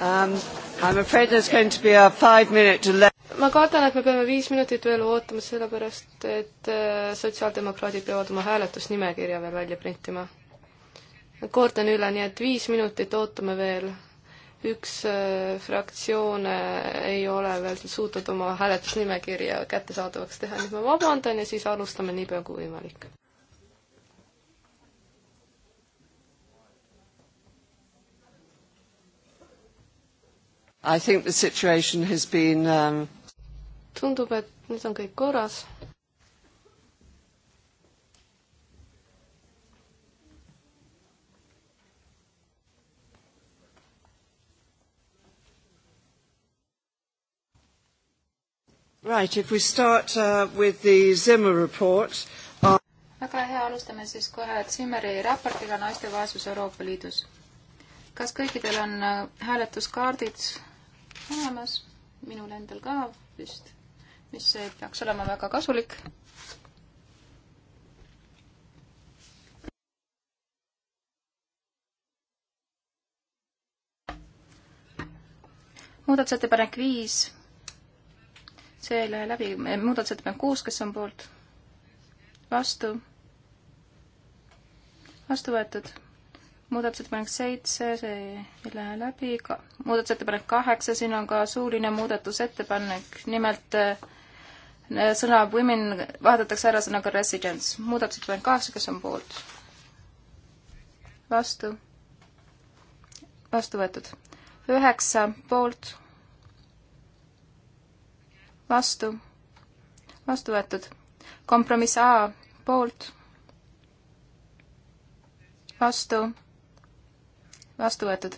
um,. I am afraid there is going to be a five minute delay ma kardan, et me peame viis minutit veel ootama, sellepärast et äh, sotsiaaldemokraadid peavad oma hääletusnimekirja veel välja printima. kordan üle, nii et viis minutit ootame veel. üks äh, fraktsioon äh, ei ole veel suutnud oma hääletusnimekirja kättesaadavaks teha, nii et ma vabandan ja siis alustame niipea kui võimalik. I think the situation has been um... tundub, et nüüd on kõik korras. Right, if we start uh, with the Zimmer report uh.... väga hea, alustame siis kohe Zimmeri raportiga naiste vaesus Euroopa Liidus kas kõikidel on äh, hääletuskaardid olemas? minul endal ka vist, mis peaks olema väga kasulik. muudatusettepanek viis, see ei lähe läbi, eh, muudatusettepanek kuus, kes on poolt? vastu? vastu võetud muudatusettepanek seitse, see ei lähe läbi, muudatusettepanek kaheksa, siin on ka suuline muudatusettepanek, nimelt äh, sõna women vahetatakse ära sõnaga residents. muudatusettepanek kaheksa, kes on poolt? vastu? vastu võetud. üheksa poolt? vastu? vastu võetud. kompromiss A poolt? vastu? vastu võetud.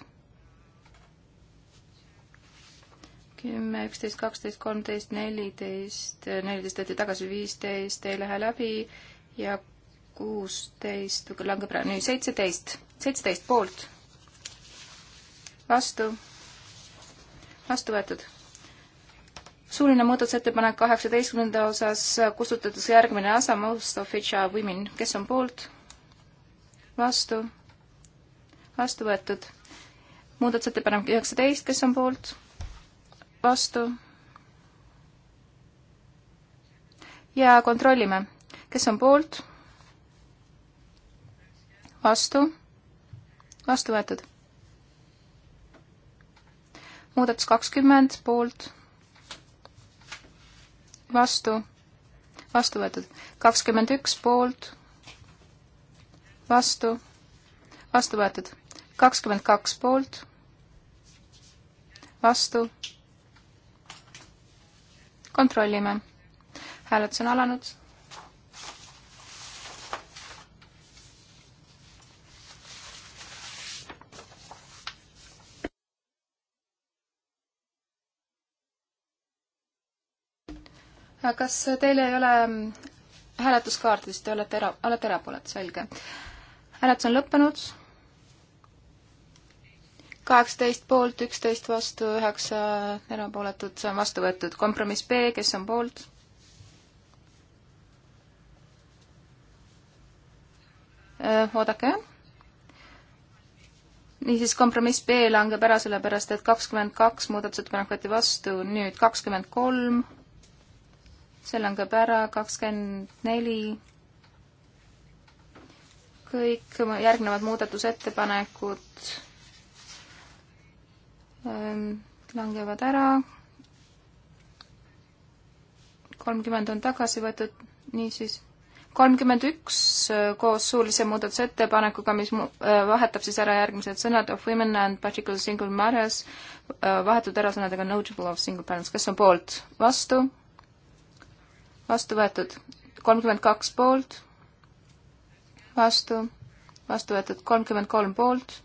kümme, üksteist, kaksteist, kolmteist, neliteist, neliteist võeti tagasi, viisteist ei lähe läbi ja kuusteist langeb ära, nüüd seitseteist, seitseteist poolt. vastu, vastu võetud suuline muudatusettepanek kaheksateistkümnenda osas kustutatakse järgmine osa, most of which are women, kes on poolt, vastu vastu võetud. muudatusettepanek üheksateist, kes on poolt, vastu. ja kontrollime, kes on poolt, vastu, vastu võetud. muudatus kakskümmend, poolt, vastu, vastu võetud. kakskümmend üks, poolt vastu, vastu võetud kakskümmend kaks poolt, vastu. kontrollime. hääletus on alanud. kas teil ei ole mm, hääletuskaarti, siis te olete era, olete erapooletu, selge. hääletus on lõppenud kaheksateist poolt, üksteist vastu, üheksa erapooletut, see on vastu võetud. kompromiss B, kes on poolt? Äh, oodake, jah. niisiis, kompromiss B langeb ära, sellepärast et kakskümmend kaks muudatusettepanek võeti vastu, nüüd kakskümmend kolm, see langeb ära, kakskümmend neli, kõik järgnevad muudatusettepanekud langevad ära. kolmkümmend on tagasi võetud, niisiis kolmkümmend üks koos suulise muudatusettepanekuga, mis mu-, vahetab siis ära järgmised sõnad of women and particular single mothers, vahetud ära sõnadega notable of single parents, kes on poolt, vastu, vastu võetud, kolmkümmend kaks poolt, vastu, vastu võetud kolmkümmend kolm poolt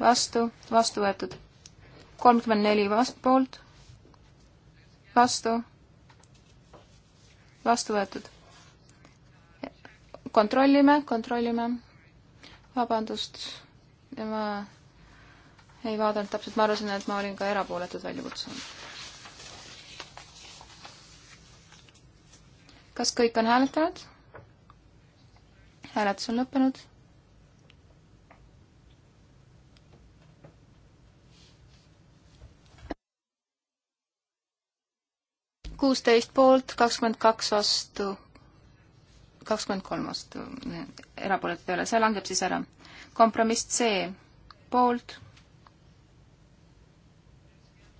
vastu, vastu võetud. kolmkümmend neli vast-, poolt, vastu, vastu võetud. kontrollime, kontrollime. vabandust, ma ei vaadanud täpselt, ma arvasin, et ma olin ka erapooletud välja kutsunud. kas kõik on hääletanud? hääletus on lõppenud kuusteist poolt, kakskümmend kaks vastu, kakskümmend kolm vastu, erapooletu ei ole, see langeb siis ära. kompromiss C, poolt,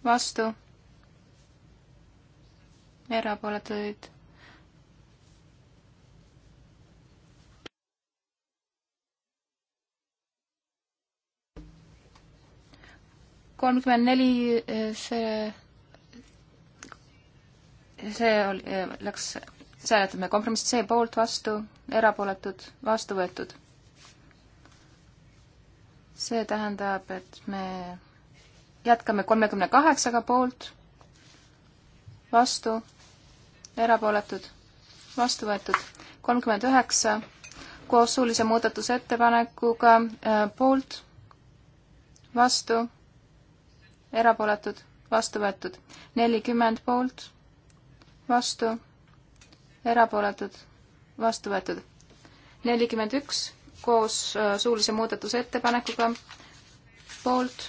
vastu, erapooletuid. kolmkümmend neli, see see oli, läks, see hääletame kompromiss C poolt, vastu, erapooletud, vastu võetud. see tähendab, et me jätkame kolmekümne kaheksaga poolt, vastu, erapooletud, vastu võetud, kolmkümmend üheksa koos suulise muudatusettepanekuga äh, poolt, vastu, erapooletud, vastu võetud, nelikümmend poolt vastu, erapooletud, vastu võetud. nelikümmend üks koos suulise muudatusettepanekuga, poolt,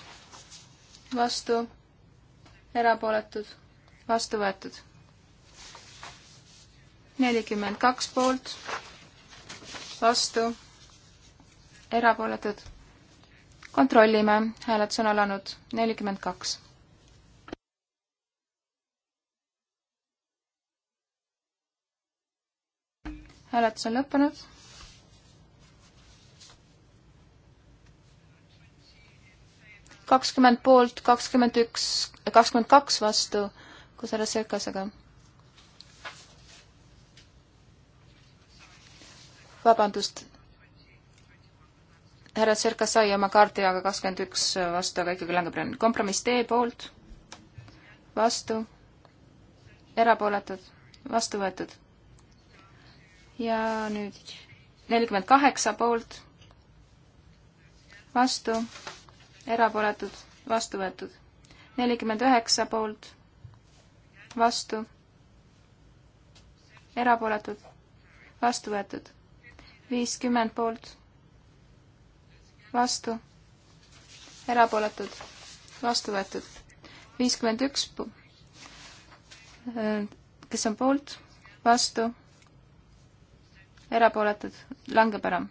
vastu, erapooletud, vastu võetud. nelikümmend kaks poolt, vastu, erapooletud. kontrollime, hääletus on alanud, nelikümmend kaks. hääletus on lõppenud. kakskümmend poolt, kakskümmend üks, kakskümmend kaks vastu, kui selle sekasega. vabandust, härra Serkas sai oma kaardi aga kakskümmend üks vastu, aga ikkagi langeb ränn. kompromiss D poolt, vastu, erapooletud, vastu võetud ja nüüd nelikümmend kaheksa poolt, vastu, erapooletud, vastu võetud. nelikümmend üheksa poolt, vastu, erapooletud, vastu võetud. viiskümmend poolt, vastu, erapooletud, vastu võetud. viiskümmend üks, äh, kes on poolt, vastu erapooletud, langeb ära.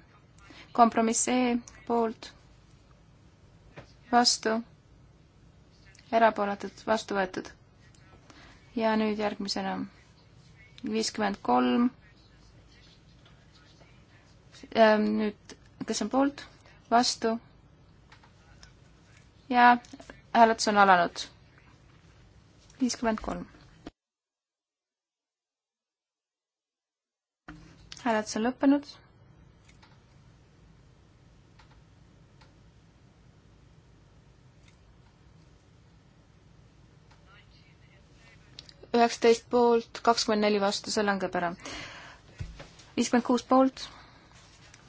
kompromiss E poolt, vastu, erapooletud, vastu võetud. ja nüüd järgmisena viiskümmend kolm. Ähm, nüüd, kes on poolt, vastu ja hääletus on alanud. viiskümmend kolm. hääletus on lõppenud. üheksateist poolt, kakskümmend neli vastu, see langeb ära. viiskümmend kuus poolt,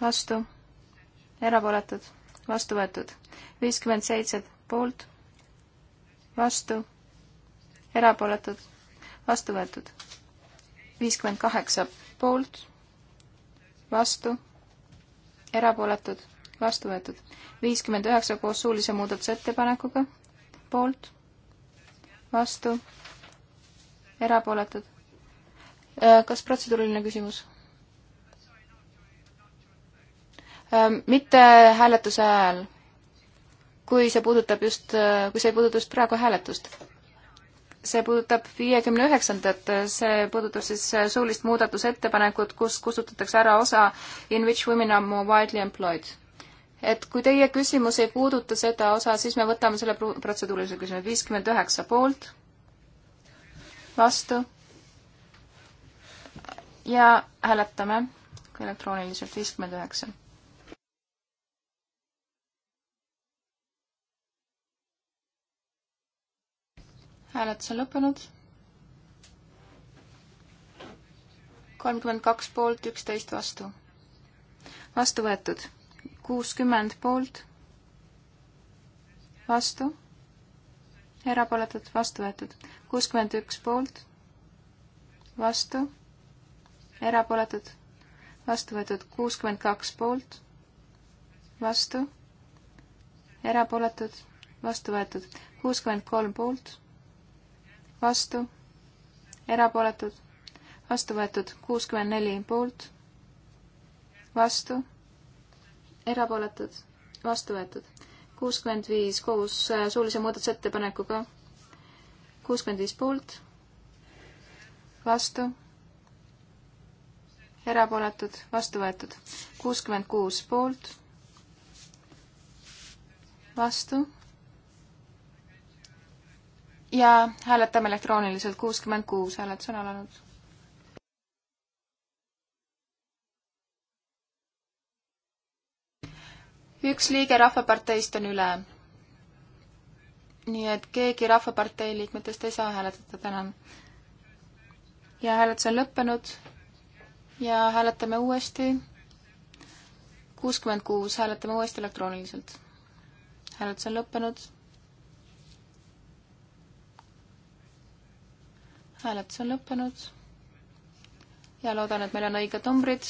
vastu, erapooletud, vastu võetud. viiskümmend seitse poolt, vastu, erapooletud, vastu võetud. viiskümmend kaheksa poolt vastu, erapooletud, vastu võetud. viiskümmend üheksa koos suulise muudatusettepanekuga, poolt, vastu, erapooletud. Äh, kas protseduuriline küsimus? Ähm, mitte hääletuse ajal, kui see puudutab just, äh, kui see ei puuduta just praegu hääletust see puudutab viiekümne üheksandat, see puudutab siis äh, suulist muudatusettepanekut, kus kustutatakse ära osa in which women are more widely employed. et kui teie küsimus ei puuduta seda osa, siis me võtame selle protseduurilise küsimuse, viiskümmend üheksa poolt, vastu ja hääletame elektrooniliselt viiskümmend üheksa hääletus on lõppenud. kolmkümmend kaks poolt, üksteist vastu. vastu võetud. kuuskümmend poolt, vastu, erapooletud, vastu võetud. kuuskümmend üks poolt, vastu, erapooletud, vastu võetud. kuuskümmend kaks poolt, vastu erapooletud, vastu võetud kuuskümmend kolm poolt, vastu, erapooletud, vastu võetud kuuskümmend neli poolt, vastu, erapooletud, vastu võetud kuuskümmend viis koos äh, suulise muudatusettepanekuga, kuuskümmend viis poolt, vastu, erapooletud, vastu võetud kuuskümmend kuus poolt, vastu ja hääletame elektrooniliselt kuuskümmend kuus, hääletus on alanud. üks liige Rahvaparteist on üle. nii et keegi Rahvapartei liikmetest ei saa hääletada täna. ja hääletus on lõppenud ja hääletame uuesti. kuuskümmend kuus, hääletame uuesti elektrooniliselt. hääletus on lõppenud hääletus on lõppenud ja loodan, et meil on õiged numbrid,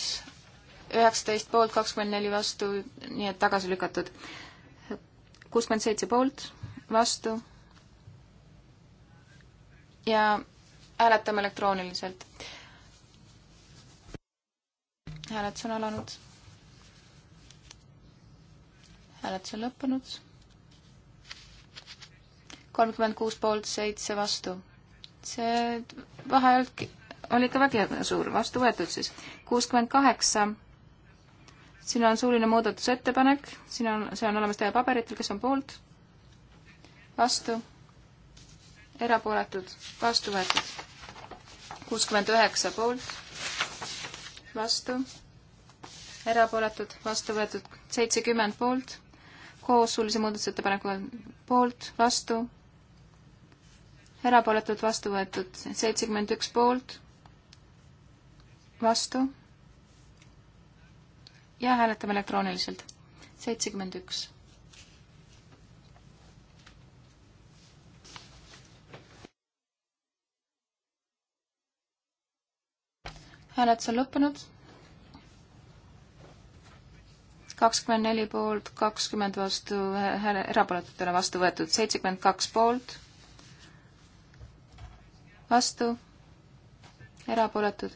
üheksateist poolt, kakskümmend neli vastu, nii et tagasi lükatud. kuuskümmend seitse poolt, vastu ja hääletame elektrooniliselt. hääletus on alanud. hääletus on lõppenud. kolmkümmend kuus poolt, seitse vastu see vaheajalt oli ikka väga suur, vastu võetud siis. kuuskümmend kaheksa, siin on suuline muudatusettepanek, siin on, see on olemas teie paberitel, kes on poolt, vastu, erapooletud, vastu võetud. kuuskümmend üheksa poolt, vastu, erapooletud, vastu võetud, seitsekümmend poolt, koos suulise muudatusettepanekuga poolt, vastu erapooletud vastu võetud seitsekümmend üks poolt, vastu ja hääletame elektrooniliselt. seitsekümmend üks. hääletus on lõppenud. kakskümmend neli poolt, kakskümmend vastu, erapooletutele vastu võetud, seitsekümmend kaks poolt vastu, erapooletud,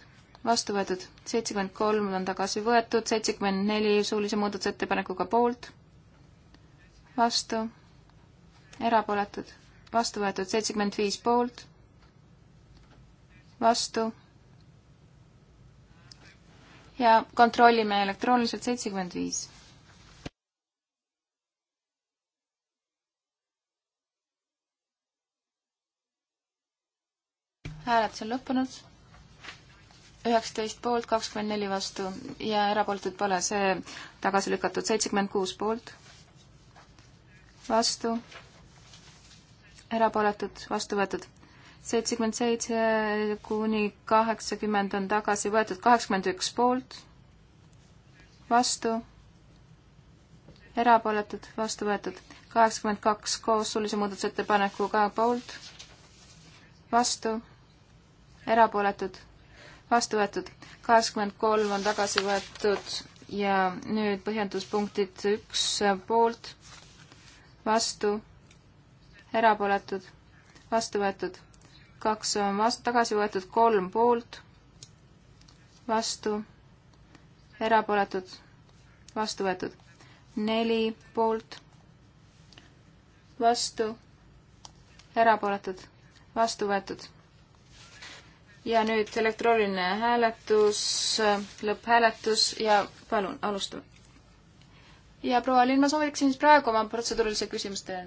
vastu võetud, seitsekümmend kolm on tagasi võetud, seitsekümmend neli suulise muudatusettepanekuga poolt, vastu, erapooletud, vastu võetud, seitsekümmend viis poolt, vastu ja kontrollime elektrooniliselt seitsekümmend viis hääletus on lõppenud. üheksateist poolt, kakskümmend neli vastu ja erapooletud pole, see tagasi lükatud, seitsekümmend kuus poolt, vastu, erapooletud, vastu võetud seitsekümmend seitse kuni kaheksakümmend on tagasi võetud, kaheksakümmend üks poolt, vastu, erapooletud, vastu võetud, kaheksakümmend kaks koos suulise muudatusettepanekuga poolt, vastu erapooletud, vastu võetud. kaheksakümmend kolm on tagasi võetud ja nüüd põhjenduspunktid üks poolt, vastu, erapooletud, vastu võetud. kaks on vastu, tagasi võetud, kolm poolt, vastu, erapooletud, vastu võetud. neli poolt, vastu, erapooletud, vastu võetud ja nüüd elektrooniline hääletus, lõpphääletus ja palun, alustame. ja proua Linn, ma sooviksin siis praegu oma protseduurilise küsimuse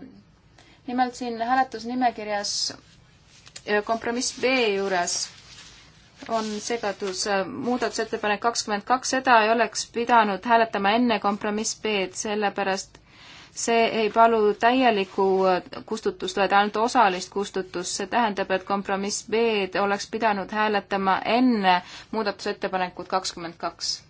nimelt siin hääletusnimekirjas äh, kompromiss B juures on segadus, äh, muudatusettepanek kakskümmend kaks, seda ei oleks pidanud hääletama enne kompromiss B-d, sellepärast see ei palu täielikku kustutust, vaid ainult osalist kustutust, see tähendab, et kompromiss B-d oleks pidanud hääletama enne muudatusettepanekut kakskümmend kaks.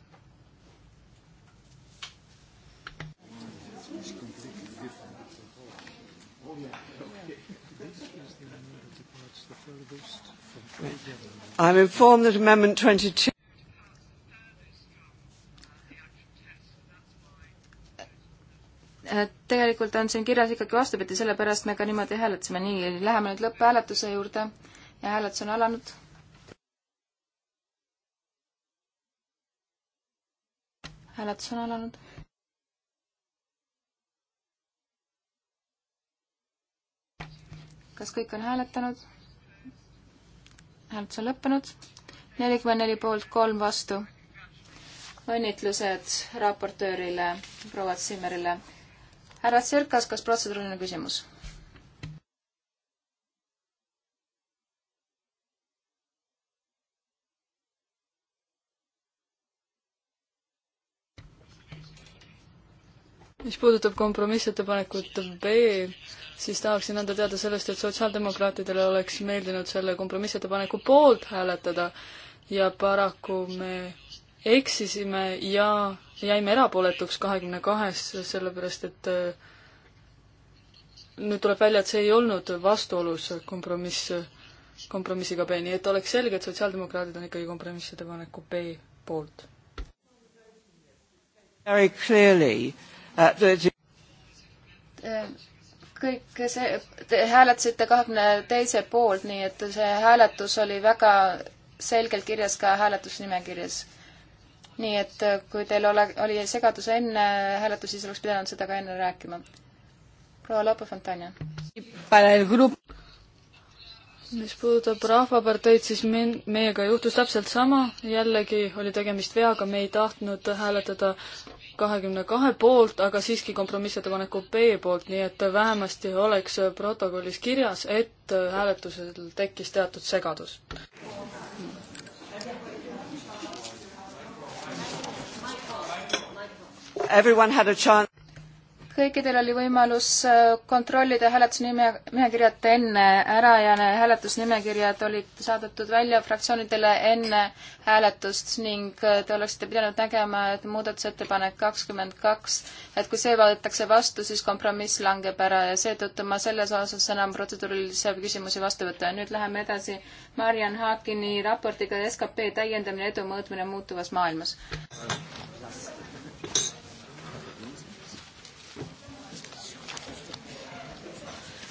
I am informed that amendment 22 tegelikult on siin kirjas ikkagi vastupidi, sellepärast me ka niimoodi hääletasime. nii, läheme nüüd lõpphääletuse juurde ja hääletus on alanud. hääletus on alanud. kas kõik on hääletanud? hääletus on lõppenud. nelikümmend neli poolt, kolm vastu. õnnitlused raportöörile, proua Zimmerile härra Tsirkas, kas protseduuriline küsimus? mis puudutab kompromissettepanekut B, siis tahaksin anda teada sellest, et sotsiaaldemokraatidele oleks meeldinud selle kompromissettepaneku poolt hääletada ja paraku me eksisime ja jäime erapooletuks kahekümne kahest, sellepärast et äh, nüüd tuleb välja, et see ei olnud vastuolus kompromiss, kompromissiga B, nii et oleks selge, et sotsiaaldemokraadid on ikkagi kompromissettepaneku B poolt. Very clearly uh, the kõik see, te hääletasite kahekümne teise poolt, nii et see hääletus oli väga selgelt kirjas ka hääletusnimekirjas nii et äh, kui teil ole, oli segadus enne hääletusi, siis oleks pidanud seda ka enne rääkima. proua Lope Fontana. mis puudutab Rahvaparteid, siis min-, meiega juhtus täpselt sama, jällegi oli tegemist veaga, me ei tahtnud hääletada kahekümne kahe poolt, aga siiski kompromissettepaneku B poolt, nii et vähemasti oleks protokollis kirjas, et hääletusel tekkis teatud segadus. kõikidel oli võimalus äh, kontrollida hääletusnimekirjad enne ära ja hääletusnimekirjad olid saadetud välja fraktsioonidele enne hääletust ning äh, te oleksite pidanud nägema, et muudatusettepanek kakskümmend kaks, et kui see vaadatakse vastu, siis kompromiss langeb ära ja seetõttu ma selles osas enam protseduurilisi küsimusi vastu võtta ja nüüd läheme edasi Marian Haakini raportiga SKP täiendamine, edu mõõtmine muutuvas maailmas.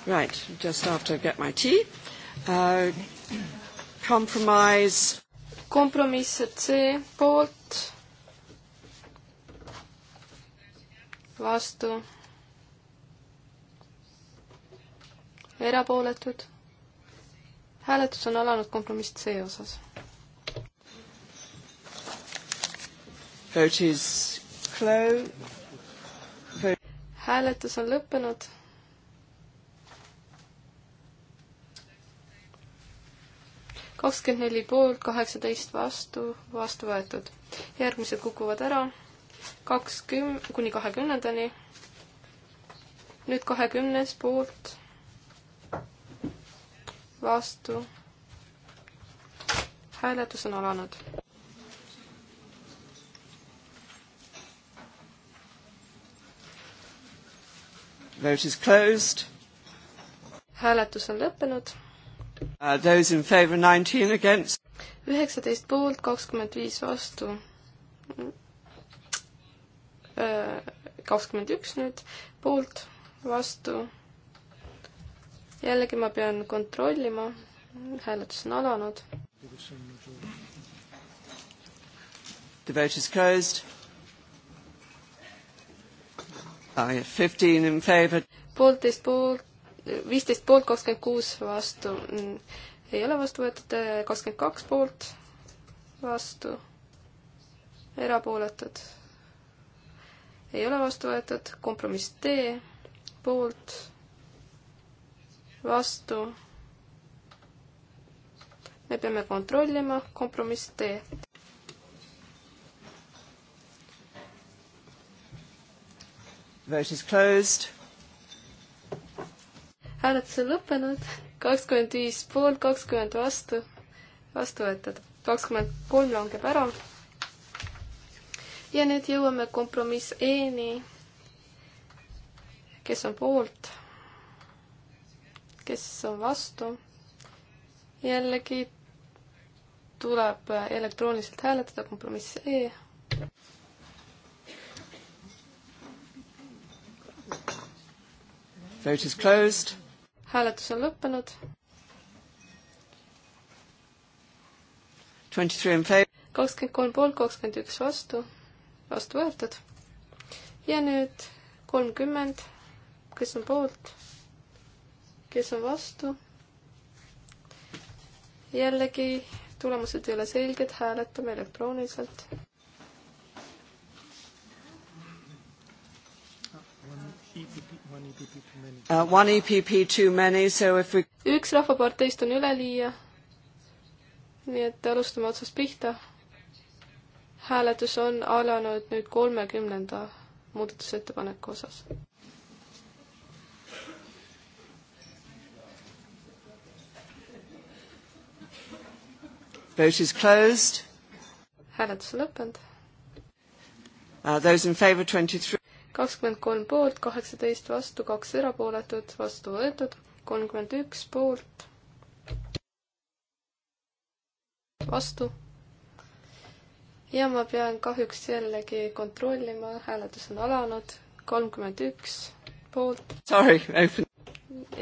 Right, just after I get my tea uh,. Compromise. kompromiss C poolt. vastu. erapooletud. hääletus on alanud kompromiss C osas. Vote is closed. hääletus on lõppenud kakskümmend neli poolt, kaheksateist vastu, vastu võetud. järgmised kukuvad ära kakskümm-, kuni kahekümnendani. nüüd kahekümnes poolt, vastu. hääletus on alanud. Vote is closed. hääletus on lõppenud Uh, üheksateist poolt, kakskümmend viis vastu. Äh, kakskümmend üks nüüd poolt, vastu. jällegi ma pean kontrollima, hääletus on alanud. The vote is closed. I have fifteen in favour. poolteist poolt, viisteist poolt, kakskümmend kuus vastu. ei ole vastu võetud, eh, kakskümmend kaks poolt vastu, erapooletud. ei ole vastu võetud, kompromiss D poolt, vastu. me peame kontrollima kompromiss D. Vote is closed hääletus on lõppenud, kakskümmend viis poolt, kakskümmend vastu, vastu võetud. kakskümmend kolm langeb ära. ja nüüd jõuame kompromiss E-ni. kes on poolt? kes on vastu? jällegi tuleb elektrooniliselt hääletada, kompromiss E. Vote is closed hääletus on lõppenud. kakskümmend kolm poolt, kakskümmend üks vastu, vastu võetud. ja nüüd kolmkümmend, kes on poolt, kes on vastu. jällegi tulemused ei ole selged, hääletame elektrooniliselt. Uh, one EPP too many, so if we üks rahvaparteist on üleliia. nii et alustame otsast pihta. hääletus on alanud nüüd kolmekümnenda muudatusettepaneku osas. Vote is closed. hääletus on lõppenud. Uh, those in favor twenty three kakskümmend kolm poolt, kaheksateist vastu, kaks erapooletut, vastu võetud, kolmkümmend üks poolt, vastu. ja ma pean kahjuks jällegi kontrollima, hääletus on alanud, kolmkümmend üks poolt. Sorry, open.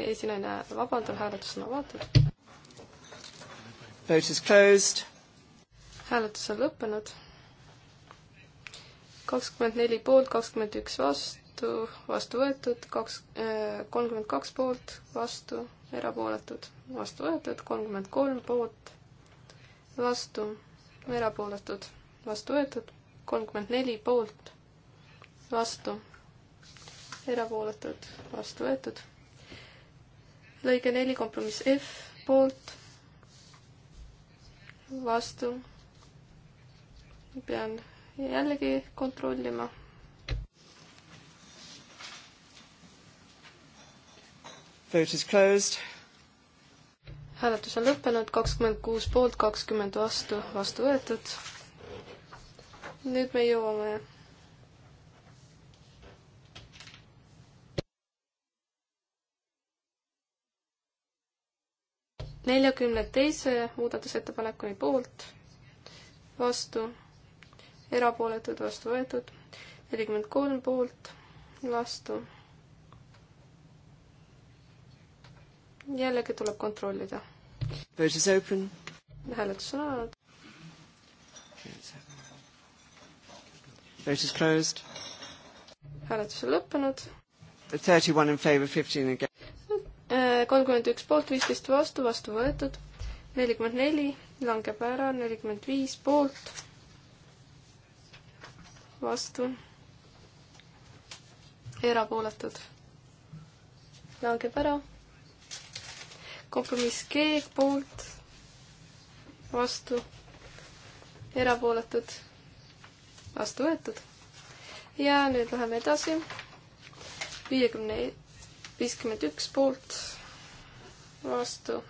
esinaine vabandab, hääletus on avatud. Vote is closed. hääletus on lõppenud kakskümmend neli poolt, kakskümmend üks vastu, vastu võetud, kaks, äh, kolmkümmend kaks poolt, vastu, erapooletud, vastu võetud, kolmkümmend kolm poolt, vastu, erapooletud, vastu võetud, kolmkümmend neli poolt, vastu, erapooletud, vastu võetud. lõige neli, kompromiss F, poolt, vastu, pean jällegi kontrollima. Vote is closed. hääletus on lõppenud, kakskümmend kuus poolt, kakskümmend vastu, vastu võetud. nüüd me jõuame neljakümne teise muudatusettepanekuni poolt, vastu erapooletud, vastu võetud, nelikümmend kolm poolt, vastu. jällegi tuleb kontrollida. hääletus on alanud. Vote is closed. hääletus on lõppenud. Thirty one in favor, fifteen again. Äh, kolmkümmend üks poolt, viisteist vastu, vastu võetud. nelikümmend neli langeb ära, nelikümmend viis poolt vastu, erapooletud, langeb ära. kompromiss G poolt, vastu, erapooletud, vastu võetud. ja nüüd läheme edasi. viiekümne, viiskümmend üks poolt, vastu.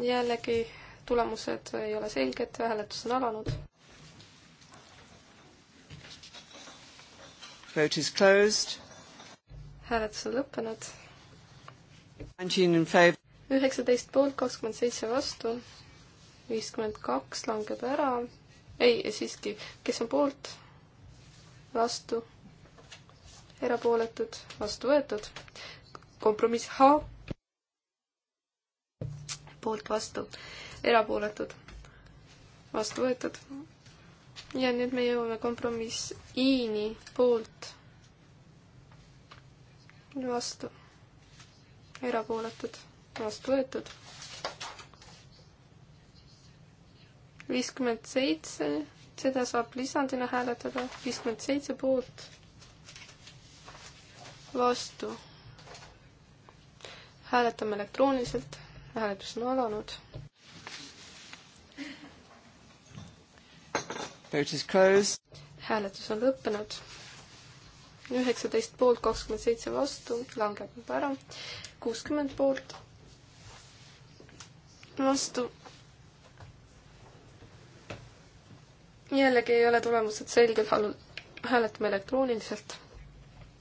jällegi tulemused ei ole selged, hääletus on alanud Vote is closed. hääletus on lõppenud. üheksateist poolt, kakskümmend seitse vastu, viiskümmend kaks langeb ära. ei, siiski, kes on poolt? vastu? erapooletud? vastu võetud? kompromiss H. poolt, vastu, erapooletud, vastu võetud ja nüüd me jõuame kompromiss I-ni poolt vastu, erapooletud, vastu võetud. viiskümmend seitse, seda saab lisandina hääletada, viiskümmend seitse poolt, vastu. hääletame elektrooniliselt, hääletus on alanud hääletus on lõppenud. üheksateist poolt, kakskümmend seitse vastu, langeb juba ära. kuuskümmend poolt, vastu. jällegi ei ole tulemused selged, hääletame elektrooniliselt.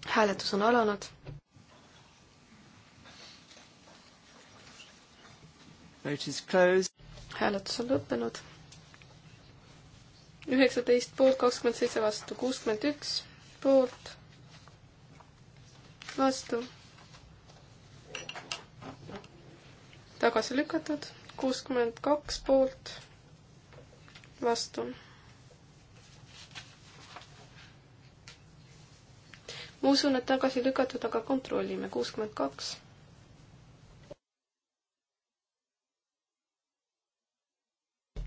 hääletus on alanud. hääletus on lõppenud üheksateist poolt, kakskümmend seitse vastu, kuuskümmend üks poolt, vastu. tagasi lükatud, kuuskümmend kaks poolt, vastu. ma usun, et tagasi lükatud, aga kontrollime, kuuskümmend kaks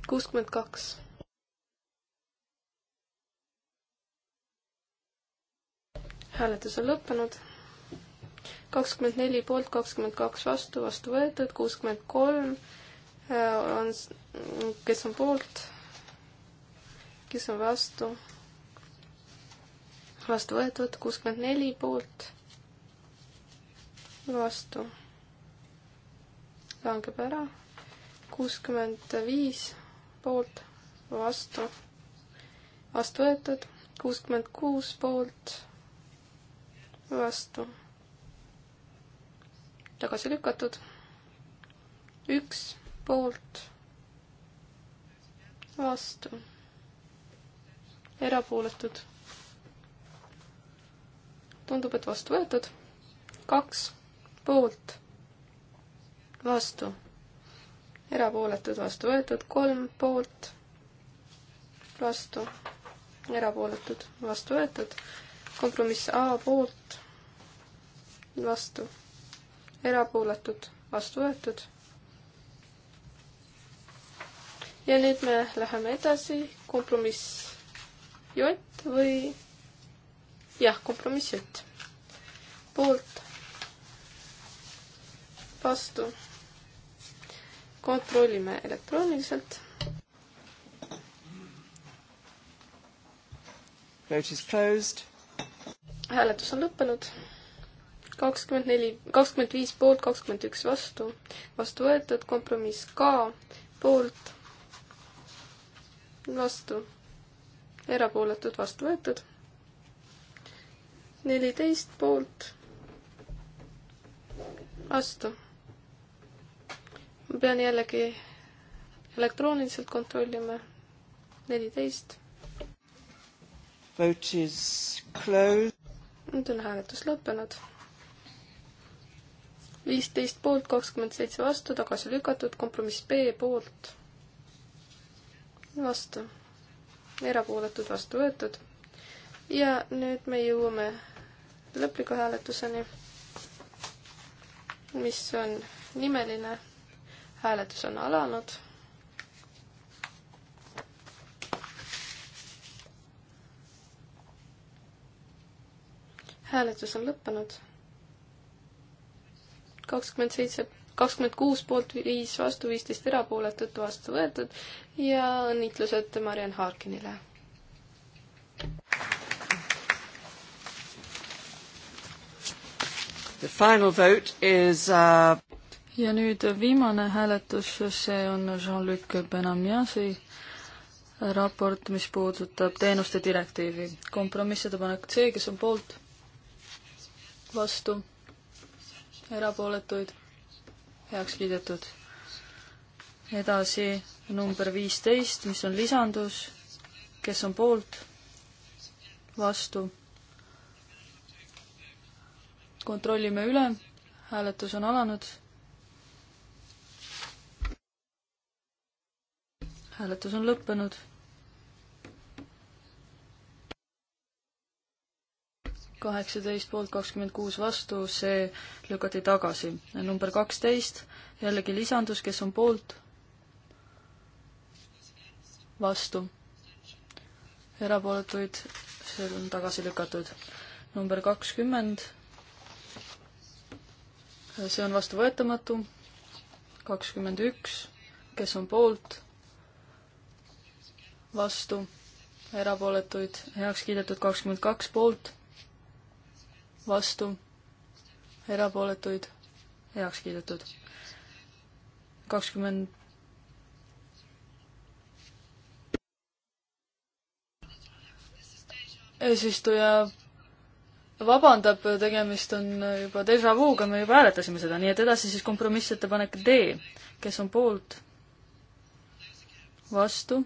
kuuskümmend kaks. hääletus on lõppenud. kakskümmend neli poolt, kakskümmend kaks vastu, vastu võetud, kuuskümmend kolm äh, on, kes on poolt, kes on vastu, vastu võetud, kuuskümmend neli poolt, vastu, langeb ära, kuuskümmend viis poolt, vastu, vastu võetud, kuuskümmend kuus poolt, vastu, tagasi lükatud, üks poolt, vastu, erapooletud. tundub, et vastu võetud, kaks poolt, vastu, erapooletud, vastu võetud, kolm poolt, vastu, erapooletud, vastu võetud kompromiss A poolt, vastu, erapooletud, vastu võetud. ja nüüd me läheme edasi, kompromiss J või jah, kompromiss J. poolt, vastu. kontrollime elektrooniliselt Vote is closed hääletus on lõppenud. kakskümmend neli, kakskümmend viis poolt, kakskümmend üks vastu, vastu võetud, kompromiss ka poolt, vastu, erapooletud, vastu võetud. neliteist poolt, vastu. ma pean jällegi elektrooniliselt kontrollima. neliteist. Vote is closed nüüd on hääletus lõppenud. viisteist poolt, kakskümmend seitse vastu, tagasi lükatud, kompromiss B poolt, vastu, erapooletud, vastu võetud. ja nüüd me jõuame lõpliku hääletuseni, mis on nimeline hääletus on alanud hääletus on lõppenud. kakskümmend seitse, kakskümmend kuus poolt viis vastu, viisteist erapooletut vastu võetud ja õnnitlused Mariann Harkinile. The final vote is uh... ja nüüd viimane hääletus, see on Jean-Luc Benamiasi raport, mis puudutab teenuste direktiivi. kompromissettepanek C, kes on poolt? vastu, erapooletuid, heaks kiidetud. edasi number viisteist, mis on lisandus, kes on poolt, vastu. kontrollime üle, hääletus on alanud. hääletus on lõppenud kaheksateist poolt, kakskümmend kuus vastu, see lükati tagasi. number kaksteist jällegi lisandus, kes on poolt, vastu, erapooletuid, see on tagasi lükatud. number kakskümmend, see on vastuvõetamatu, kakskümmend üks, kes on poolt, vastu erapooletuid heaks kiidetud kakskümmend kaks poolt, vastu, erapooletuid, heaks kiidetud. kakskümmend eesistuja vabandab, tegemist on juba déjà vu'ga, me juba hääletasime seda, nii et edasi siis kompromissettepanek D. kes on poolt? vastu?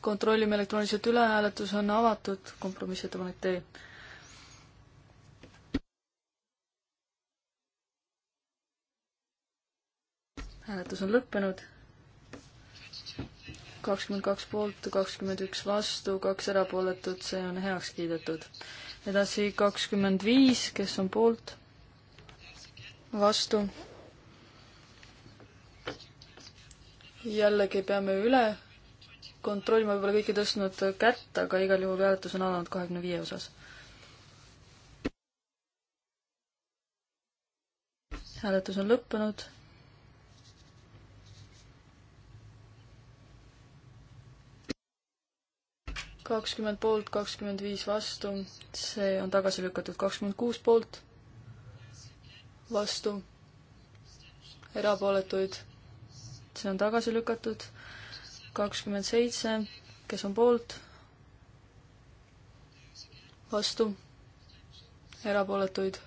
kontrollime elektrooniliselt üle, hääletus on avatud, kompromissettepanek D. hääletus on lõppenud. kakskümmend kaks poolt, kakskümmend üks vastu, kaks erapooletut, see on heaks kiidetud. edasi kakskümmend viis, kes on poolt, vastu. jällegi peame üle kontrollima, võib-olla kõik ei tõstnud kätt, aga igal juhul hääletus on alanud kahekümne viie osas hääletus on lõppenud. kakskümmend poolt, kakskümmend viis vastu, see on tagasi lükatud kakskümmend kuus poolt, vastu, erapooletuid, see on tagasi lükatud, kakskümmend seitse, kes on poolt, vastu, erapooletuid,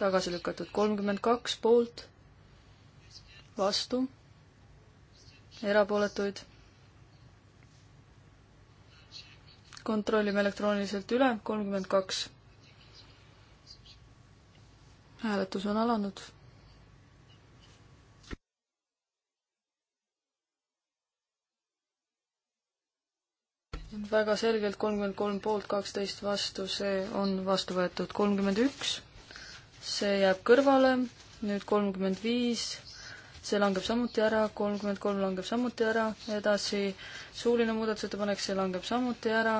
tagasi lükatud, kolmkümmend kaks poolt, vastu, erapooletuid kontrollime elektrooniliselt üle, kolmkümmend kaks. hääletus on alanud. väga selgelt kolmkümmend kolm poolt, kaksteist vastu, see on vastu võetud kolmkümmend üks, see jääb kõrvale, nüüd kolmkümmend viis see langeb samuti ära, kolmkümmend kolm langeb samuti ära, edasi suuline muudatusettepanek, see langeb samuti ära,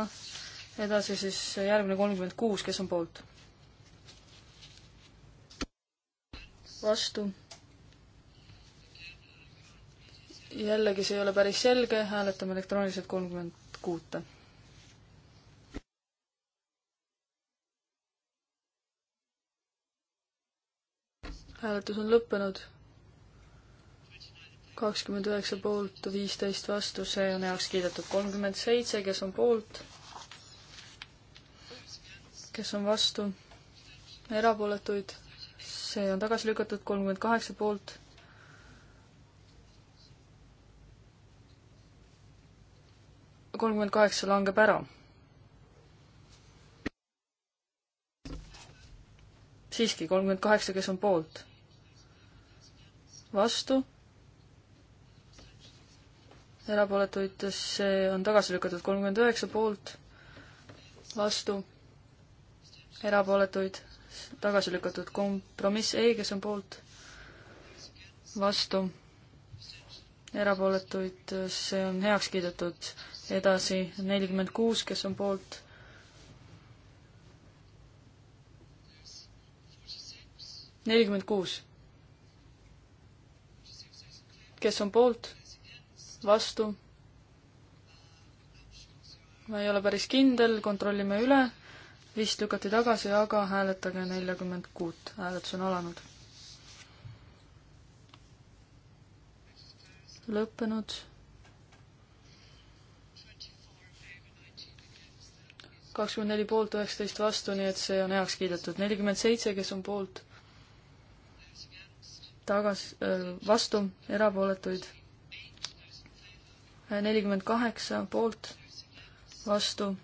edasi siis järgmine kolmkümmend kuus, kes on poolt? vastu. jällegi, see ei ole päris selge, hääletame elektrooniliselt kolmkümmend kuute hääletus on lõppenud kakskümmend üheksa poolt, viisteist vastu, see on heaks kiidetud. kolmkümmend seitse, kes on poolt, kes on vastu, erapooletuid, see on tagasi lükatud. kolmkümmend kaheksa poolt kolmkümmend kaheksa langeb ära. siiski, kolmkümmend kaheksa, kes on poolt? vastu? erapooletuid, see on tagasi lükatud kolmkümmend üheksa poolt, vastu, erapooletuid, tagasi lükatud kompromiss E, kes on poolt, vastu, erapooletuid, see on heaks kiidetud, edasi nelikümmend kuus, kes on poolt, nelikümmend kuus. kes on poolt? vastu. ma ei ole päris kindel, kontrollime üle. vist lükati tagasi, aga hääletage neljakümmend kuut, hääletus on alanud. lõppenud. kakskümmend neli poolt, üheksateist vastu, nii et see on heaks kiidetud. nelikümmend seitse, kes on poolt tagasi, äh, vastu, erapooletuid nelikümmend kaheksa poolt, vastu.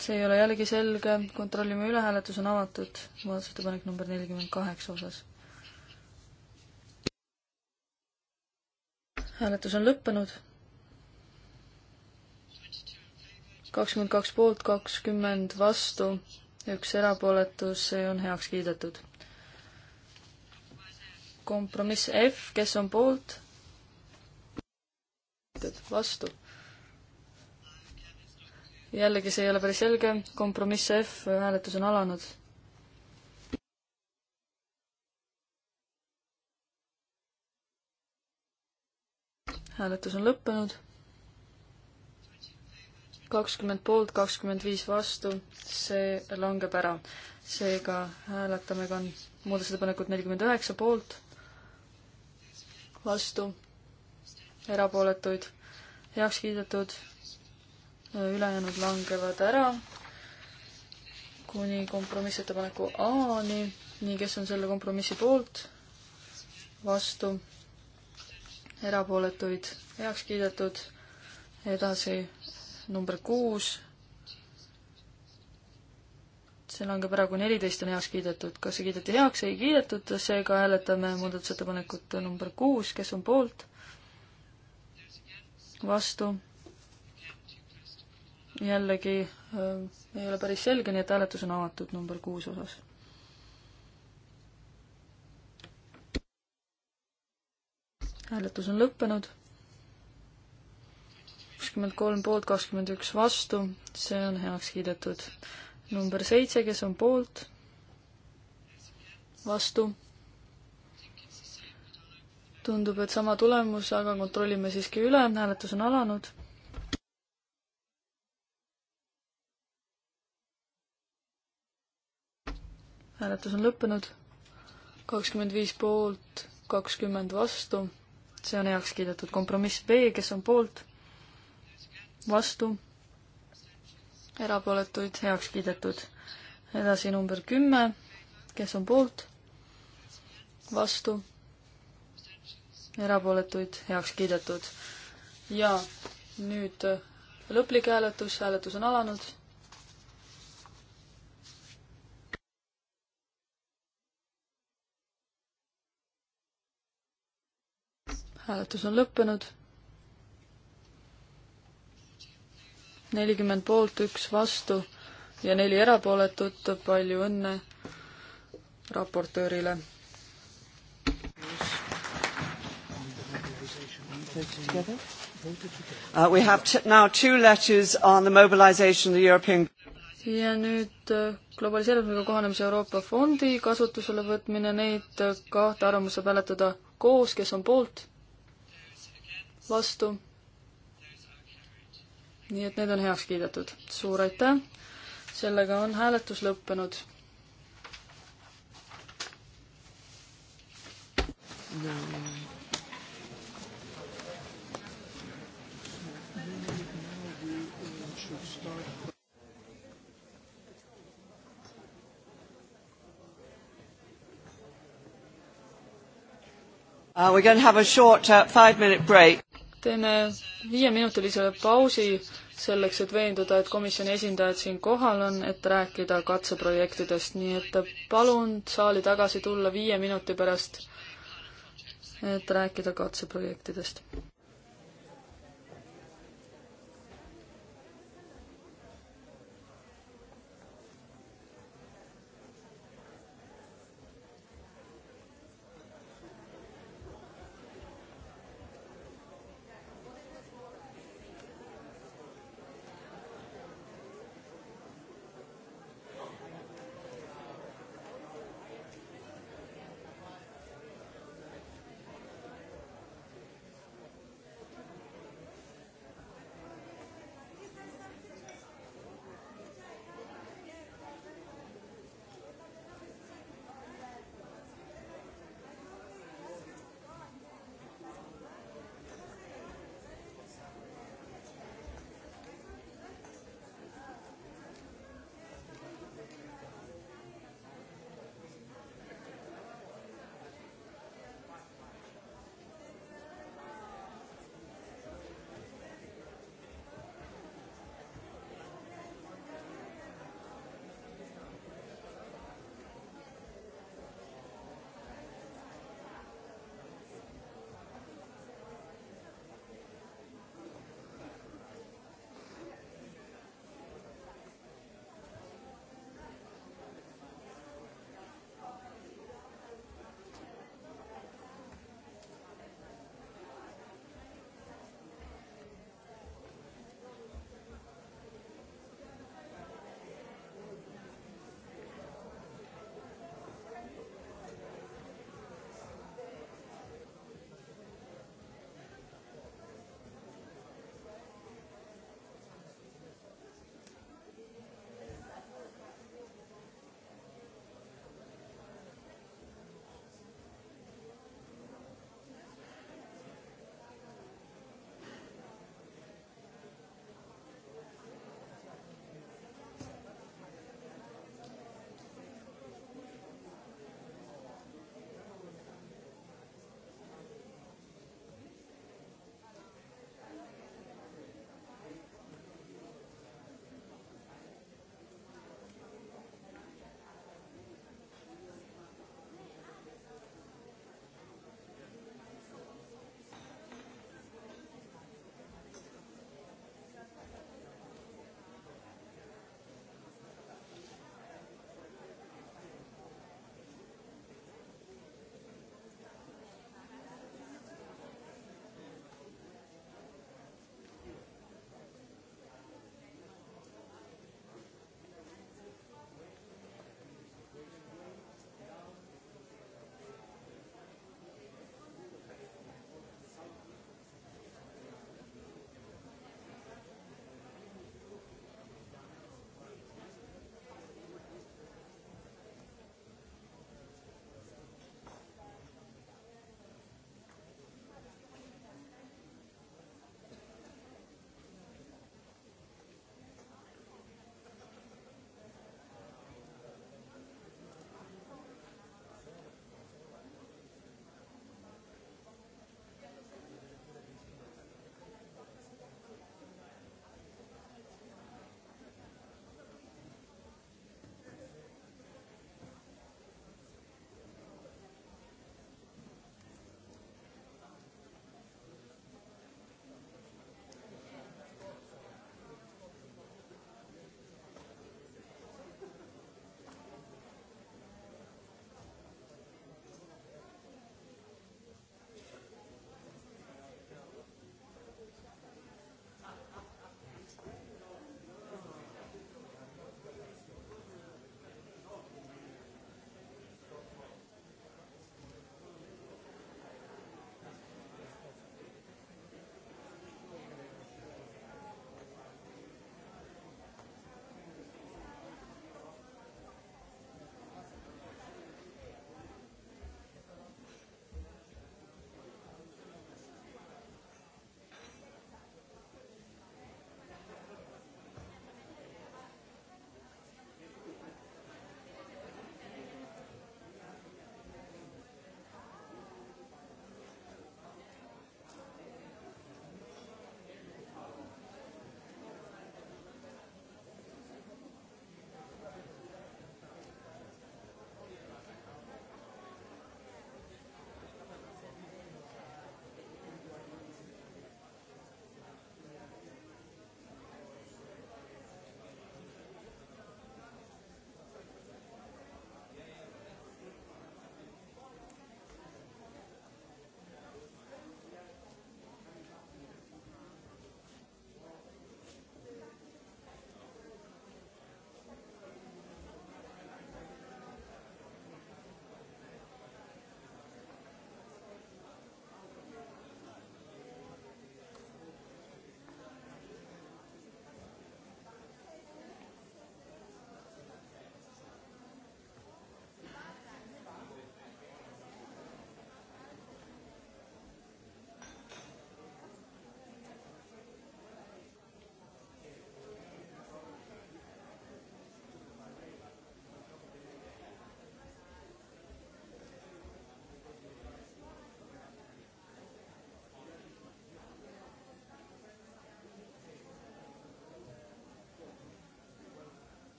see ei ole jällegi selge, kontrollime üle, hääletus on avatud, muudatusettepanek number nelikümmend kaheksa osas. hääletus on lõppenud. kakskümmend kaks poolt, kakskümmend vastu, üks erapooletus, see on heaks kiidetud. kompromiss F, kes on poolt? vastu. jällegi, see ei ole päris selge, kompromiss F, hääletus on alanud. hääletus on lõppenud. kakskümmend poolt, kakskümmend viis vastu, see langeb ära. seega hääletame ka muudatusettepanekut nelikümmend üheksa poolt, vastu erapooletuid heaks kiidetud, ülejäänud langevad ära kuni kompromissettepaneku A-ni, nii kes on selle kompromissi poolt, vastu, erapooletuid heaks kiidetud, edasi number kuus, see langeb ära, kui neliteist on heaks kiidetud, kas see kiideti heaks, ei kiidetud, seega hääletame muudatusettepanekut number kuus, kes on poolt vastu. jällegi äh, ei ole päris selge, nii et hääletus on avatud number kuus osas. hääletus on lõppenud. kakskümmend kolm poolt, kakskümmend üks vastu, see on heaks kiidetud. number seitse, kes on poolt, vastu tundub, et sama tulemus, aga kontrollime siiski üle, hääletus on alanud. hääletus on lõppenud, kakskümmend viis poolt, kakskümmend vastu, see on heaks kiidetud kompromiss B, kes on poolt, vastu, erapooletuid heaks kiidetud. edasi number kümme, kes on poolt, vastu erapooletuid heaks kiidetud. ja nüüd lõplik hääletus, hääletus on alanud. hääletus on lõppenud. nelikümmend poolt, üks vastu ja neli erapooletut, palju õnne raportöörile voted together? Uh, we have t now two letters on the mobilization of the European ja nüüd äh, globaliseerumisega kohanemise Euroopa Fondi kasutusele võtmine, neid äh, kahte arvamust saab hääletada koos, kes on poolt, vastu. nii et need on heaks kiidetud. suur aitäh! sellega on hääletus lõppenud. no Uh, we're going to have a short uh, five minute break. teeme viieminutilisele pausi selleks, et veenduda, et komisjoni esindajad siin kohal on, et rääkida katseprojektidest, nii et palun saali tagasi tulla viie minuti pärast, et rääkida katseprojektidest.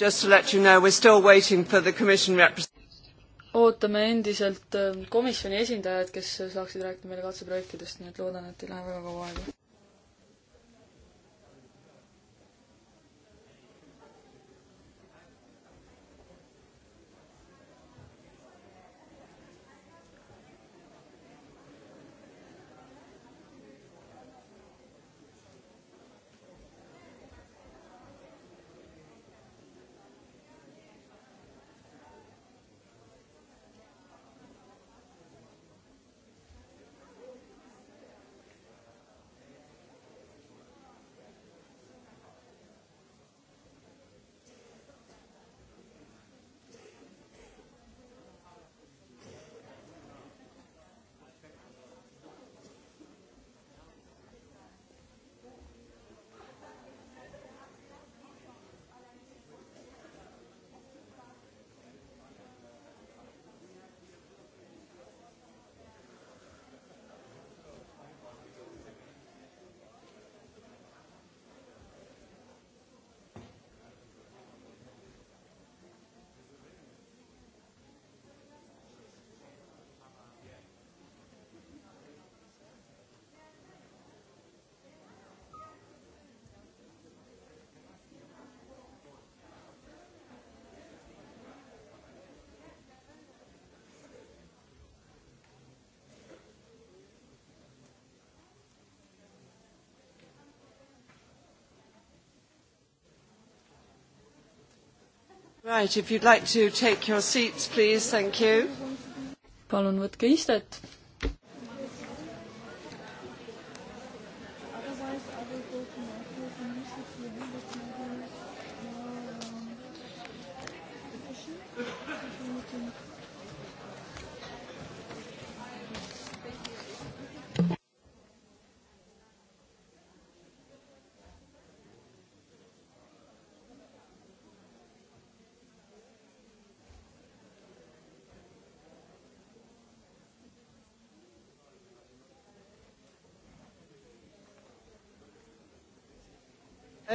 Just to let you know, we are still waiting for the commission representative ootame endiselt ähm, komisjoni esindajad, kes saaksid rääkida meile katseprojektidest, nii et loodan, et ei lähe väga kaua aega. Right, if you'd like to take your seats, please, thank you. palun võtke istet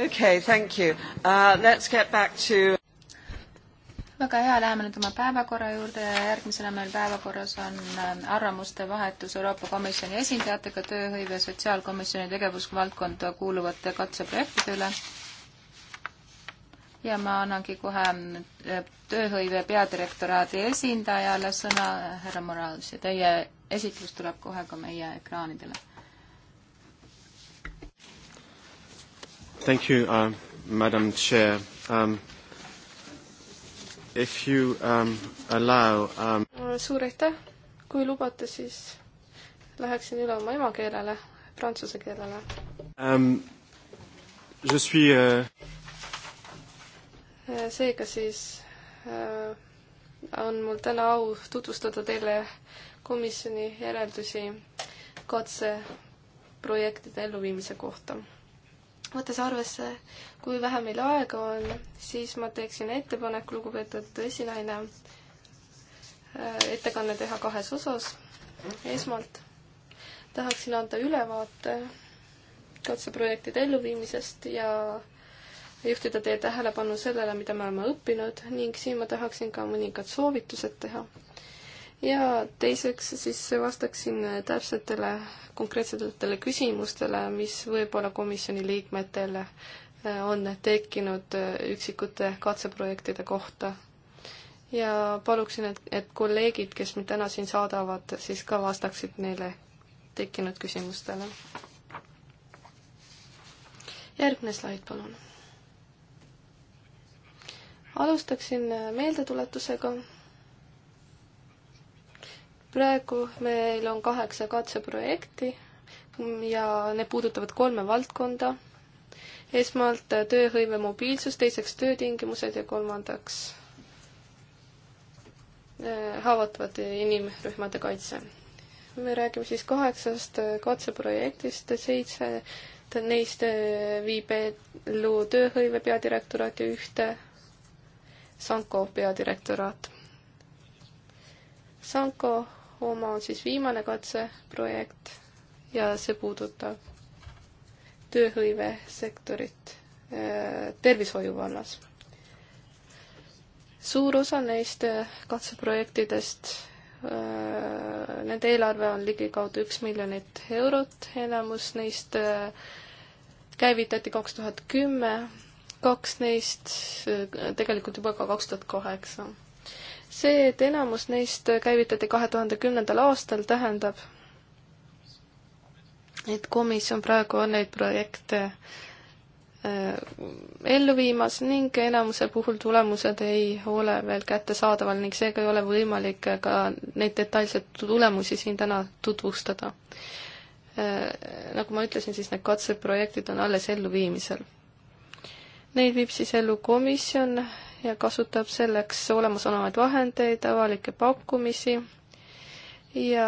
okay, thank you uh,. Let's get back to väga hea, läheme nüüd oma päevakorra juurde ja järgmisena meil päevakorras on ähm, arvamuste vahetus Euroopa Komisjoni esindajatega tööhõive sotsiaalkomisjoni tegevusvaldkonda kuuluvate katseprojektide üle. ja ma annangi kohe äh, tööhõive peadirektoraadi esindajale sõna, härra Morales, ja teie esitlus tuleb kohe ka meie ekraanidele Thank you, um, Madam Chair. Um, if you um, allow um... suur aitäh, kui lubate, siis läheksin üle oma emakeelele, prantsuse keelele um,. Je suis uh... Eh, seega siis uh, on mul täna au tutvustada teile komisjoni järeldusi katseprojektide elluviimise kohta võttes arvesse, kui vähe meil aega on, siis ma teeksin ettepaneku, lugupeetud esinaine, äh, ettekanne teha kahes osas. esmalt tahaksin anda ülevaate katseprojektide elluviimisest ja juhtida teie tähelepanu sellele, mida me oleme õppinud ning siin ma tahaksin ka mõningad soovitused teha ja teiseks siis vastaksin täpsetele konkreetsetele küsimustele, mis võib-olla komisjoni liikmetel äh, on tekkinud äh, üksikute katseprojektide kohta. ja paluksin, et, et kolleegid, kes mind täna siin saadavad, siis ka vastaksid neile tekkinud küsimustele. järgmine slaid, palun. alustaksin meeldetuletusega praegu meil on kaheksa katseprojekti ja need puudutavad kolme valdkonda. esmalt tööhõive mobiilsus, teiseks töötingimused ja kolmandaks äh, haavatavate inimrühmade kaitse. me räägime siis kaheksast katseprojektist, seitse neist äh, viib ellu tööhõive peadirektoraat ja ühte Sanko peadirektoraat. Sanko oma on siis viimane katseprojekt ja see puudutab tööhõivesektorit äh, tervishoiu vallas. suur osa neist äh, katseprojektidest, äh, nende eelarve on ligikaudu üks miljonit eurot, enamus neist käivitati kaks tuhat kümme, kaks neist tegelikult juba ka kaks tuhat kaheksa see, et enamus neist käivitati kahe tuhande kümnendal aastal, tähendab, et komisjon praegu on neid projekte äh, ellu viimas ning enamuse puhul tulemused ei ole veel kättesaadaval ning seega ei ole võimalik ka neid detailseid tulemusi siin täna tutvustada. Äh, nagu ma ütlesin, siis need katseprojektid on alles elluviimisel. Neid viib siis ellu komisjon ja kasutab selleks olemasolevaid vahendeid, avalikke pakkumisi ja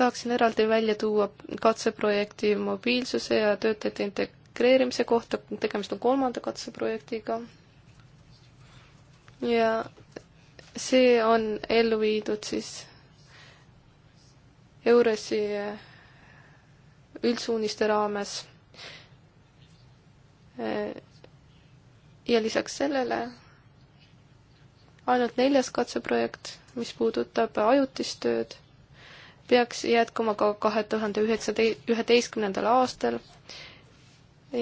tahaksin eraldi välja tuua katseprojekti mobiilsuse ja töötajate integreerimise kohta, tegemist on kolmanda katseprojektiga. ja see on ellu viidud siis EURES-i üldsuuniste raames. ja lisaks sellele ainult neljas katseprojekt, mis puudutab ajutist tööd, peaks jätkuma ka kahe tuhande üheksatei-, üheteistkümnendal aastal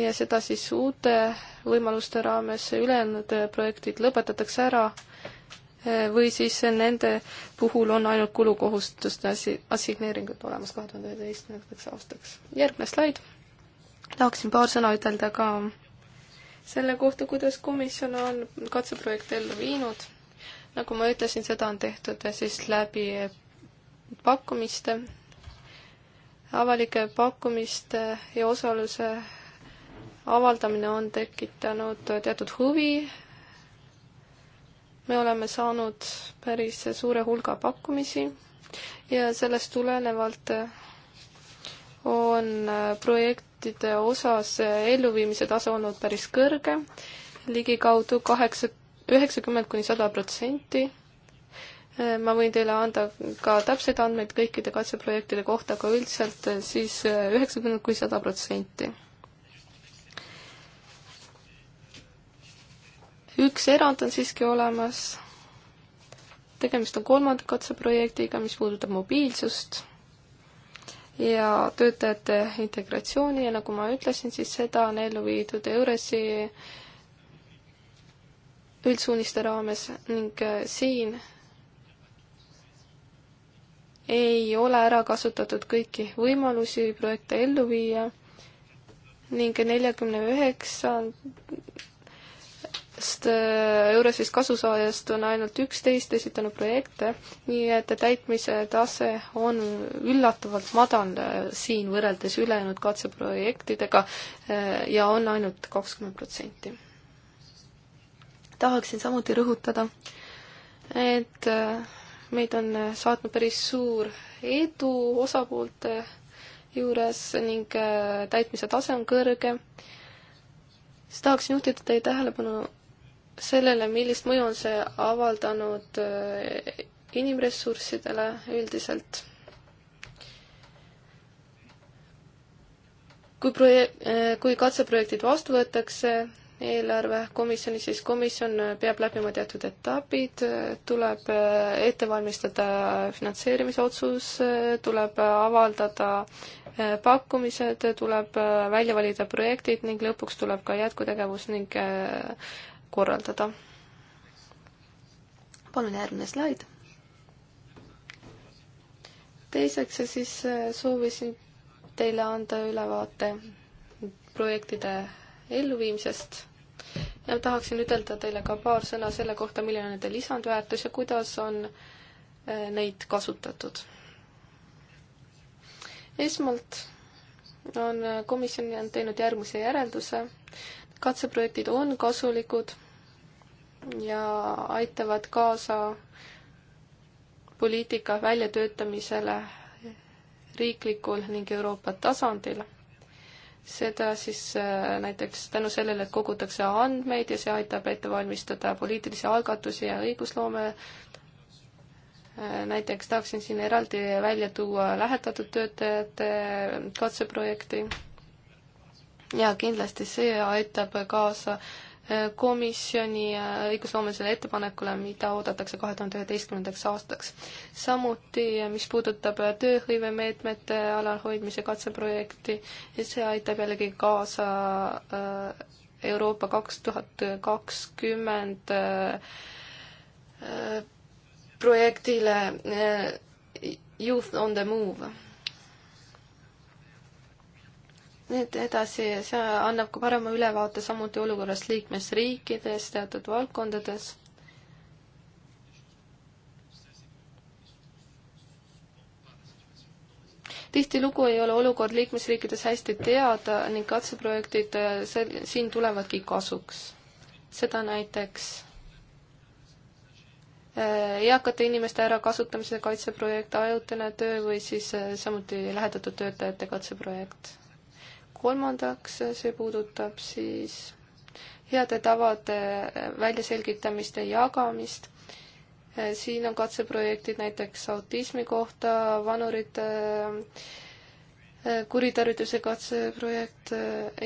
ja seda siis uute võimaluste raames, ülejäänud projektid lõpetatakse ära või siis nende puhul on ainult kulukohustuste assi-, assigneeringud olemas kahe tuhande üheteistkümnendaks aastaks. järgmine slaid. tahaksin paar sõna ütelda ka selle kohta, kuidas komisjon on katseprojekte ellu viinud nagu ma ütlesin, seda on tehtud siis läbi pakkumiste, avalike pakkumiste ja osaluse avaldamine on tekitanud teatud huvi. me oleme saanud päris suure hulga pakkumisi ja sellest tulenevalt on projektide osas elluviimise tase olnud päris kõrge, ligikaudu kaheksa üheksakümmend kuni sada protsenti. ma võin teile anda ka täpseid andmeid kõikide katseprojektide kohta, aga üldiselt eh, siis eh, üheksakümmend kuni sada protsenti. üks erand on siiski olemas. tegemist on kolmanda katseprojektiga, mis puudutab mobiilsust ja töötajate integratsiooni ja nagu ma ütlesin, siis seda on ellu viidud EURES-i üldsuuniste raames ning äh, siin ei ole ära kasutatud kõiki võimalusi projekte ellu viia ning neljakümne üheksast äh, Eurosist kasusaajast on ainult üksteist esitanud projekte, nii et täitmise tase on üllatavalt madal äh, siin võrreldes ülejäänud katseprojektidega ja on ainult kakskümmend protsenti tahaksin samuti rõhutada, et äh, meid on äh, saatnud päris suur edu osapoolte juures ning äh, täitmise tase on kõrge. siis tahaksin juhtida teie tähelepanu sellele, millist mõju on see avaldanud inimressurssidele üldiselt. kui proje-, kui katseprojektid vastu võetakse, eelarvekomisjoni, siis komisjon peab läbima teatud etapid, tuleb eh, ette valmistada finantseerimisotsus, eh, tuleb avaldada eh, pakkumised, tuleb välja valida projektid ning lõpuks tuleb ka jätkutegevus ning korraldada. palun järgmine slaid. teiseks siis soovisin teile anda ülevaate projektide elluviimisest ja tahaksin ütelda teile ka paar sõna selle kohta, milline on nende lisandväärtus ja kuidas on äh, neid kasutatud. esmalt on äh, komisjon teinud järgmise järelduse. katseprojektid on kasulikud ja aitavad kaasa poliitika väljatöötamisele riiklikul ning Euroopa tasandil seda siis äh, näiteks tänu sellele, et kogutakse andmeid ja see aitab ette valmistada poliitilisi algatusi ja õigusloome. Äh, näiteks tahaksin siin eraldi välja tuua lähetatud töötajate katseprojekti. ja kindlasti see aitab kaasa komisjoni äh, õigusloomelisele ettepanekule, mida oodatakse kahe tuhande üheteistkümnendaks aastaks. samuti, äh, mis puudutab äh, tööhõivemeetmete alalhoidmise katseprojekti, see aitab jällegi kaasa Euroopa kaks tuhat kakskümmend projektile Youth on the Move nüüd edasi, see annab ka parema ülevaate samuti olukorrast liikmesriikides, teatud valdkondades. tihtilugu ei ole olukord liikmesriikides hästi teada ning katseprojektid äh, siin tulevadki kasuks. seda näiteks äh, eakate inimeste ärakasutamise kaitseprojekt, ajutine töö või siis äh, samuti lähedatud töötajate katseprojekt kolmandaks, see puudutab siis heade tavade väljaselgitamist ja jagamist. siin on katseprojektid näiteks autismi kohta, vanurite kuritarvituse katseprojekt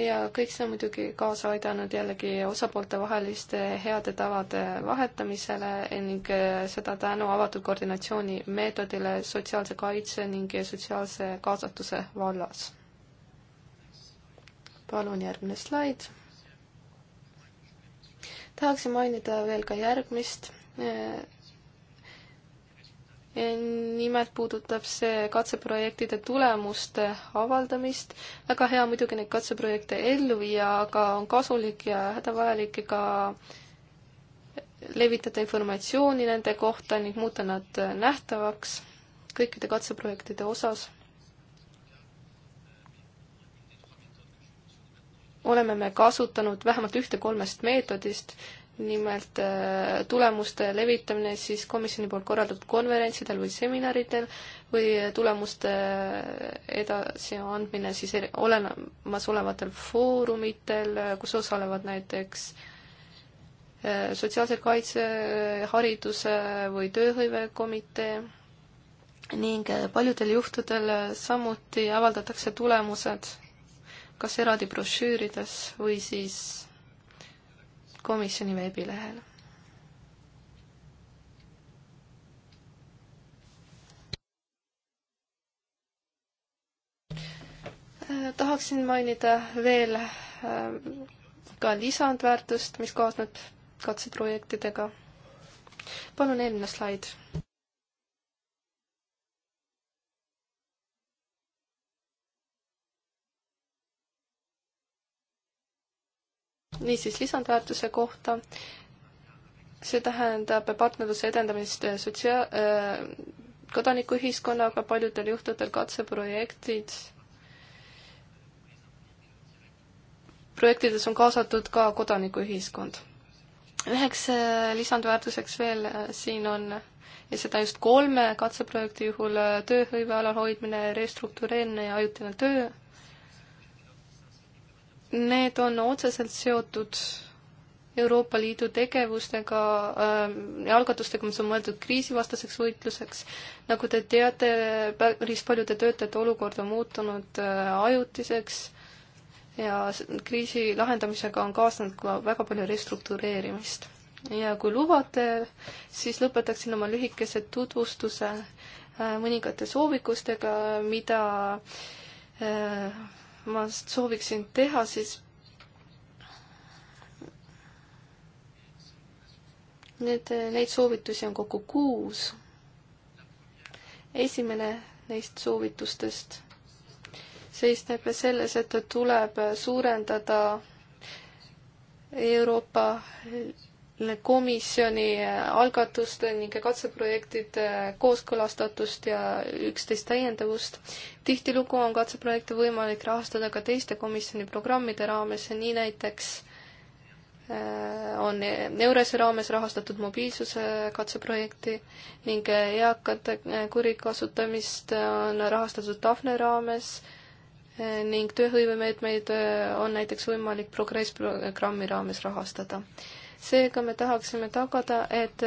ja kõik see on muidugi kaasa aidanud jällegi osapooltevaheliste heade tavade vahetamisele ning seda tänu avatud koordinatsiooni meetodile sotsiaalse kaitse ning sotsiaalse kaasatuse vallas palun järgmine slaid. tahaksin mainida veel ka järgmist. nimelt puudutab see katseprojektide tulemuste avaldamist. väga hea muidugi neid katseprojekte ellu viia, aga on kasulik ja hädavajalik ka levitada informatsiooni nende kohta ning muuta nad nähtavaks kõikide katseprojektide osas oleme me kasutanud vähemalt ühte kolmest meetodist, nimelt äh, tulemuste levitamine siis komisjoni poolt korraldatud konverentsidel või seminaridel või tulemuste äh, edasiandmine siis olemasolevatel foorumitel, äh, kus osalevad näiteks sotsiaalse kaitse, hariduse või tööhõivekomitee ning paljudel juhtudel samuti avaldatakse tulemused kas eraldi brošüürides või siis komisjoni veebilehel. tahaksin mainida veel äh, ka lisandväärtust, mis kaasneb katseprojektidega. palun eelmine slaid. niisiis lisandväärtuse kohta, see tähendab partnerluse edendamist sotsia-, äh, kodanikuühiskonnaga, paljudel juhtudel katseprojektid, projektides on kaasatud ka kodanikuühiskond. üheks äh, lisandväärtuseks veel äh, siin on ja seda just kolme katseprojekti juhul tööhõive alal hoidmine, restruktureerimine ja ajutine töö Need on otseselt seotud Euroopa Liidu tegevustega äh, ja algatustega, mis on mõeldud kriisivastaseks võitluseks. nagu te teate, päris paljude töötajate olukord on muutunud äh, ajutiseks ja kriisi lahendamisega on kaasnenud ka väga palju restruktureerimist. ja kui lubate, siis lõpetaksin oma lühikese tutvustuse äh, mõningate soovikustega, mida äh, ma sooviksin teha, siis Need, neid soovitusi on kokku kuus. esimene neist soovitustest seisneb selles, et tuleb suurendada Euroopa komisjoni äh, algatuste ning katseprojektide äh, kooskõlastatust ja üksteist täiendavust. tihtilugu on katseprojekte võimalik rahastada ka teiste komisjoni programmide raames, nii näiteks äh, on Eurese raames rahastatud mobiilsuse katseprojekti ning eakate kurikasutamist on rahastatud Tafne raames ning tööhõivemeetmeid on näiteks võimalik Progress programmi raames rahastada seega me tahaksime tagada, et,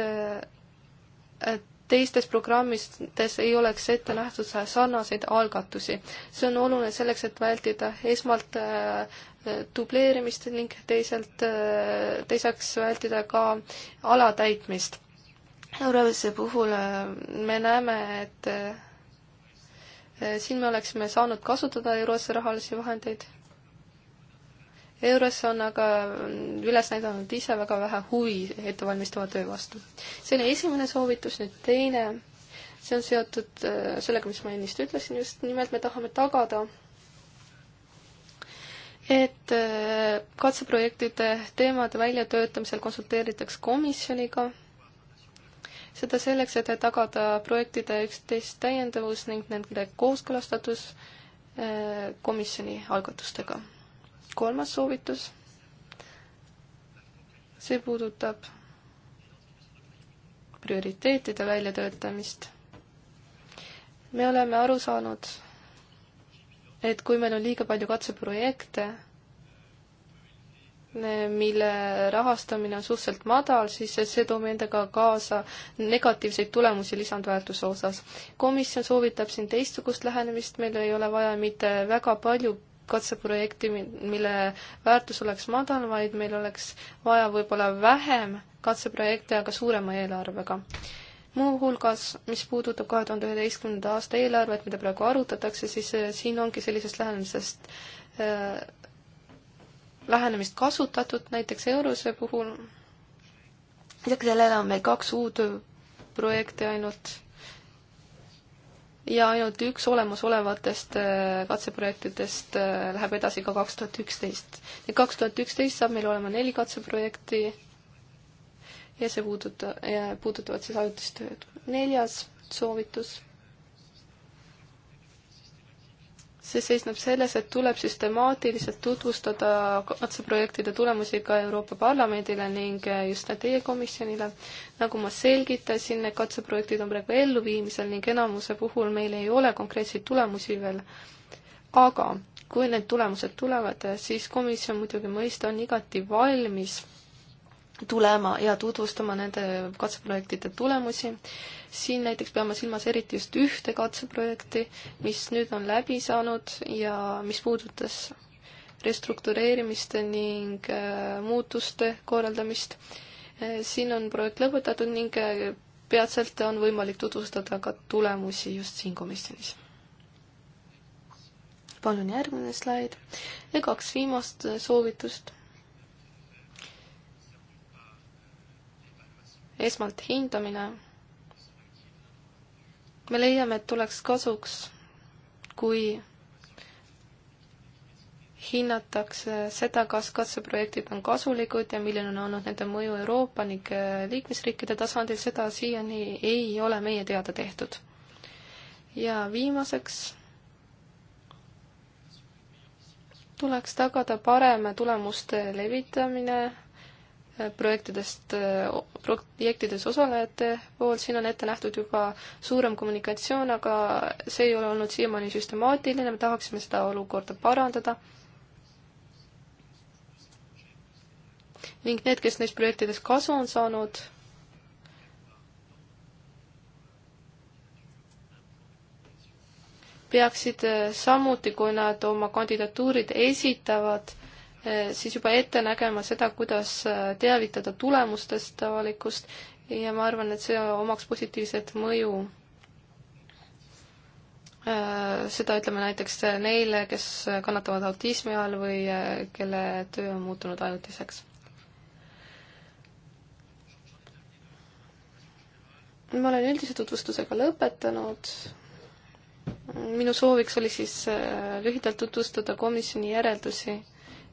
et teistes programmides ei oleks ette nähtud sarnaseid algatusi. see on oluline selleks, et vältida esmalt äh, dubleerimist ning teiselt, äh, teiseks vältida ka alatäitmist. Eurovise puhul äh, me näeme, et siin me oleksime saanud kasutada Eurovise rahalisi vahendeid EURES on aga üles näidanud ise väga vähe huvi ettevalmistava töö vastu. see oli esimene soovitus, nüüd teine, see on seotud äh, sellega, mis ma ennist ütlesin, just nimelt me tahame tagada, et äh, katseprojektide teemade väljatöötamisel konsulteeritakse komisjoniga, seda selleks, et tagada projektide üksteist täiendavus ning nende kooskõlastatus äh, komisjoni algatustega kolmas soovitus, see puudutab prioriteetide väljatöötamist. me oleme aru saanud, et kui meil on liiga palju katseprojekte, mille rahastamine on suhteliselt madal, siis see toob endaga kaasa negatiivseid tulemusi lisandväärtuse osas. komisjon soovitab siin teistsugust lähenemist, meil ei ole vaja mitte väga palju katseprojekti, mille väärtus oleks madal, vaid meil oleks vaja võib-olla vähem katseprojekte, aga suurema eelarvega. muuhulgas, mis puudutab kahe tuhande üheteistkümnenda aasta eelarvet, mida praegu arutatakse, siis äh, siin ongi sellisest lähenemisest äh,, lähenemist kasutatud, näiteks Eurose puhul. lisaks sellele on meil kaks uut projekti ainult ja ainult üks olemasolevatest äh, katseprojektidest äh, läheb edasi ka kaks tuhat üksteist. nii kaks tuhat üksteist saab meil olema neli katseprojekti ja see puuduta-, puudutavad siis ajutist tööd. neljas soovitus see seisneb selles, et tuleb süstemaatiliselt tutvustada katseprojektide tulemusi ka Euroopa Parlamendile ning just teie komisjonile. nagu ma selgitasin, need katseprojektid on praegu elluviimisel ning enamuse puhul meil ei ole konkreetseid tulemusi veel. aga kui need tulemused tulevad, siis komisjon muidugi mõista on igati valmis tulema ja tutvustama nende katseprojektide tulemusi. siin näiteks peame silmas eriti just ühte katseprojekti, mis nüüd on läbi saanud ja mis puudutas restruktureerimist ning äh, muutuste korraldamist. Äh, siin on projekt lõpetatud ning äh, peatselt on võimalik tutvustada ka tulemusi just siin komisjonis. palun järgmine slaid ja kaks viimast soovitust esmalt hindamine. me leiame, et tuleks kasuks, kui hinnatakse seda, kas katseprojektid on kasulikud ja milline on olnud nende mõju Euroopa ning äh, liikmesriikide tasandil, seda siiani ei ole meie teada tehtud. ja viimaseks tuleks tagada parem tulemuste levitamine projektidest, projektides osalejate poolt, siin on ette nähtud juba suurem kommunikatsioon, aga see ei ole olnud siiamaani süstemaatiline, me tahaksime seda olukorda parandada. ning need, kes neist projektidest kasu on saanud, peaksid samuti, kui nad oma kandidatuurid esitavad Eh, siis juba ette nägema seda, kuidas eh, teavitada tulemustest avalikkust ja ma arvan, et see omaks positiivset mõju. Eh, seda ütleme näiteks neile, kes kannatavad autismi all või kelle töö on muutunud ajutiseks. ma olen üldise tutvustusega lõpetanud minu sooviks oli siis lühidalt tutvustada komisjoni järeldusi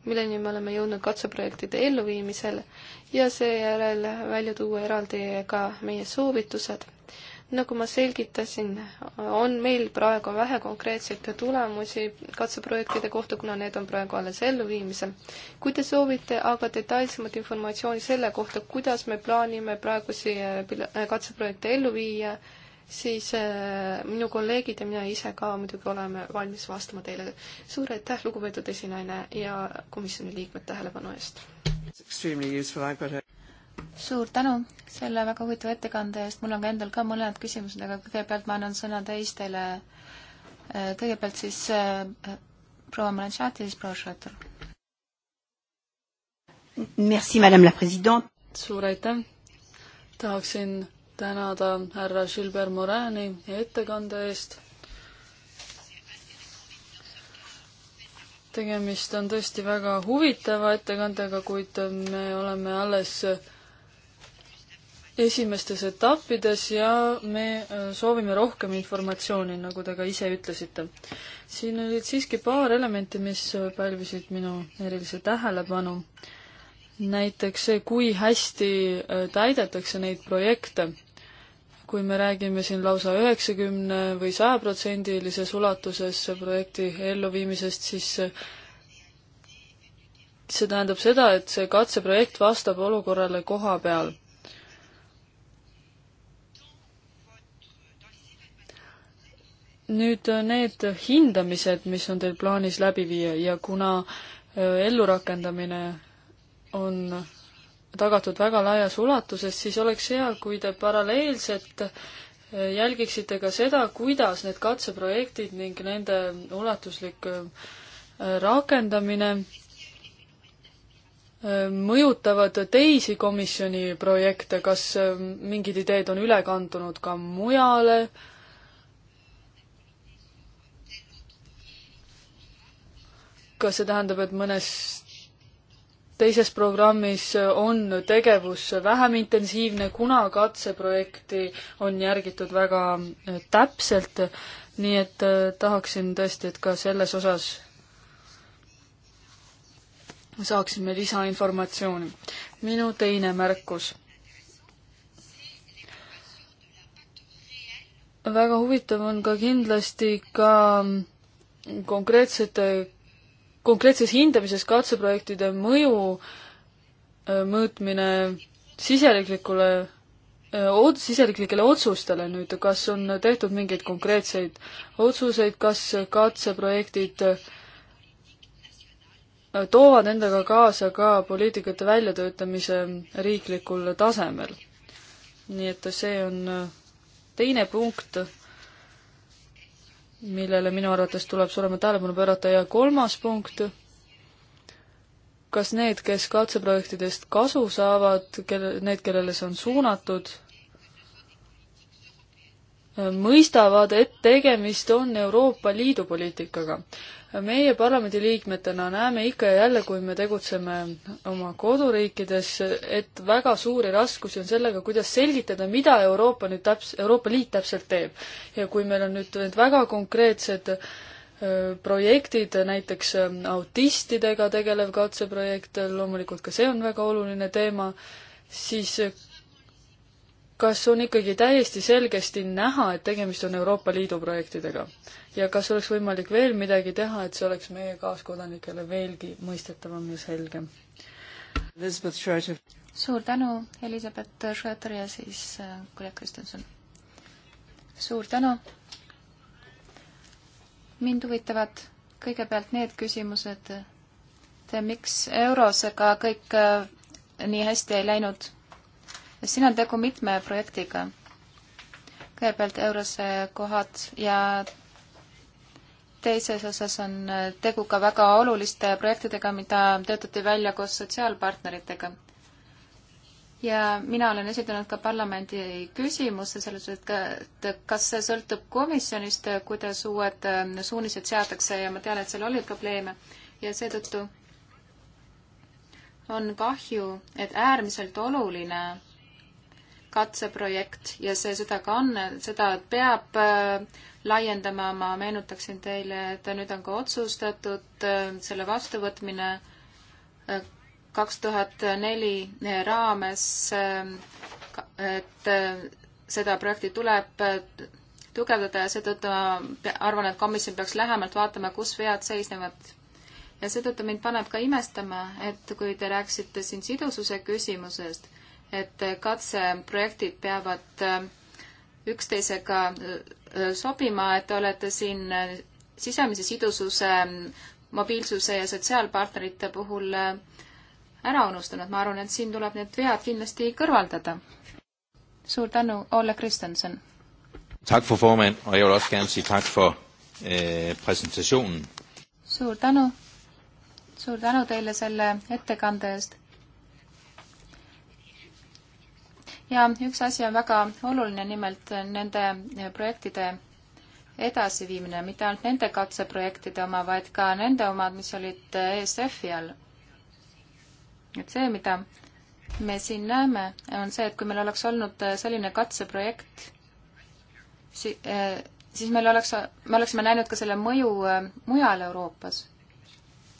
milleni me oleme jõudnud katseprojektide elluviimisel ja seejärel välja tuua eraldi ka meie soovitused. nagu ma selgitasin, on meil praegu vähe konkreetseid tulemusi katseprojektide kohta, kuna need on praegu alles elluviimisel. kui te soovite aga detailsemat informatsiooni selle kohta, kuidas me plaanime praegusi äh, katseprojekte ellu viia, siis äh, minu kolleegid ja mina ise ka muidugi oleme valmis vastama teile. suur aitäh, lugupeetud esinaine ja komisjoni liikmed tähelepanu eest! suur tänu selle väga huvitava ettekande eest, mul on ka endal ka mõned küsimused, aga kõigepealt ma annan sõna teistele. Äh, kõigepealt siis äh, proua Malanchati, siis proua Schröter. Merci, madame la president! suur aitäh! tahaksin tänada härra Gilbert Morani ettekande eest. tegemist on tõesti väga huvitava ettekandega, kuid me oleme alles esimestes etappides ja me soovime rohkem informatsiooni, nagu te ka ise ütlesite. siin olid siiski paar elementi, mis pälvisid minu erilise tähelepanu. näiteks see, kui hästi täidetakse neid projekte kui me räägime siin lausa üheksakümne või sajaprotsendilises ulatuses projekti elluviimisest, siis see tähendab seda, et see katseprojekt vastab olukorrale koha peal. nüüd need hindamised, mis on teil plaanis läbi viia ja kuna ellurakendamine on tagatud väga laias ulatuses, siis oleks hea, kui te paralleelselt eh, jälgiksite ka seda, kuidas need katseprojektid ning nende ulatuslik eh, rakendamine eh, mõjutavad teisi komisjoni projekte, kas mingid ideed on üle kandunud ka mujale? kas see tähendab, et mõnes teises programmis on tegevus vähem intensiivne, kuna katseprojekti on järgitud väga äh, täpselt, nii et äh, tahaksin tõesti, et ka selles osas saaksime lisainformatsiooni. minu teine märkus. väga huvitav on ka kindlasti ka konkreetsete konkreetses hindamises katseprojektide mõju mõõtmine siseriiklikule, siseriiklikele otsustele nüüd, kas on tehtud mingeid konkreetseid otsuseid, kas katseprojektid toovad endaga kaasa ka poliitikate väljatöötamise riiklikul tasemel. nii et see on teine punkt, millele minu arvates tuleb suuremat tähelepanu pöörata ja kolmas punkt, kas need, kes katseprojektidest kasu saavad, kelle, need, kellele see on suunatud, mõistavad, et tegemist on Euroopa Liidu poliitikaga meie parlamendiliikmetena näeme ikka ja jälle, kui me tegutseme oma koduriikides, et väga suuri raskusi on sellega, kuidas selgitada, mida Euroopa nüüd täps-, Euroopa Liit täpselt teeb. ja kui meil on nüüd need väga konkreetsed äh, projektid, näiteks äh, autistidega tegelev katseprojekt, loomulikult ka see on väga oluline teema, siis kas on ikkagi täiesti selgesti näha, et tegemist on Euroopa Liidu projektidega? ja kas oleks võimalik veel midagi teha, et see oleks meie kaaskodanikele veelgi mõistetavam ja selgem? suur tänu, Elizabeth Schröter ja siis äh, Kulja Kristjanson. suur tänu! mind huvitavad kõigepealt need küsimused, miks Eurosega kõik äh, nii hästi ei läinud siin on tegu mitme projektiga. kõigepealt Eurose kohad ja teises osas on tegu ka väga oluliste projektidega, mida töötati välja koos sotsiaalpartneritega. ja mina olen esitanud ka parlamendi küsimuse selles, et kas see sõltub komisjonist, kuidas uued äh, suunised seatakse ja ma tean, et seal oli probleeme ja seetõttu on kahju, et äärmiselt oluline katseprojekt ja see seda ka on, seda peab äh, laiendama, ma meenutaksin teile, et nüüd on ka otsustatud äh, selle vastuvõtmine äh, kaks tuhat neli raames, et seda projekti tuleb tugevdada ja seetõttu ma arvan, et komisjon peaks lähemalt vaatama, kus vead seisnevad. ja seetõttu mind paneb ka imestama, et kui te rääkisite siin sidususe küsimusest et katseprojektid peavad äh, üksteisega äh, sobima, et te olete siin äh, sisemise sidususe, mobiilsuse ja sotsiaalpartnerite puhul ära unustanud, ma arvan, et siin tuleb need vead kindlasti kõrvaldada. suur tänu, Olle Kristjanson! Tak for formand, og jeg vil også gerne sige tak for øh, præsentationen. Suur tänu. Suur tänu teile selle ettekande eest. ja üks asi on väga oluline, nimelt nende projektide edasiviimine, mitte ainult nende katseprojektide oma, vaid ka nende omad, mis olid ESF-i all. et see, mida me siin näeme, on see, et kui meil oleks olnud selline katseprojekt, siis meil oleks, me oleksime näinud ka selle mõju mujal Euroopas.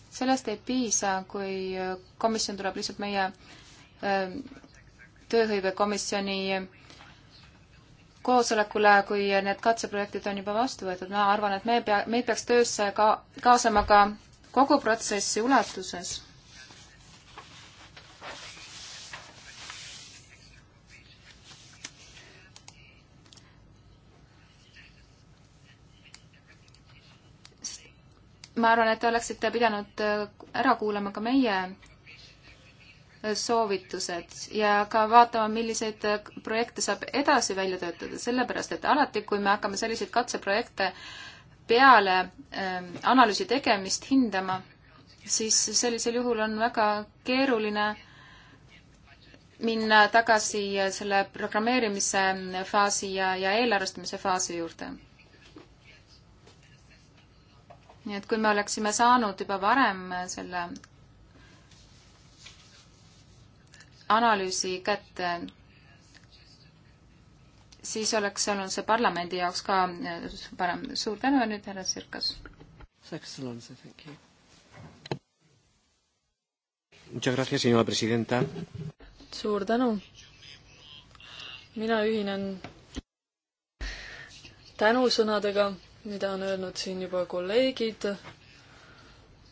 sellest ei piisa, kui komisjon tuleb lihtsalt meie tööhõivekomisjoni koosolekule, kui need katseprojektid on juba vastu võetud. ma arvan, et me pea, meid peaks töösse ka kaasama ka kogu protsessi ulatuses. ma arvan, et te oleksite pidanud ära kuulama ka meie soovitused ja ka vaatama, milliseid äh, projekte saab edasi välja töötada, sellepärast et alati, kui me hakkame selliseid katseprojekte peale äh, analüüsi tegemist hindama, siis sellisel juhul on väga keeruline minna tagasi äh, selle programmeerimise faasi ja, ja eelarvestamise faasi juurde. nii et kui me oleksime saanud juba varem äh, selle analüüsi kätte, siis oleks olnud see parlamendi jaoks ka äh, parem. suur tänu ja nüüd härra Sirkas. suur tänu. mina ühinen tänusõnadega, mida on öelnud siin juba kolleegid.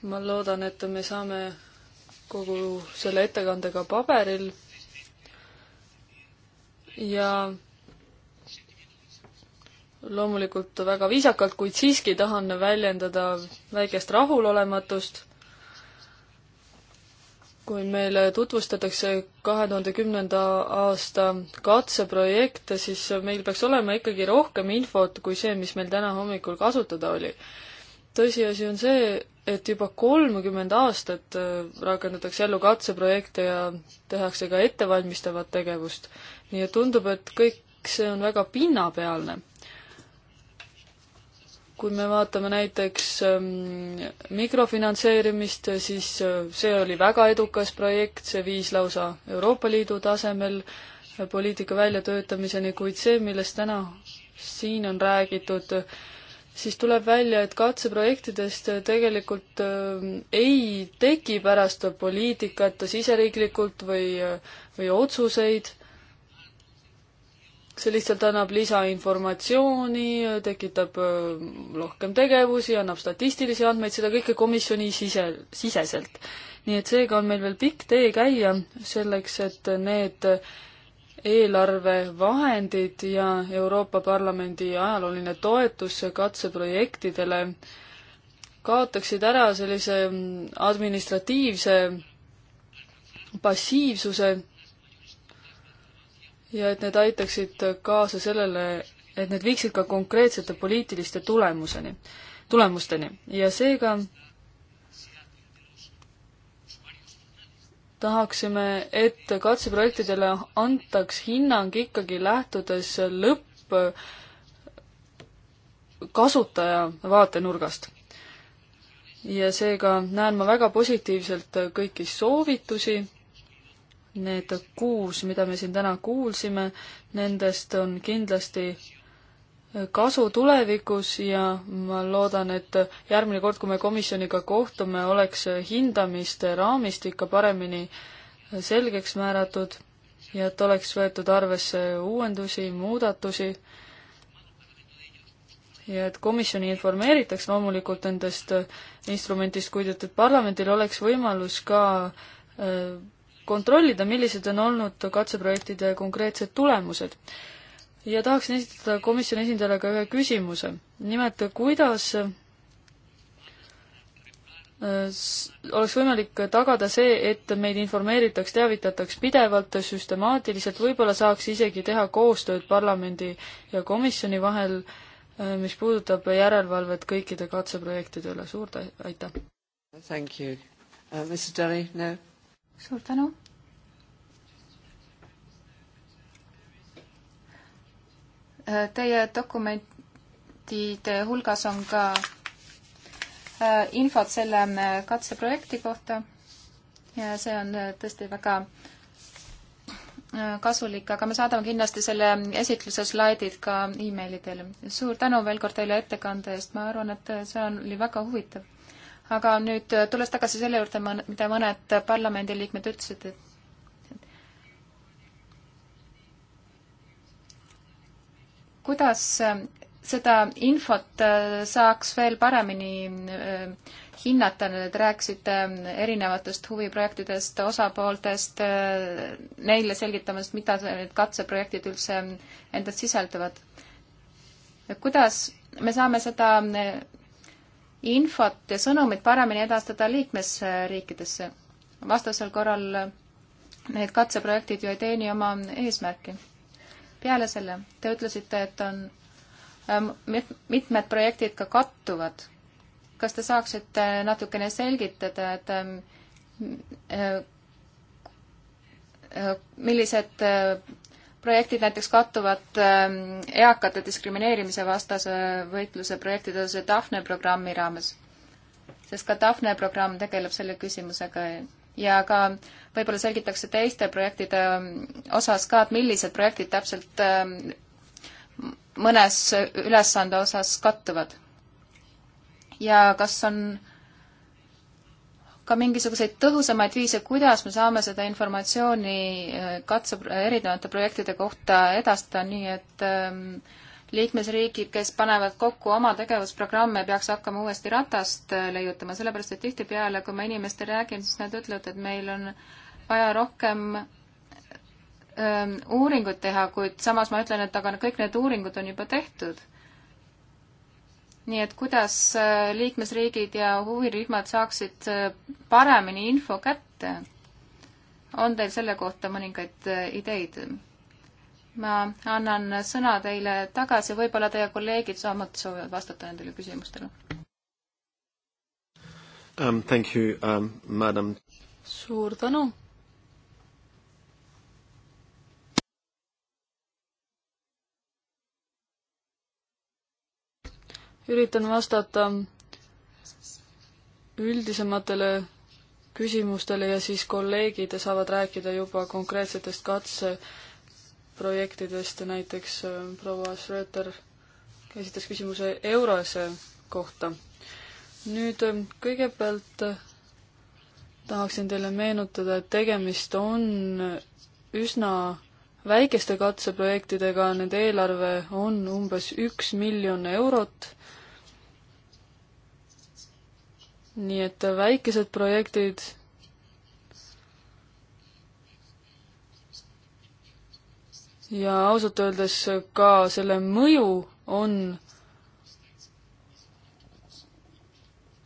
ma loodan, et me saame kogu selle ettekandega paberil ja loomulikult väga viisakalt, kuid siiski tahan väljendada väikest rahulolematust, kui meile tutvustatakse kahe tuhande kümnenda aasta katseprojekte, siis meil peaks olema ikkagi rohkem infot kui see, mis meil täna hommikul kasutada oli. tõsiasi on see, et juba kolmkümmend aastat äh, rakendatakse ellu katseprojekte ja tehakse ka ettevalmistavat tegevust. nii et tundub, et kõik see on väga pinnapealne. kui me vaatame näiteks ähm, mikrofinantseerimist, siis äh, see oli väga edukas projekt, see viis lausa Euroopa Liidu tasemel äh, poliitika väljatöötamiseni, kuid see, millest täna siin on räägitud äh,, siis tuleb välja, et katseprojektidest äh, tegelikult äh, ei teki pärast poliitikat siseriiklikult või, äh, või otsuseid. see lihtsalt annab lisainformatsiooni, tekitab rohkem tegevusi, annab statistilisi andmeid, seda kõike komisjoni sise, siseselt. nii et seega on meil veel pikk tee käia selleks, et need äh, eelarvevahendid ja Euroopa Parlamendi ajalooline toetus katseprojektidele kaotaksid ära sellise mm, administratiivse passiivsuse ja et need aitaksid kaasa sellele, et need viiksid ka konkreetsete poliitiliste tulemuseni, tulemusteni ja seega tahaksime, et katseprojektidele antaks hinnang ikkagi lähtudes lõppkasutaja vaatenurgast. ja seega näen ma väga positiivselt kõiki soovitusi, need kuus, mida me siin täna kuulsime, nendest on kindlasti kasu tulevikus ja ma loodan, et järgmine kord, kui me komisjoniga kohtume, oleks hindamiste raamistik ka paremini selgeks määratud ja et oleks võetud arvesse uuendusi, muudatusi ja et komisjoni informeeritaks loomulikult nendest instrumentist, kuid et, et parlamendil oleks võimalus ka äh, kontrollida, millised on olnud katseprojektide konkreetsed tulemused ja tahaksin esitada komisjoni esindajale ka ühe küsimuse. nimelt, kuidas äh, oleks võimalik tagada see, et meid informeeritaks, teavitataks pidevalt, süstemaatiliselt, võib-olla saaks isegi teha koostööd parlamendi ja komisjoni vahel, äh, mis puudutab järelevalvet kõikide katseprojektide üle. suur aitäh! Thank you uh,. Mr Deli, no? suur tänu, Teie dokumentide hulgas on ka äh, infot selle äh, katseprojekti kohta ja see on äh, tõesti väga kasulik, aga me saadame kindlasti selle esitluse slaidid ka emaili teile. suur tänu veel kord teile ettekande eest, ma arvan, et see on, oli väga huvitav. aga nüüd tulles tagasi selle juurde, mida mõned parlamendiliikmed ütlesid, et kuidas äh, seda infot äh, saaks veel paremini äh, hinnata, te rääkisite erinevatest huviprojektidest, osapooltest, neile selgitamast, mida need katseprojektid üldse endast sisaldavad. kuidas me saame seda infot ja sõnumit paremini edastada liikmesriikidesse? vastasel korral need katseprojektid ju ei teeni oma eesmärki peale selle, te ütlesite, et on ähm, mitmed projektid ka kattuvad. kas te saaksite natukene selgitada, et ähm, äh, äh, millised äh, projektid näiteks kattuvad ähm, eakate diskrimineerimise vastase võitluse projektide Daphne programmi raames? sest ka Daphne programm tegeleb selle küsimusega ja ka võib-olla selgitakse teiste projektide ähm, osas ka, et millised projektid täpselt ähm, mõnes ülesande osas kattuvad. ja kas on ka mingisuguseid tõhusamaid viise, kuidas me saame seda informatsiooni äh, katse, äh, erinevate projektide kohta edastada, nii et ähm, liikmesriigid, kes panevad kokku oma tegevusprogramme, peaks hakkama uuesti ratast äh, leiutama, sellepärast et tihtipeale, kui ma inimestele räägin, siis nad ütlevad, et meil on vaja rohkem ähm, uuringut teha, kuid samas ma ütlen, et aga kõik need uuringud on juba tehtud. nii et kuidas äh, liikmesriigid ja huvirühmad saaksid äh, paremini info kätte? on teil selle kohta mõningaid ideid? ma annan sõna teile tagasi, võib-olla teie kolleegid samuti soovivad vastata nendele küsimustele um,. Thank you um,, madam. suur tänu. üritan vastata üldisematele küsimustele ja siis kolleegid saavad rääkida juba konkreetsetest katse projektidest, näiteks äh, proua Schröter esitas küsimuse Eurose kohta. nüüd äh, kõigepealt äh, tahaksin teile meenutada, et tegemist on üsna väikeste katseprojektidega, nende eelarve on umbes üks miljon eurot. nii et väikesed projektid ja ausalt öeldes ka selle mõju on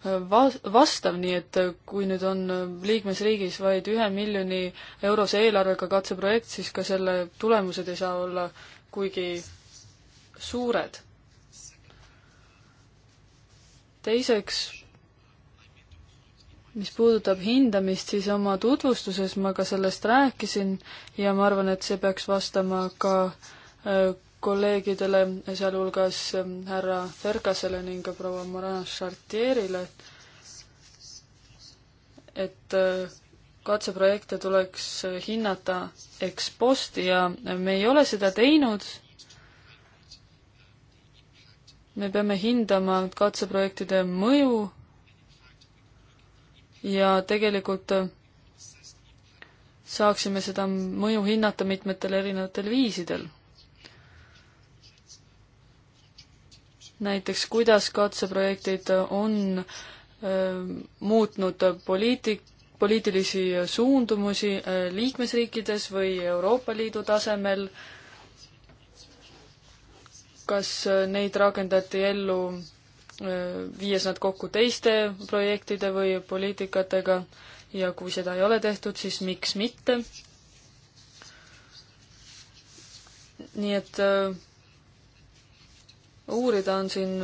va-, vastav, nii et kui nüüd on liikmesriigis vaid ühe miljoni eurose eelarvega katseprojekt, siis ka selle tulemused ei saa olla kuigi suured. teiseks mis puudutab hindamist, siis oma tutvustuses ma ka sellest rääkisin ja ma arvan, et see peaks vastama ka äh, kolleegidele, sealhulgas ähm, härra Fergasele ning ka proua Morana Chartierile, et äh, katseprojekte tuleks äh, hinnata eksposti ja me ei ole seda teinud. me peame hindama katseprojektide mõju ja tegelikult äh, saaksime seda mõju hinnata mitmetel erinevatel viisidel. näiteks, kuidas katseprojektid on öö, äh, muutnud poliitik-, poliitilisi suundumusi äh, liikmesriikides või Euroopa Liidu tasemel, kas neid rakendati ellu viies nad kokku teiste projektide või poliitikatega ja kui seda ei ole tehtud, siis miks mitte. nii et äh, uurida on siin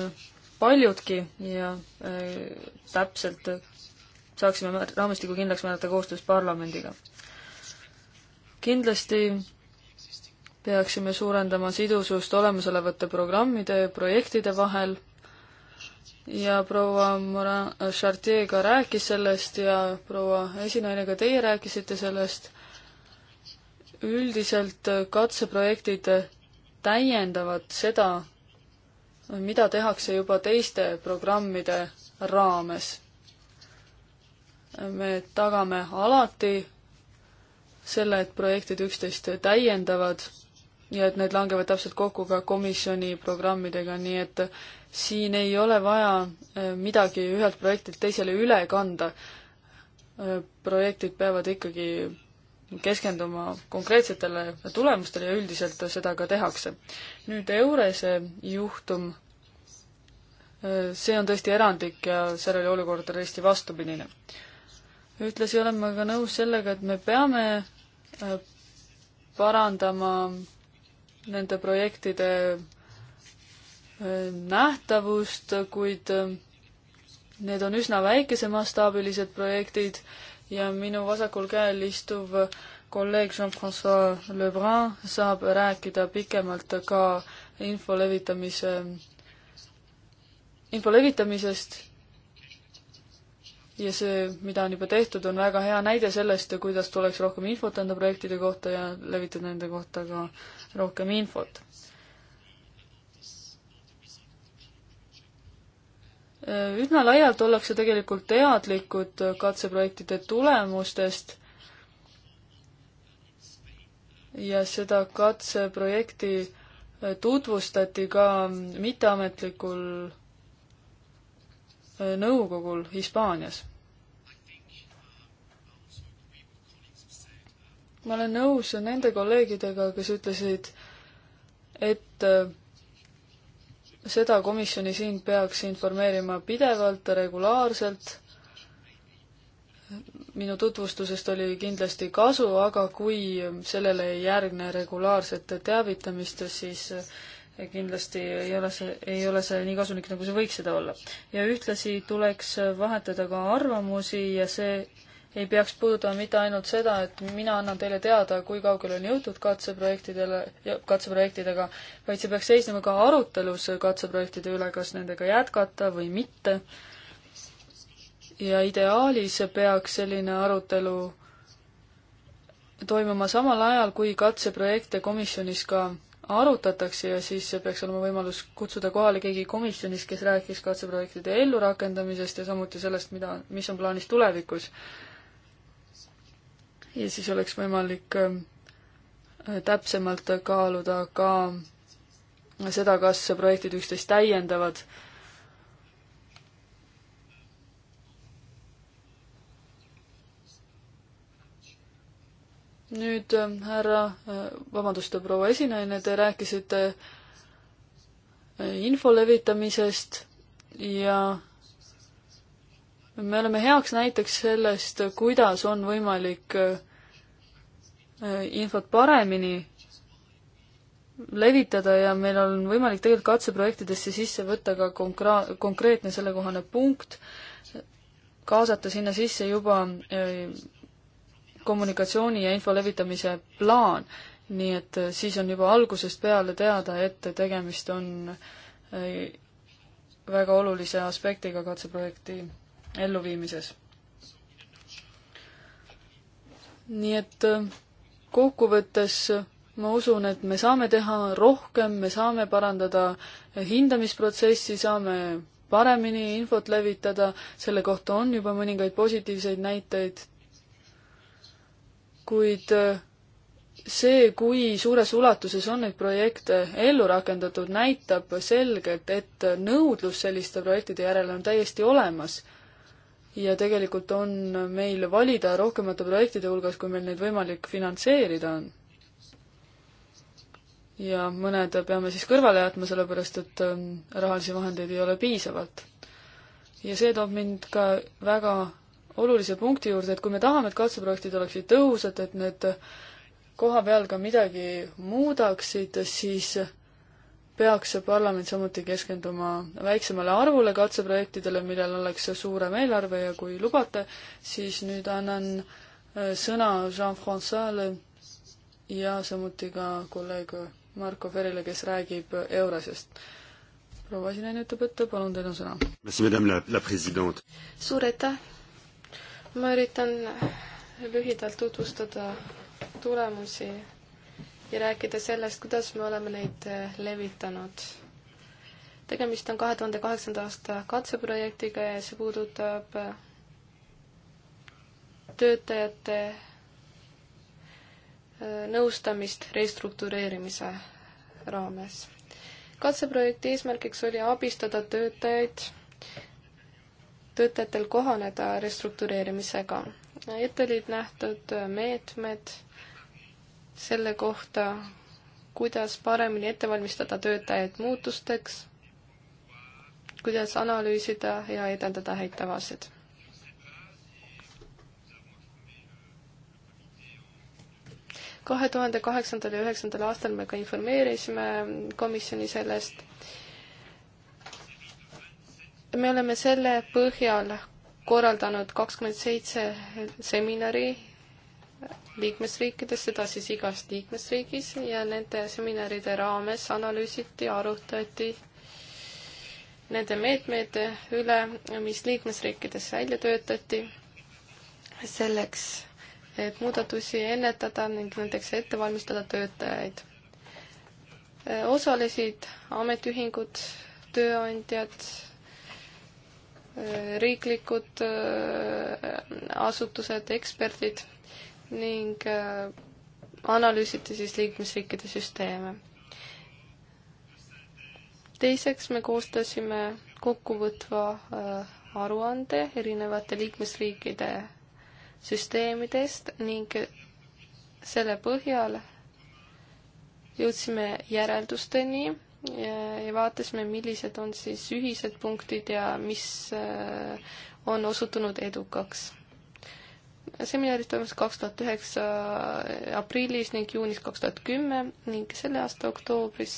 paljutki ja äh, täpselt saaksime raamistiku kindlaks määrata koostöös parlamendiga. kindlasti peaksime suurendama sidusust olemasolevate programmide ja projektide vahel ja proua Moran äh, Chartier ka rääkis sellest ja proua esinaine, ka teie rääkisite sellest. üldiselt äh, katseprojektid äh, täiendavad seda, mida tehakse juba teiste programmide raames. me tagame alati selle, et projektid üksteist täiendavad ja et need langevad täpselt kokku ka komisjoni programmidega, nii et siin ei ole vaja äh, midagi ühelt projektilt teisele üle kanda. Äh, projektid peavad ikkagi keskenduma konkreetsetele tulemustele ja üldiselt seda ka tehakse. nüüd Eurese juhtum, äh, see on tõesti erandlik ja seal oli olukord täiesti vastupidine. ühtlasi olen ma ka nõus sellega, et me peame parandama nende projektide nähtavust, kuid ähm, need on üsna väikesemastaabilised projektid ja minu vasakul käel istuv kolleeg Jean-François Lebrun saab rääkida pikemalt ka info levitamise, info levitamisest. ja see, mida on juba tehtud, on väga hea näide sellest, kuidas tuleks rohkem infot anda projektide kohta ja levitada nende kohta ka rohkem infot Äh, üsna laialt ollakse tegelikult teadlikud äh, katseprojektide tulemustest ja seda katseprojekti äh, tutvustati ka mitteametlikul nõukogul Hispaanias. ma olen nõus nende kolleegidega, kes ütlesid, et seda komisjoni siin peaks informeerima pidevalt, regulaarselt. minu tutvustusest oli kindlasti kasu, aga kui sellele ei järgne regulaarset teavitamist, siis kindlasti ei ole see, ei ole see nii kasulik, nagu see võiks seda olla. ja ühtlasi tuleks vahetada ka arvamusi ja see ei peaks puudutama mitte ainult seda, et mina annan teile teada, kui kaugele on jõutud katseprojektidele, katseprojektidega, vaid see peaks seisnema ka arutelus katseprojektide üle, kas nendega jätkata või mitte. ja ideaalis peaks selline arutelu toimuma samal ajal, kui katseprojekte komisjonis ka arutatakse ja siis peaks olema võimalus kutsuda kohale keegi komisjonis, kes rääkis katseprojektide ellurakendamisest ja samuti sellest, mida, mis on plaanis tulevikus ja siis oleks võimalik äh, täpsemalt kaaluda ka seda, kas projektid üksteist täiendavad. nüüd äh, härra, äh, vabandust, proua esinaine, te rääkisite info levitamisest ja me oleme heaks näiteks sellest, kuidas on võimalik Äh, infot paremini levitada ja meil on võimalik tegelikult katseprojektidesse sisse võtta ka konkra-, konkreetne sellekohane punkt, kaasata sinna sisse juba äh, kommunikatsiooni ja info levitamise plaan, nii et äh, siis on juba algusest peale teada, et tegemist on väga olulise aspektiga katseprojekti elluviimises. nii et äh, kokkuvõttes ma usun, et me saame teha rohkem, me saame parandada hindamisprotsessi, saame paremini infot levitada, selle kohta on juba mõningaid positiivseid näiteid. kuid eh, see, kui suures ulatuses on neid projekte ellu rakendatud, näitab selgelt, et nõudlus selliste projektide järele on täiesti olemas ja tegelikult on meil valida rohkemate projektide hulgas, kui meil neid võimalik finantseerida on. ja mõned peame siis kõrvale jätma, sellepärast et ähm, rahalisi vahendeid ei ole piisavalt. ja see toob mind ka väga olulise punkti juurde, et kui me tahame, et katseprojektid oleksid tõhusad, et need koha peal ka midagi muudaksid, siis peaks see parlament samuti keskenduma väiksemale arvule katseprojektidele, millel oleks suurem eelarve ja kui lubate, siis nüüd annan äh, sõna Jean-Francois'le ja samuti ka kolleeg Marko Ferile, kes räägib Eurasiast. proua Sinine ütleb, et palun, teil on sõna. suur aitäh! ma üritan lühidalt tutvustada tulemusi ja rääkida sellest, kuidas me oleme neid eh, levitanud. tegemist on kahe tuhande kaheksanda aasta katseprojektiga ja see puudutab eh, töötajate eh, nõustamist restruktureerimise raames. katseprojekti eesmärgiks oli abistada töötajaid, töötajatel kohaneda restruktureerimisega. ette olid nähtud meetmed selle kohta, kuidas paremini ette valmistada töötajaid muutusteks, kuidas analüüsida ja edendada häid tavasid. kahe tuhande kaheksandal ja üheksandal aastal me ka informeerisime komisjoni sellest. me oleme selle põhjal korraldanud kakskümmend seitse seminari liikmesriikides, seda siis igas liikmesriigis ja nende seminaride raames analüüsiti, arutati nende meetmete üle, mis liikmesriikides välja töötati, selleks, et muudatusi ennetada ning nendeks ette valmistada töötajaid. osalesid ametiühingud, tööandjad, riiklikud äh, asutused, eksperdid ning äh, analüüsiti siis liikmesriikide süsteeme. teiseks me koostasime kokkuvõtva äh, aruande erinevate liikmesriikide süsteemidest ning selle põhjal jõudsime järeldusteni äh, ja vaatasime, millised on siis ühised punktid ja mis on osutunud edukaks seminarid toimus kaks tuhat üheksa aprillis ning juunis kaks tuhat kümme ning selle aasta oktoobris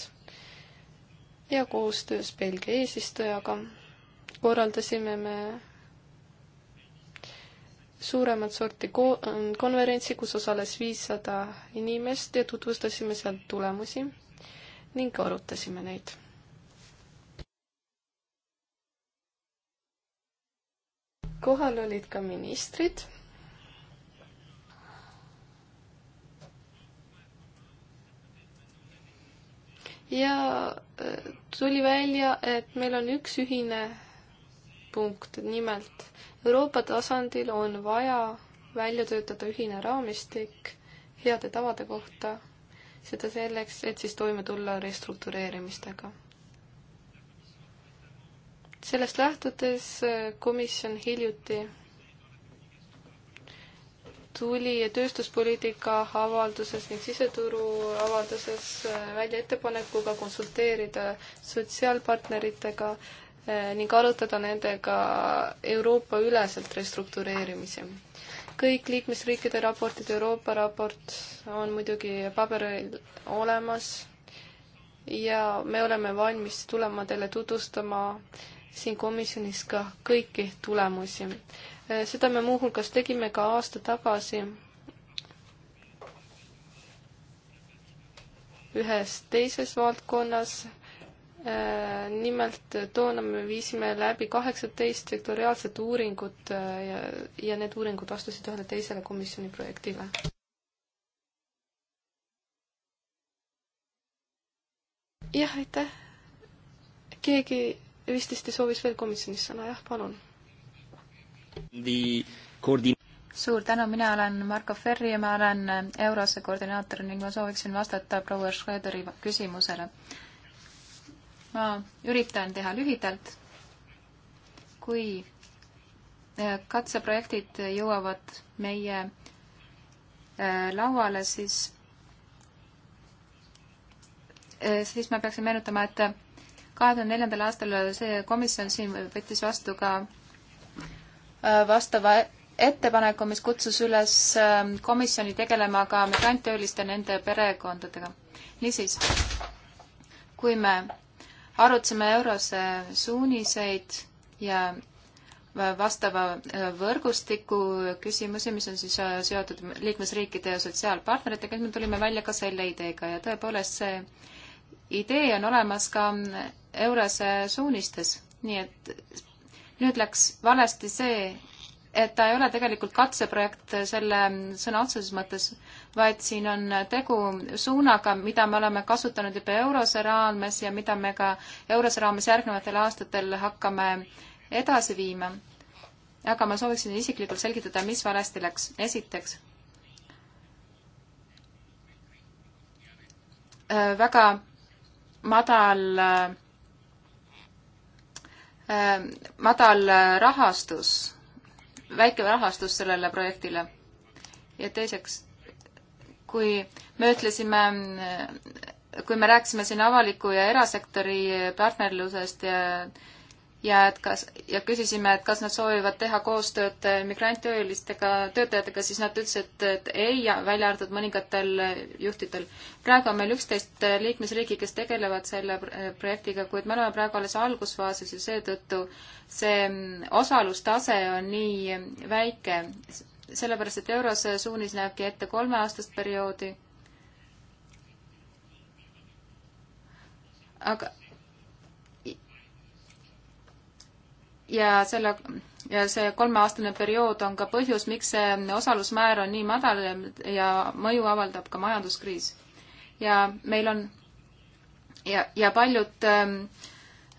ja koostöös Belgia eesistujaga korraldasime me suuremat sorti ko-, konverentsi, kus osales viissada inimest ja tutvustasime seal tulemusi ning arutasime neid. kohal olid ka ministrid ja äh, tuli välja, et meil on üks ühine punkt, nimelt Euroopa tasandil on vaja välja töötada ühine raamistik heade tavade kohta, seda selleks, et siis toime tulla restruktureerimistega. sellest lähtudes äh, komisjon hiljuti tuli tööstuspoliitika avalduses ning siseturu avalduses äh, välja ettepanekuga konsulteerida sotsiaalpartneritega äh, ning arutada nendega Euroopa üleselt restruktureerimisi. kõik liikmesriikide raportid, Euroopa raport on muidugi paberil olemas ja me oleme valmis tulema teile tutvustama siin komisjonis ka kõiki tulemusi. Eh, seda me muuhulgas tegime ka aasta tagasi ühes teises valdkonnas. Eh, nimelt toona me viisime läbi kaheksateist sektoriaalset uuringut eh, ja, ja need uuringud astusid ühele teisele komisjoni projektile. jah, aitäh. keegi vist vist soovis veel komisjonis sõna, jah, palun suur tänu, mina olen Marko Ferri ja ma olen äh, Eurose koordinaator ning ma sooviksin vastata proua Schröderi küsimusele. ma üritan teha lühidalt. kui äh, katseprojektid jõuavad meie äh, lauale, siis, siis ma peaksin meenutama, et kahe tuhande neljandal aastal see komisjon siin võttis vastu ka Äh, vastava ettepaneku, mis kutsus üles ähm, komisjoni tegelema ka migranttööliste nende perekondadega. niisiis, kui me arutasime Eurose suuniseid ja vastava äh, võrgustiku küsimusi, mis on siis äh, seotud liikmesriikide ja sotsiaalpartneritega, siis me tulime välja ka selle ideega ja tõepoolest see idee on olemas ka EURES suunistes, nii et nüüd läks valesti see, et ta ei ole tegelikult katseprojekt selle sõna otseses mõttes, vaid siin on tegu suunaga, mida me oleme kasutanud juba Eurose raames ja mida me ka Eurose raames järgnevatel aastatel hakkame edasi viima. aga ma sooviksin isiklikult selgitada, mis valesti läks. esiteks, äh, väga madal äh, Äh, madal rahastus, väike rahastus sellele projektile. ja teiseks, kui me ütlesime, äh, kui me rääkisime siin avaliku ja erasektori partnerlusest ja äh, ja et kas, ja küsisime, et kas nad soovivad teha koostööd eh, migranttöölistega, töötajatega, siis nad ütlesid, et ei, välja arvatud mõningatel eh, juhtidel. praegu on meil üksteist eh, liikmesriigi, kes tegelevad selle projektiga, kuid me oleme praegu alles algusfaasis ja seetõttu see mm, osalustase on nii mm, väike, sellepärast et EUROS suunis näebki ette kolmeaastast perioodi. aga ja selle ja see kolmeaastane periood on ka põhjus, miks see osalusmäär on nii madal ja mõju avaldab ka majanduskriis. ja meil on ja, ja paljud ähm,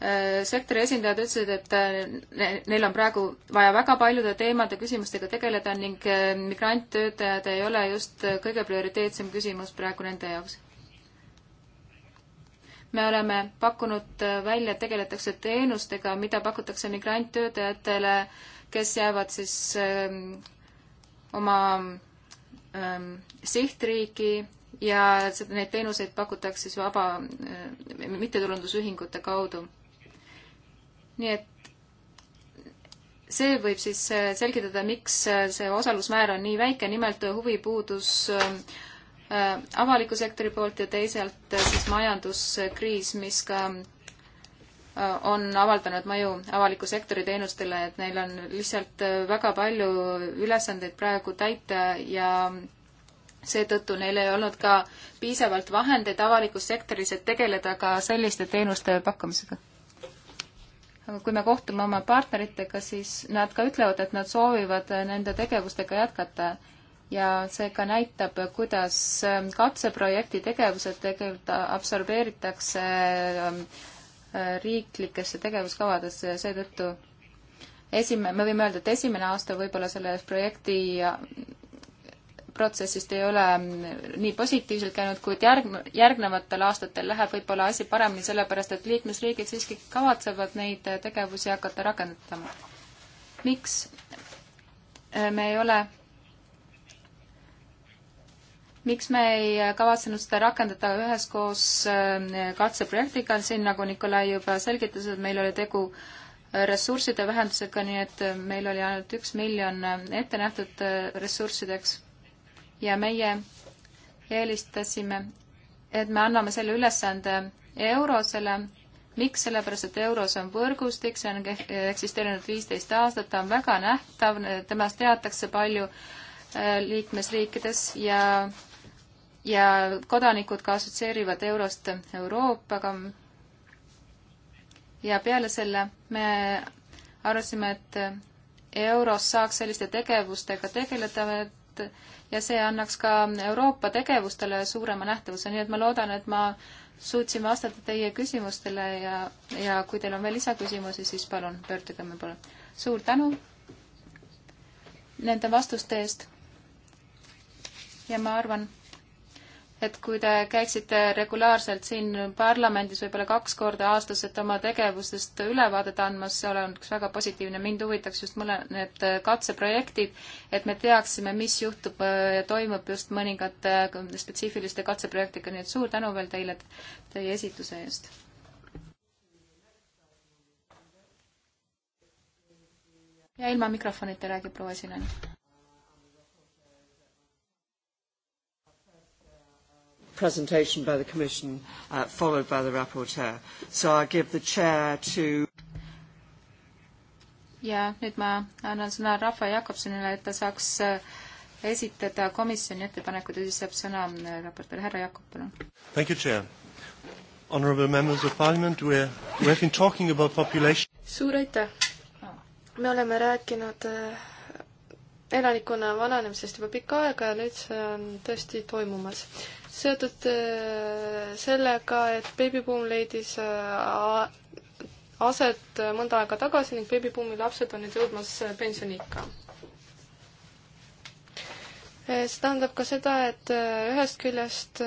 äh, sektori esindajad ütlesid, et äh, ne, neil on praegu vaja väga paljude teemade, küsimustega tegeleda ning äh, migranttöötajad ei ole just kõige prioriteetsem küsimus praegu nende jaoks me oleme pakkunud äh, välja, et tegeletakse teenustega, mida pakutakse migranttöötajatele, kes jäävad siis öö, ähm, oma öö, ähm, sihtriigi ja seda, neid teenuseid pakutakse siis vaba, äh, mittetulundusühingute kaudu. nii et see võib siis äh, selgitada, miks see osalusmäär on nii väike, nimelt huvipuudus ähm, Äh, avaliku sektori poolt ja teisalt äh, siis majanduskriis, mis ka äh, on avaldanud mõju avaliku sektori teenustele, et neil on lihtsalt väga palju ülesandeid praegu täita ja seetõttu neil ei olnud ka piisavalt vahendeid avalikus sektoris, et tegeleda ka selliste teenuste pakkumisega. aga kui me kohtume oma partneritega, siis nad ka ütlevad, et nad soovivad nende tegevustega jätkata ja see ka näitab, kuidas ähm, katseprojekti tegevused tegelikult absorbeeritakse ähm, äh, riiklikesse tegevuskavadesse ja seetõttu esime-, me võime öelda, et esimene aasta võib-olla selles projekti protsessist ei ole ähm, nii positiivselt käinud, kuid järg-, järgnevatel aastatel läheb võib-olla asi paremini, sellepärast et liikmesriigid siiski kavatsevad neid äh, tegevusi hakata rakendama. miks äh, me ei ole miks me ei kavatsenud seda rakendada üheskoos äh, katseprojektiga, siin nagu Nikolai juba selgitas, et meil oli tegu äh, ressursside vähendusega, nii et äh, meil oli ainult üks miljon ette nähtud ressurssideks ja meie eelistasime, et me anname selle ülesande Eurosele. miks? sellepärast, et Euros on võrgustik, see on eksisteerinud viisteist aastat, ta on väga nähtav, temast teatakse palju liikmesriikides ja ja kodanikud ka assotsieerivad eurost Euroopaga. ja peale selle me arvasime, et euros saaks selliste tegevustega tegeleda, et ja see annaks ka Euroopa tegevustele suurema nähtavuse, nii et ma loodan, et ma suutsin vastata teie küsimustele ja, ja kui teil on veel lisaküsimusi, siis palun pöörduge me poole. suur tänu nende vastuste eest. ja ma arvan et kui te käiksite regulaarselt siin parlamendis võib-olla kaks korda aastas, et oma tegevustest ülevaadet andmas, see oleks väga positiivne. mind huvitaks just mõne, need katseprojektid, et me teaksime, mis juhtub äh, ja toimub just mõningate äh, spetsiifiliste katseprojektidega, nii et suur tänu veel teile teie esituse eest. ja ilma mikrofonita räägib proua Silen. presentation by the Commission, uh, followed by the rapporteur. So I'll give the chair to ja nüüd ma annan sõna Rafa Jakobsonile, et ta saaks äh, esitada komisjoni ettepanekud ja siis saab sõna äh, raportöör härra Jakob, palun. Thank you, chair. Honorable members of parliament, we have been talking about population. suur aitäh! me oleme rääkinud äh, elanikkonna vananemisest juba pikka aega ja nüüd see on tõesti toimumas seotud äh, sellega, et beebibuum leidis äh, aset mõnda aega tagasi ning beebibuumi lapsed on nüüd jõudmas äh, pensioniikka. see tähendab ka seda, et ühest küljest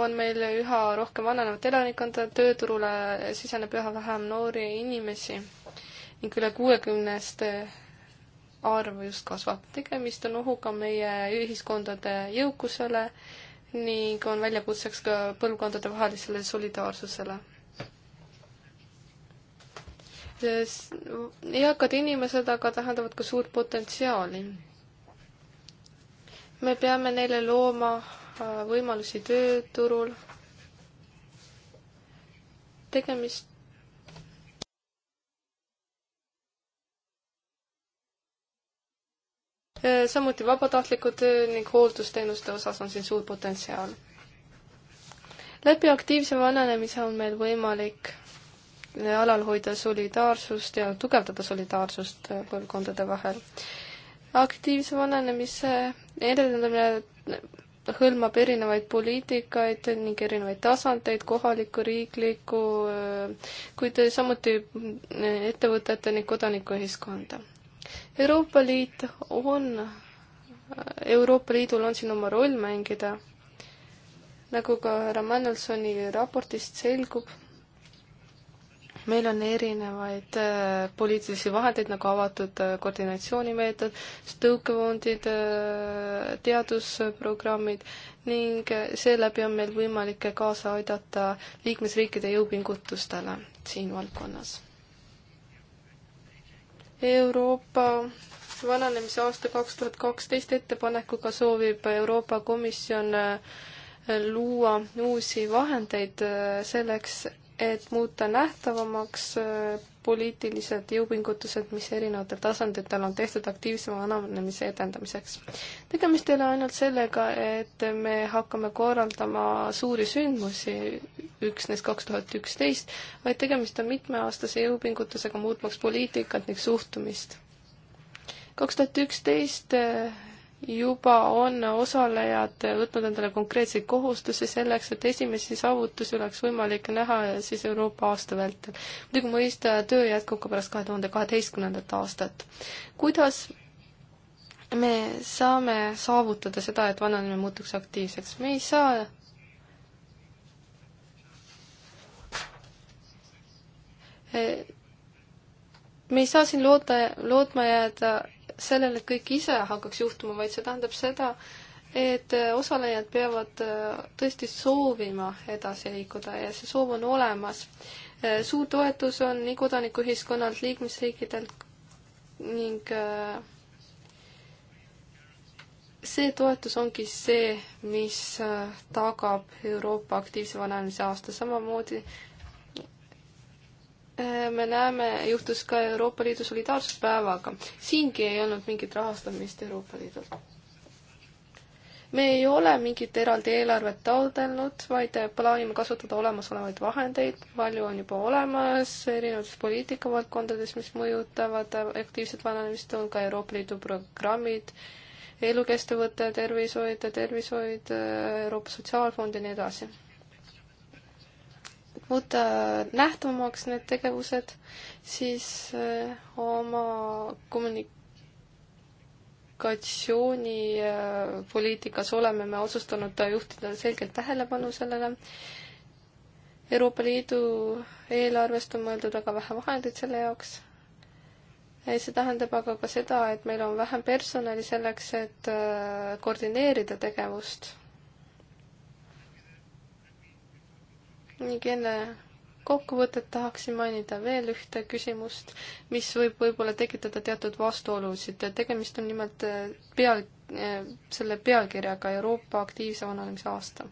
on meil üha rohkem vananevat elanikkonda, tööturule siseneb üha vähem noori inimesi ning üle kuuekümneste arv just kasvab. tegemist on ohuga meie ühiskondade jõukusele ning on väljakutseks ka põlvkondadevahelisele solidaarsusele. eakad inimesed aga tähendavad ka suurt potentsiaali. me peame neile looma äh, võimalusi tööturul. tegemist Äh, samuti vabatahtliku töö äh, ning hooldusteenuste osas on siin suur potentsiaal. läbi aktiivse vananemise on meil võimalik äh, alal hoida solidaarsust ja tugevdada solidaarsust põlvkondade vahel. aktiivse vananemise edendamine hõlmab erinevaid poliitikaid ning erinevaid tasandeid, kohalikku, riiklikku, kuid samuti ettevõtete ning kodanikuühiskonda Euroopa Liit on, Euroopa Liidul on siin oma roll mängida. nagu ka härra Mannelsoni raportist selgub, meil on erinevaid äh, poliitilisi vahendeid nagu avatud äh, koordinatsioonimeetod, tõukefondid, äh, teadusprogrammid ning seeläbi on meil võimalik kaasa aidata liikmesriikide jõupingutustele siin valdkonnas. Euroopa vananemise aasta kaks tuhat kaksteist ettepanekuga soovib Euroopa Komisjon äh, luua uusi vahendeid äh, selleks, et muuta nähtavamaks äh, poliitilised jõupingutused, mis erinevatel tasanditel on tehtud aktiivsema vananemise edendamiseks. tegemist ei ole ainult sellega, et me hakkame korraldama suuri sündmusi üksnes kaks tuhat üksteist, vaid tegemist on mitmeaastase jõupingutusega muutmaks poliitikat ning suhtumist. kaks tuhat üksteist äh, juba on osalejad võtnud endale konkreetseid kohustusi selleks, et esimesi saavutusi oleks võimalik näha siis Euroopa aasta vältel. muidugi mõista töö jätkub ka pärast kahe tuhande kaheteistkümnendat aastat. kuidas me saame saavutada seda, et vananemine muutuks aktiivseks, me ei saa eh, me ei saa siin loota, lootma jääda sellele, et kõik ise hakkaks juhtuma, vaid see tähendab seda, et äh, osalejad peavad äh, tõesti soovima edasi liikuda ja see soov on olemas. Äh, suur toetus on nii kodanikuühiskonnalt, liikmesriikidelt ning see toetus ongi see, mis tagab Euroopa aktiivse vananemise aasta, samamoodi me näeme, juhtus ka Euroopa Liidu solidaarsuspäevaga. siingi ei olnud mingit rahastamist Euroopa Liidult. me ei ole mingit eraldi eelarvet taotlenud, vaid plaanime kasutada olemasolevaid vahendeid, palju on juba olemas erinevates poliitikavaldkondades, mis mõjutavad aktiivset vananemist, on ka Euroopa Liidu programmid, elukestvõte, tervishoid, tervishoid, Euroopa Sotsiaalfond ja nii edasi muuta nähtavamaks need tegevused, siis äh, oma kommunikatsioonipoliitikas äh, oleme me otsustanud juhtida selgelt tähelepanu sellele. Euroopa Liidu eelarvest on mõeldud väga vähe vahendeid selle jaoks see tähendab aga ka seda, et meil on vähem personali selleks, et äh, koordineerida tegevust. ning enne kokkuvõtet tahaksin mainida veel ühte küsimust, mis võib võib-olla tekitada teatud vastuolusid. tegemist on nimelt eh, peal, eh, selle pealkirjaga Euroopa aktiivse vananemise aasta.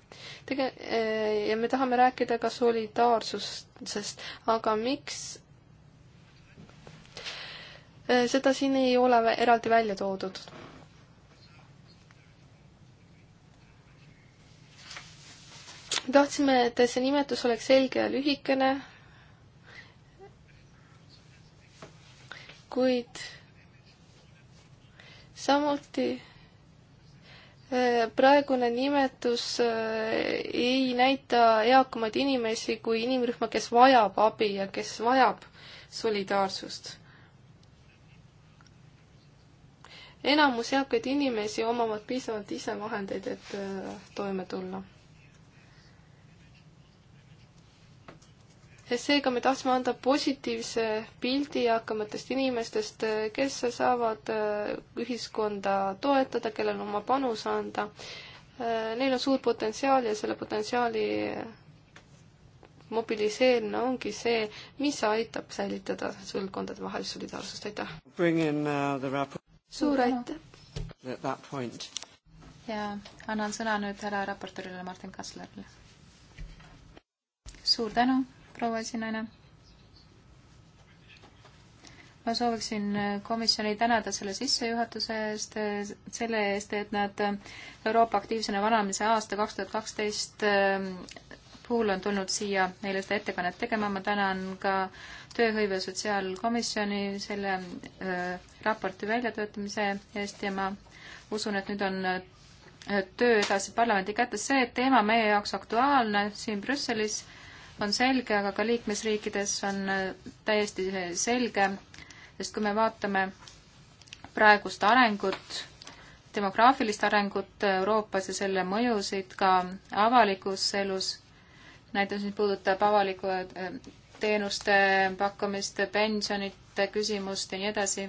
tege-, eh, ja me tahame rääkida ka solidaarsusest, aga miks seda siin ei ole eraldi välja toodud? tahtsime, et see nimetus oleks selge ja lühikene, kuid samuti äh, praegune nimetus äh, ei näita eakamaid inimesi kui inimrühma, kes vajab abi ja kes vajab solidaarsust. enamus eakaid inimesi omavad piisavalt ise vahendeid, et äh, toime tulla seega me tahtsime anda positiivse pildi eakamatest inimestest, kes saavad äh, ühiskonda toetada, kellel oma panus anda. Äh, neil on suur potentsiaal ja selle potentsiaali äh, mobiliseerimine ongi see, mis aitab säilitada põlvkondade vahelist solidaarsust, aitäh! Uh, suur aitäh! ja annan sõna nüüd härra raportöörile Martin Kasslerile. suur tänu! proua esinaine. ma sooviksin komisjoni tänada selle sissejuhatuse eest, selle eest, et nad Euroopa aktiivsena vananemise aasta kaks tuhat kaksteist äh, puhul on tulnud siia neile seda ettekannet tegema, ma tänan ka tööhõive sotsiaalkomisjoni selle öö, äh, raporti väljatöötamise eest ja ma usun, et nüüd on äh, töö edasi parlamendi kätes. see teema meie jaoks aktuaalne siin Brüsselis on selge, aga ka liikmesriikides on äh, täiesti äh, selge, sest kui me vaatame praegust arengut, demograafilist arengut äh, Euroopas ja selle mõjusid ka avalikus elus, näiteks mis puudutab avaliku teenuste pakkumist, pensionite küsimust ja nii edasi,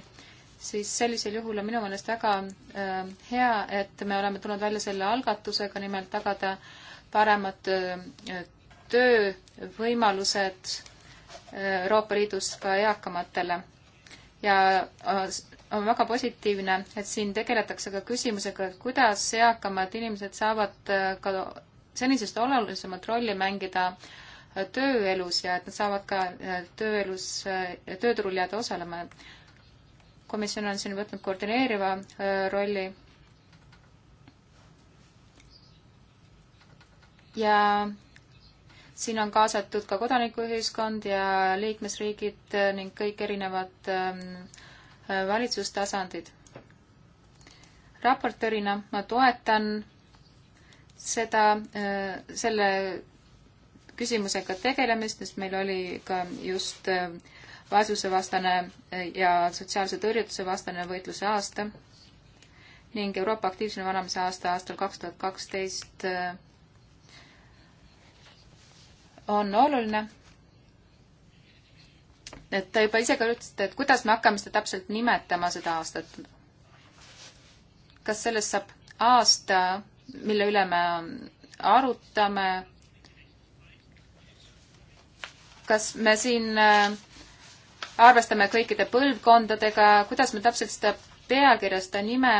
siis sellisel juhul on minu meelest väga hea, et me oleme tulnud välja selle algatusega, nimelt tagada paremat töövõimalused äh, Euroopa Liidus ka eakamatele. ja äh, on väga positiivne, et siin tegeletakse ka küsimusega, et kuidas eakamad inimesed saavad äh, ka senisest olulisemat rolli mängida tööelus ja et nad saavad ka tööelus, tööturul jääda osalema. komisjon on siin võtnud koordineeriva rolli ja siin on kaasatud ka kodanikuühiskond ja liikmesriigid ning kõik erinevad ähm, valitsustasandid. raportöörina ma toetan seda, äh, selle küsimusega tegelemist, sest meil oli ka just äh, vaesusevastane äh, ja sotsiaalse tõrjutuse vastane võitluse aasta ning Euroopa aktiivsena vanamise aasta aastal kaks tuhat kaksteist on oluline. et te juba ise ka ütlesite, et kuidas me hakkame seda täpselt nimetama, seda aastat. kas sellest saab aasta, mille üle me arutame? kas me siin äh, arvestame kõikide põlvkondadega, kuidas me täpselt seda pealkirja, seda nime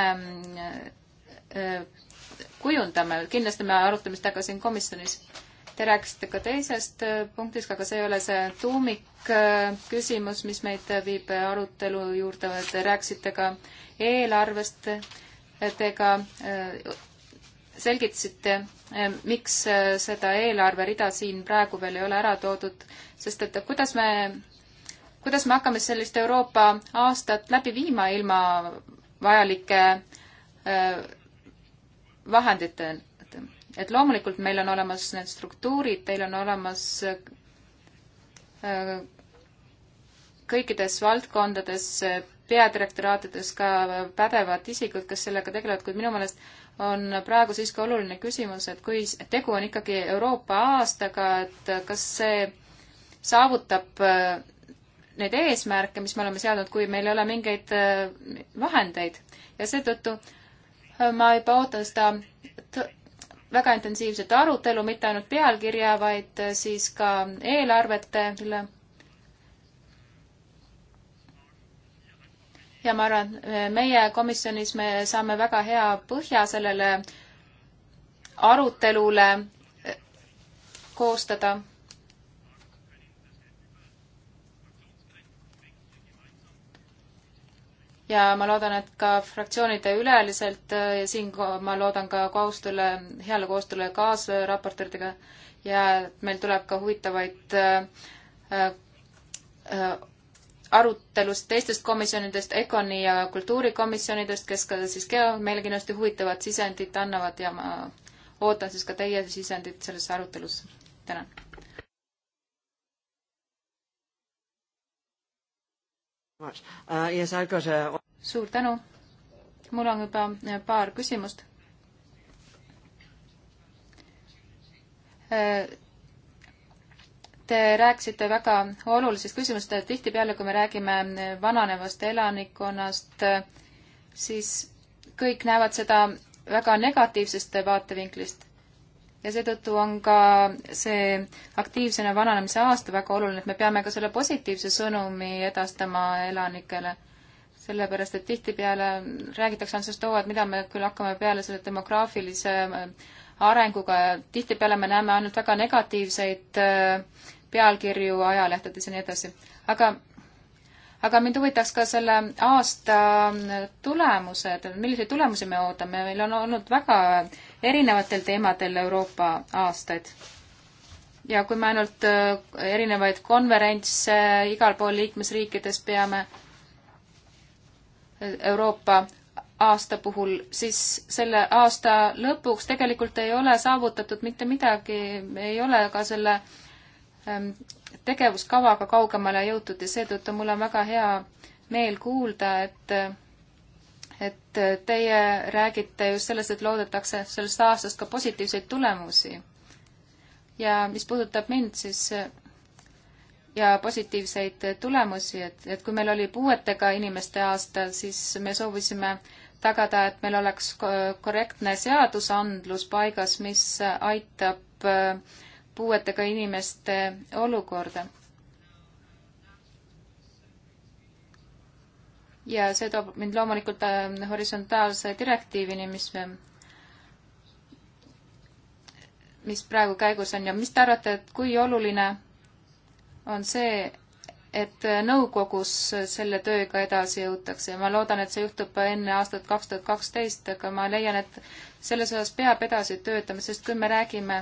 äh, kujundame, kindlasti me arutame seda ka siin komisjonis Te rääkisite ka teisest äh, punktist, aga see ei ole see tuumikküsimus, äh, mis meid äh, viib arutelu juurde, te rääkisite ka eelarvest, te ka selgitasite, miks seda eelarverida siin praegu veel ei ole ära toodud, sest et kuidas me, kuidas me hakkame sellist Euroopa aastat läbi viima ilma vajalike vahenditeni et loomulikult meil on olemas need struktuurid, teil on olemas äh, kõikides valdkondades, peadirektoraatides ka pädevad isikud, kes sellega tegelevad, kuid minu meelest on praegu siiski oluline küsimus, et kui tegu on ikkagi Euroopa aastaga, et kas see saavutab äh, neid eesmärke, mis me oleme seadnud, kui meil ei ole mingeid äh, vahendeid ja seetõttu ma juba ootan seda väga intensiivset arutelu, mitte ainult pealkirja, vaid äh, siis ka eelarvete üle. ja ma arvan, et äh, meie komisjonis me saame väga hea põhja sellele arutelule äh, koostada ja ma loodan, et ka fraktsioonide üleliselt äh, ja siin ma loodan ka koostööle, heale koostööle kaasraportööridega ja et meil tuleb ka huvitavaid äh, äh, arutelust teistest komisjonidest, EKONi ja kultuurikomisjonidest, kes ka siis ka meile kindlasti huvitavat sisendit annavad ja ma ootan siis ka teie sisendit sellesse arutelusse. tänan. Uh, yes, I got a suur tänu. mul on juba eh, paar küsimust. Eh, te rääkisite väga olulisest küsimusest, et tihtipeale, kui me räägime eh, vananevast elanikkonnast, siis kõik näevad seda väga negatiivsest vaatevinklist ja seetõttu on ka see aktiivsena vananemise aasta väga oluline, et me peame ka selle positiivse sõnumi edastama elanikele sellepärast, et tihtipeale räägitakse ainult sellest, et mida me küll hakkame peale selle demograafilise äh, arenguga ja tihtipeale me näeme ainult väga negatiivseid äh, pealkirju ajalehtedes ja nii edasi. aga, aga mind huvitaks ka selle aasta äh, tulemused, milliseid tulemusi me ootame, meil on olnud väga erinevatel teemadel Euroopa aastaid ja kui me ainult erinevaid konverentse igal pool liikmesriikides peame, Euroopa aasta puhul, siis selle aasta lõpuks tegelikult ei ole saavutatud mitte midagi, ei ole ka selle ähm, tegevuskavaga kaugemale jõutud ja seetõttu mul on väga hea meel kuulda, et, et teie räägite just sellest, et loodetakse sellest aastast ka positiivseid tulemusi. ja mis puudutab mind, siis ja positiivseid tulemusi, et, et kui meil oli puuetega inimeste aasta, siis me soovisime tagada, et meil oleks korrektne seadusandlus paigas, mis aitab äh, puuetega inimeste olukorda. ja see toob mind loomulikult äh, horisontaalse direktiivini, mis, mis praegu käigus on ja mis te arvate, et kui oluline on see, et nõukogus selle tööga edasi jõutakse ja ma loodan, et see juhtub enne aastat kaks tuhat kaksteist, aga ma leian, et selles osas peab edasi töötama, sest kui me räägime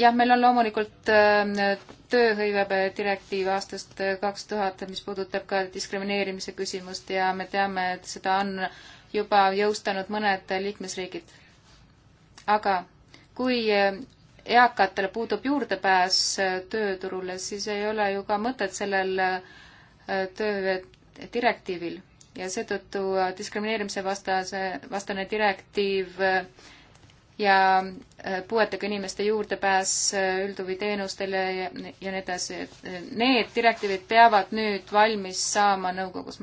jah, meil on loomulikult äh, tööhõive direktiiv aastast äh, kaks tuhat, mis puudutab ka diskrimineerimise küsimust ja me teame, et seda on juba jõustanud mõned liikmesriigid. aga kui äh, eakatel puudub juurdepääs äh, tööturule, siis ei ole ju ka mõtet sellel äh, töödirektiivil äh, ja seetõttu diskrimineerimise vastase, vastane direktiiv ja puuetega inimeste juurdepääs üldhuviteenustele ja, ja nii edasi, et need direktiivid peavad nüüd valmis saama nõukogus.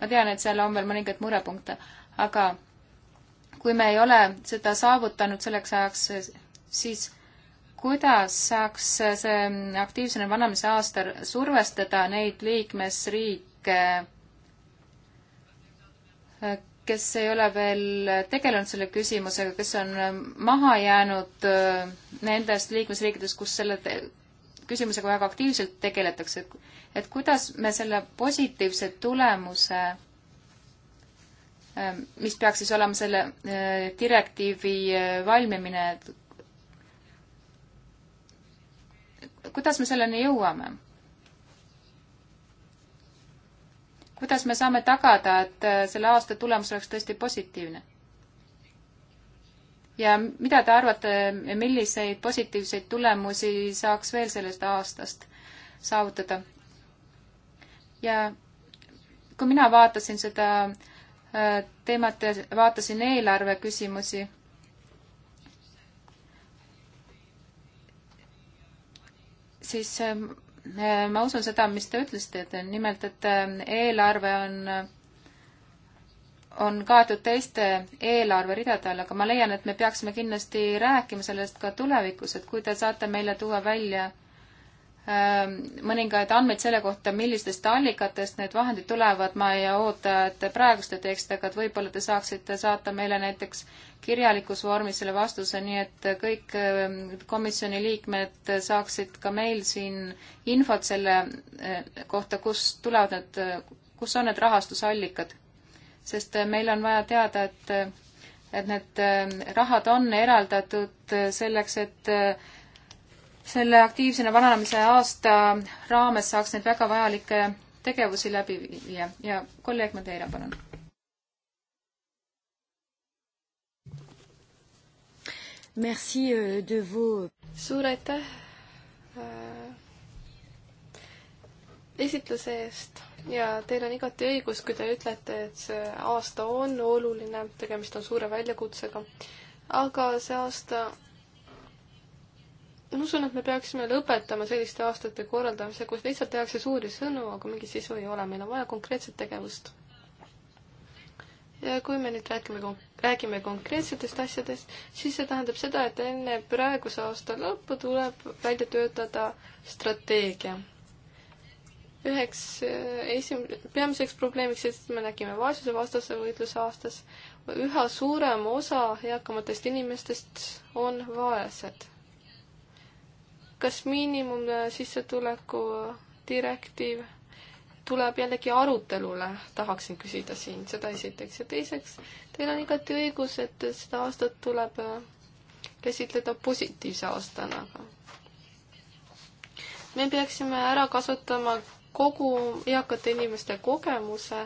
ma tean, et seal on veel mõningaid murepunkte, aga kui me ei ole seda saavutanud selleks ajaks, siis kuidas saaks see aktiivsena vananemise aasta survestada neid liikmesriike, kes ei ole veel tegelenud selle küsimusega, kes on maha jäänud äh, nendest liikmesriikidest, kus selle küsimusega väga aktiivselt tegeletakse, et et kuidas me selle positiivse tulemuse, äh, mis peaks siis olema selle äh, direktiivi valmimine, et kuidas me selleni jõuame? kuidas me saame tagada, et äh, selle aasta tulemus oleks tõesti positiivne? ja mida te arvate, milliseid positiivseid tulemusi saaks veel sellest aastast saavutada? ja kui mina vaatasin seda äh, teemat ja vaatasin eelarve küsimusi siis ähm, äh, ma usun seda, mis te ütlesite, et nimelt, et äh, eelarve on, on kaetud teiste eelarveridade all, aga ma leian, et me peaksime kindlasti rääkima sellest ka tulevikus, et kui te saate meile tuua välja Ehm, mõningaid andmeid selle kohta, millistest allikatest need vahendid tulevad, ma ei oota, et te praegu seda teeksite, aga et võib-olla te saaksite saata meile näiteks kirjalikus vormis selle vastuse, nii et kõik ehm, komisjoni liikmed saaksid ka meil siin infot selle eh, kohta, kust tulevad need, kus on need rahastusallikad. sest eh, meil on vaja teada, et, eh, et need rahad on eraldatud selleks, et selle aktiivsena vananemise aasta raames saaks neid väga vajalikke tegevusi läbi viia ja kolleeg Madeira, palun. Merci euh, de vos. suur aitäh äh, esitluse eest ja teil on igati õigus, kui te ütlete, et see aasta on oluline, tegemist on suure väljakutsega. aga see aasta ma usun, et me peaksime lõpetama selliste aastate korraldamise, kus lihtsalt tehakse suuri sõnu, aga mingit sisu ei ole, meil on vaja konkreetset tegevust. ja kui me nüüd räägime, räägime konkreetsetest asjadest, siis see tähendab seda, et enne praeguse aasta lõppu tuleb välja töötada strateegia. üheks eh, esim-, peamiseks probleemiks, sest me nägime vaesusevastase võitluse aastas, üha suurem osa eakamatest inimestest on vaesed kas miinimumsissetuleku direktiiv tuleb jällegi arutelule, tahaksin küsida siin, seda esiteks. ja teiseks, teil on igati õigus, et seda aastat tuleb äh, käsitleda positiivse aastana. me peaksime ära kasutama kogu eakate inimeste kogemuse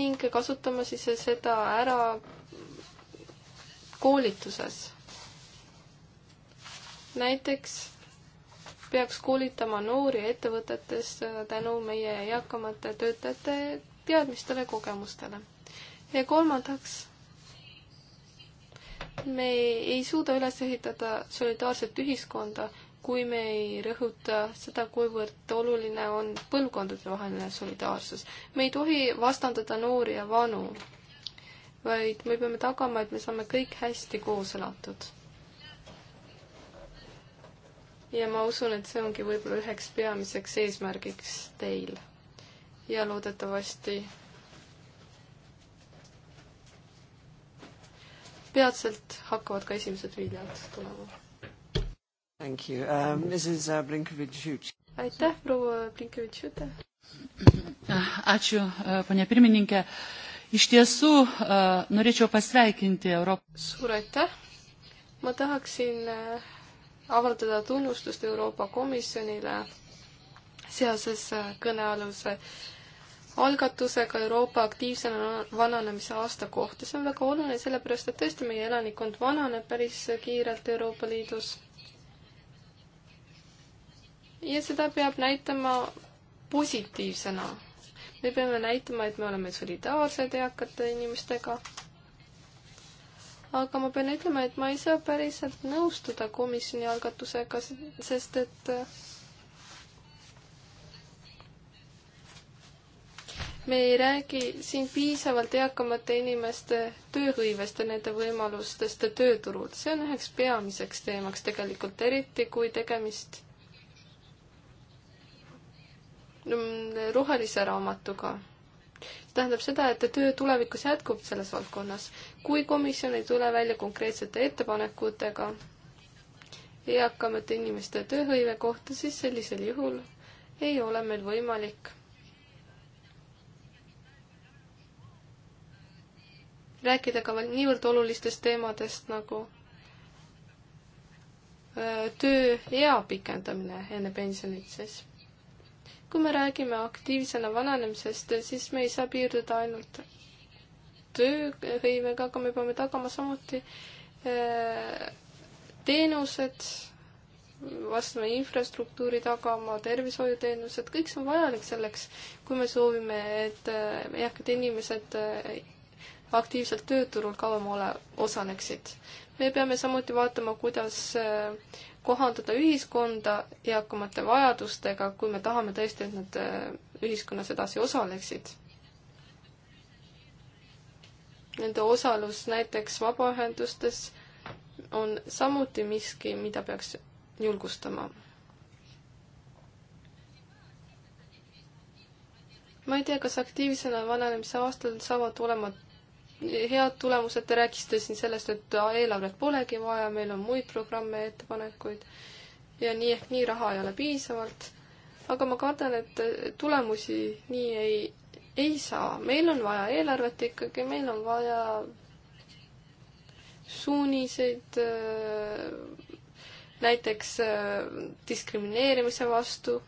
ning kasutama siis seda ära koolituses näiteks peaks koolitama noori ettevõtetes tänu meie eakamate töötajate teadmistele, kogemustele. ja kolmandaks, me ei suuda üles ehitada solidaarset ühiskonda, kui me ei rõhuta seda, kuivõrd oluline on põlvkondadevaheline solidaarsus. me ei tohi vastandada noori ja vanu, vaid me peame tagama, et me saame kõik hästi koos elatud ja ma usun, et see ongi võib-olla üheks peamiseks eesmärgiks teil. ja loodetavasti peatselt hakkavad ka esimesed viljad tulema. Thank you um,. Mrs uh, Blinkovitš-Jute. aitäh, proua Blinkovitš-Jute. Uh, ačiū, ponia pirmininkė. Iš tiesų, norėčiau pasveikinti Euroopa. suur aitäh. ma tahaksin äh, avaldada tunnustust Euroopa Komisjonile seoses äh, kõnealuse algatusega Euroopa aktiivsena vananemise aasta kohta. see on väga oluline, sellepärast et tõesti meie elanikkond vananeb päris kiirelt Euroopa Liidus. ja seda peab näitama positiivsena. me peame näitama, et me oleme solidaarsed eakate inimestega aga ma pean ütlema, et ma ei saa päriselt nõustuda komisjoni algatusega, sest et äh, me ei räägi siin piisavalt eakamate inimeste tööhõivest ja nende võimalustest tööturul. see on üheks peamiseks teemaks tegelikult, eriti kui tegemist rohelise raamatuga see tähendab seda, et töö tulevikus jätkub selles valdkonnas. kui komisjon ei tule välja konkreetsete ettepanekutega eakamate inimeste tööhõive kohta, siis sellisel juhul ei ole meil võimalik rääkida ka veel niivõrd olulistest teemadest nagu töö ea pikendamine enne pensionit siis kui me räägime aktiivsena vananemisest, siis me ei saa piirduda ainult tööhõivega, aga me peame tagama samuti eh, teenused, vastama infrastruktuuri tagama, tervishoiuteenused, kõik see on vajalik selleks, kui me soovime, et eakad eh, inimesed eh, aktiivselt tööturul kauem ole, osaleksid. me peame samuti vaatama, kuidas kohandada ühiskonda eakamate vajadustega, kui me tahame tõesti, et nad äh, ühiskonnas edasi osaleksid. Nende osalus näiteks vabaühendustes on samuti miski, mida peaks julgustama. ma ei tea, kas aktiivsena vananemise aastal saavad olema head tulemused, te rääkisite siin sellest, et eelarvet polegi vaja, meil on muid programme ja ettepanekuid ja nii ehk nii raha ei ole piisavalt. aga ma kardan, et tulemusi nii ei, ei saa, meil on vaja eelarvet ikkagi, meil on vaja suuniseid äh, näiteks äh, diskrimineerimise vastu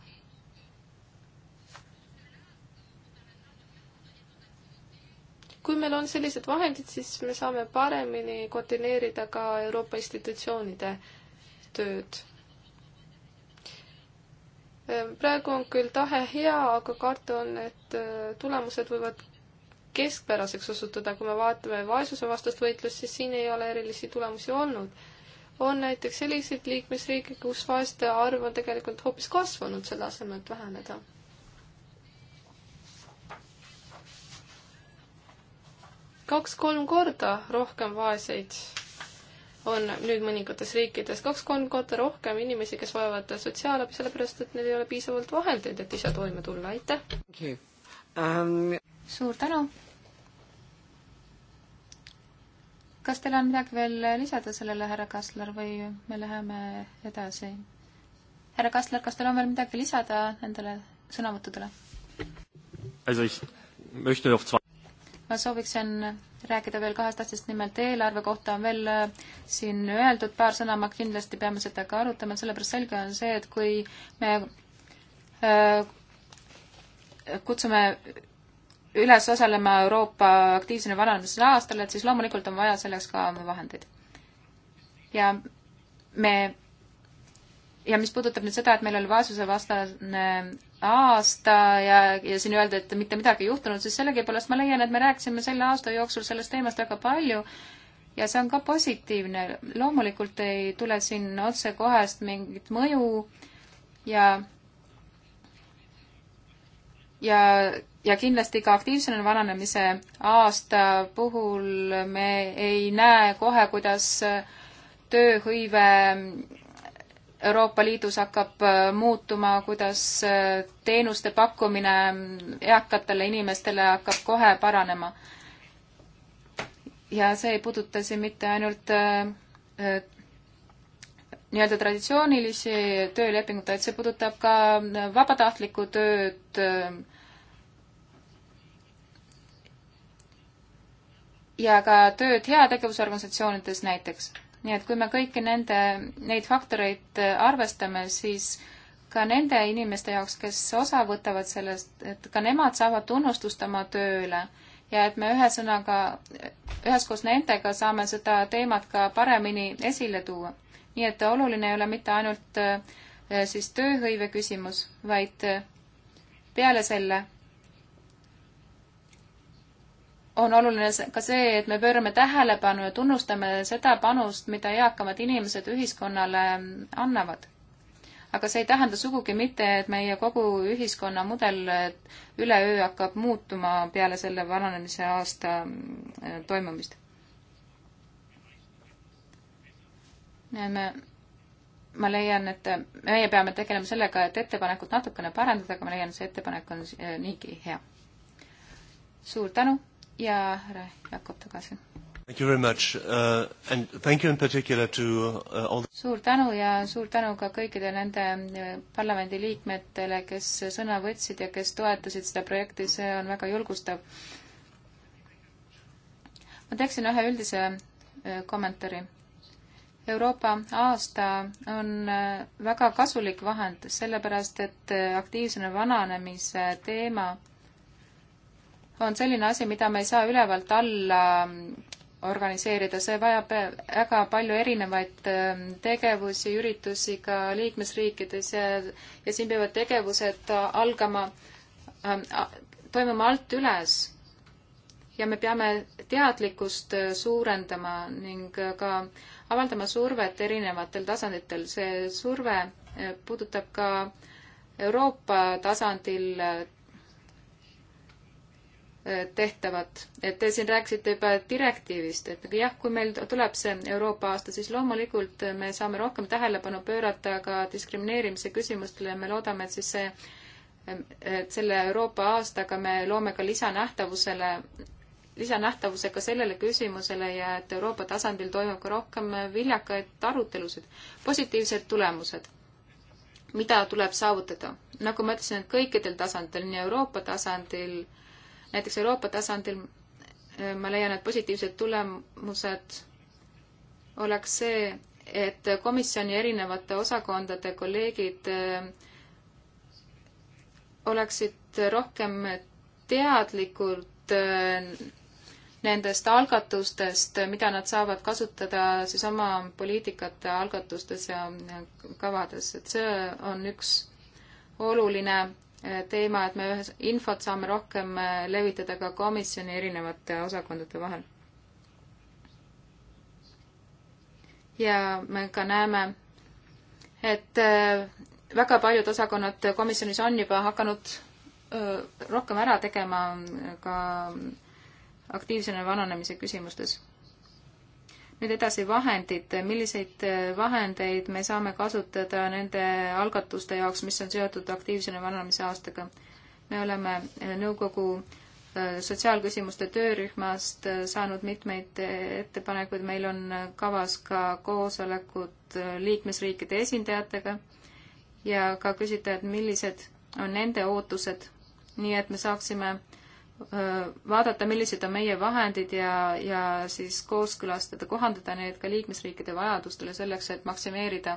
kui meil on sellised vahendid, siis me saame paremini koordineerida ka Euroopa institutsioonide tööd. praegu on küll tahe hea, aga karta on, et äh, tulemused võivad keskpäraseks osutuda, kui me vaatame vaesusevastast võitlust, siis siin ei ole erilisi tulemusi olnud. on näiteks selliseid liikmesriike, kus vaeste arv on tegelikult hoopis kasvanud, selle asemel, et väheneda kaks-kolm korda rohkem vaeseid on nüüd mõningates riikides kaks-kolm korda rohkem inimesi, kes vajavad sotsiaalabi, sellepärast et neil ei ole piisavalt vahendeid, et ise toime tulla, aitäh okay.! Um... suur tänu! kas teil on midagi veel lisada sellele, härra Kassler, või me läheme edasi? härra Kassler, kas teil on veel midagi lisada nendele sõnavõttudele? ma sooviksin rääkida veel kahest asjast, nimelt eelarve kohta on veel äh, siin öeldud paar sõna, ma kindlasti peame seda ka arutama, sellepärast selge on see, et kui me äh, kutsume üles osalema Euroopa aktiivsena vananemisel aastal, et siis loomulikult on vaja selleks ka vahendeid. ja me, ja mis puudutab nüüd seda, et meil oli vaesusevastane aasta ja, ja siin öelda, et mitte midagi ei juhtunud, siis sellegipoolest ma leian, et me rääkisime selle aasta jooksul sellest teemast väga palju ja see on ka positiivne. loomulikult ei tule siin otsekohest mingit mõju ja ja, ja kindlasti ka aktiivsena vananemise aasta puhul me ei näe kohe, kuidas tööhõive Euroopa Liidus hakkab äh, muutuma, kuidas äh, teenuste pakkumine eakatele inimestele hakkab kohe paranema. ja see ei puuduta siin mitte ainult äh, nii-öelda traditsioonilisi töölepinguid, vaid see puudutab ka vabatahtlikku tööd. ja ka tööd heategevusorganisatsioonides näiteks nii et kui me kõiki nende, neid faktoreid äh, arvestame, siis ka nende inimeste jaoks, kes osa võtavad sellest, et ka nemad saavad tunnustust oma tööle ja et me ühesõnaga, üheskoos nendega saame seda teemat ka paremini esile tuua. nii et oluline ei ole mitte ainult äh, siis tööhõive küsimus, vaid äh, peale selle on oluline ka see, et me pöörame tähelepanu ja tunnustame seda panust, mida eakamad inimesed ühiskonnale annavad. aga see ei tähenda sugugi mitte, et meie kogu ühiskonna mudel üleöö hakkab muutuma peale selle vananemise aasta äh, toimumist. me, ma leian, et meie peame tegelema sellega, et ettepanekut natukene parandada, aga ma leian, et see ettepanek on äh, niigi hea. suur tänu ja härra Jakob tagasi. Thank you very much uh, and thank you in particular to uh, all suur tänu ja suur tänu ka kõikide nende uh, parlamendiliikmetele, kes sõna võtsid ja kes toetasid seda projekti, see on väga julgustav. ma teeksin ühe üldise uh, kommentaari. Euroopa aasta on uh, väga kasulik vahend, sellepärast et aktiivsena vananemise teema on selline asi, mida me ei saa ülevalt alla organiseerida, see vajab väga palju erinevaid ähm, tegevusi, üritusi ka liikmesriikides ja, ja siin peavad tegevused äh, algama, ähm, toimuma alt üles. ja me peame teadlikkust äh, suurendama ning äh, ka avaldama survet erinevatel tasanditel, see surve puudutab ka Euroopa tasandil tehtavat. et te siin rääkisite juba direktiivist, et aga jah, kui meil tuleb see Euroopa aasta, siis loomulikult me saame rohkem tähelepanu pöörata ka diskrimineerimise küsimustele ja me loodame, et siis see, et selle Euroopa aastaga me loome ka lisanähtavusele, lisanähtavuse ka sellele küsimusele ja et Euroopa tasandil toimub ka rohkem viljakaid arutelusid. positiivsed tulemused, mida tuleb saavutada? nagu ma ütlesin, et kõikidel tasandil, nii Euroopa tasandil, näiteks Euroopa tasandil äh, ma leian, et positiivsed tulemused oleks see, et komisjoni erinevate osakondade kolleegid äh, oleksid rohkem teadlikud äh, nendest algatustest, mida nad saavad kasutada siis oma poliitikate algatustes ja kavades, et see on üks oluline teema, et me ühes, infot saame rohkem äh, levitada ka komisjoni erinevate osakondade vahel. ja me ka näeme, et äh, väga paljud osakonnad komisjonis on juba hakanud äh, rohkem ära tegema ka aktiivsena vananemise küsimustes nüüd edasi vahendid, milliseid äh, vahendeid me saame kasutada nende algatuste jaoks, mis on seotud aktiivsena vananemise aastaga? me oleme äh, nõukogu äh, sotsiaalküsimuste töörühmast saanud mitmeid ettepanekuid, meil on kavas ka koosolekud liikmesriikide esindajatega ja ka küsida, et millised on nende ootused, nii et me saaksime äh, Äh, vaadata, millised on meie vahendid ja, ja siis kooskõlastada, kohandada need ka liikmesriikide vajadustele selleks, et maksimeerida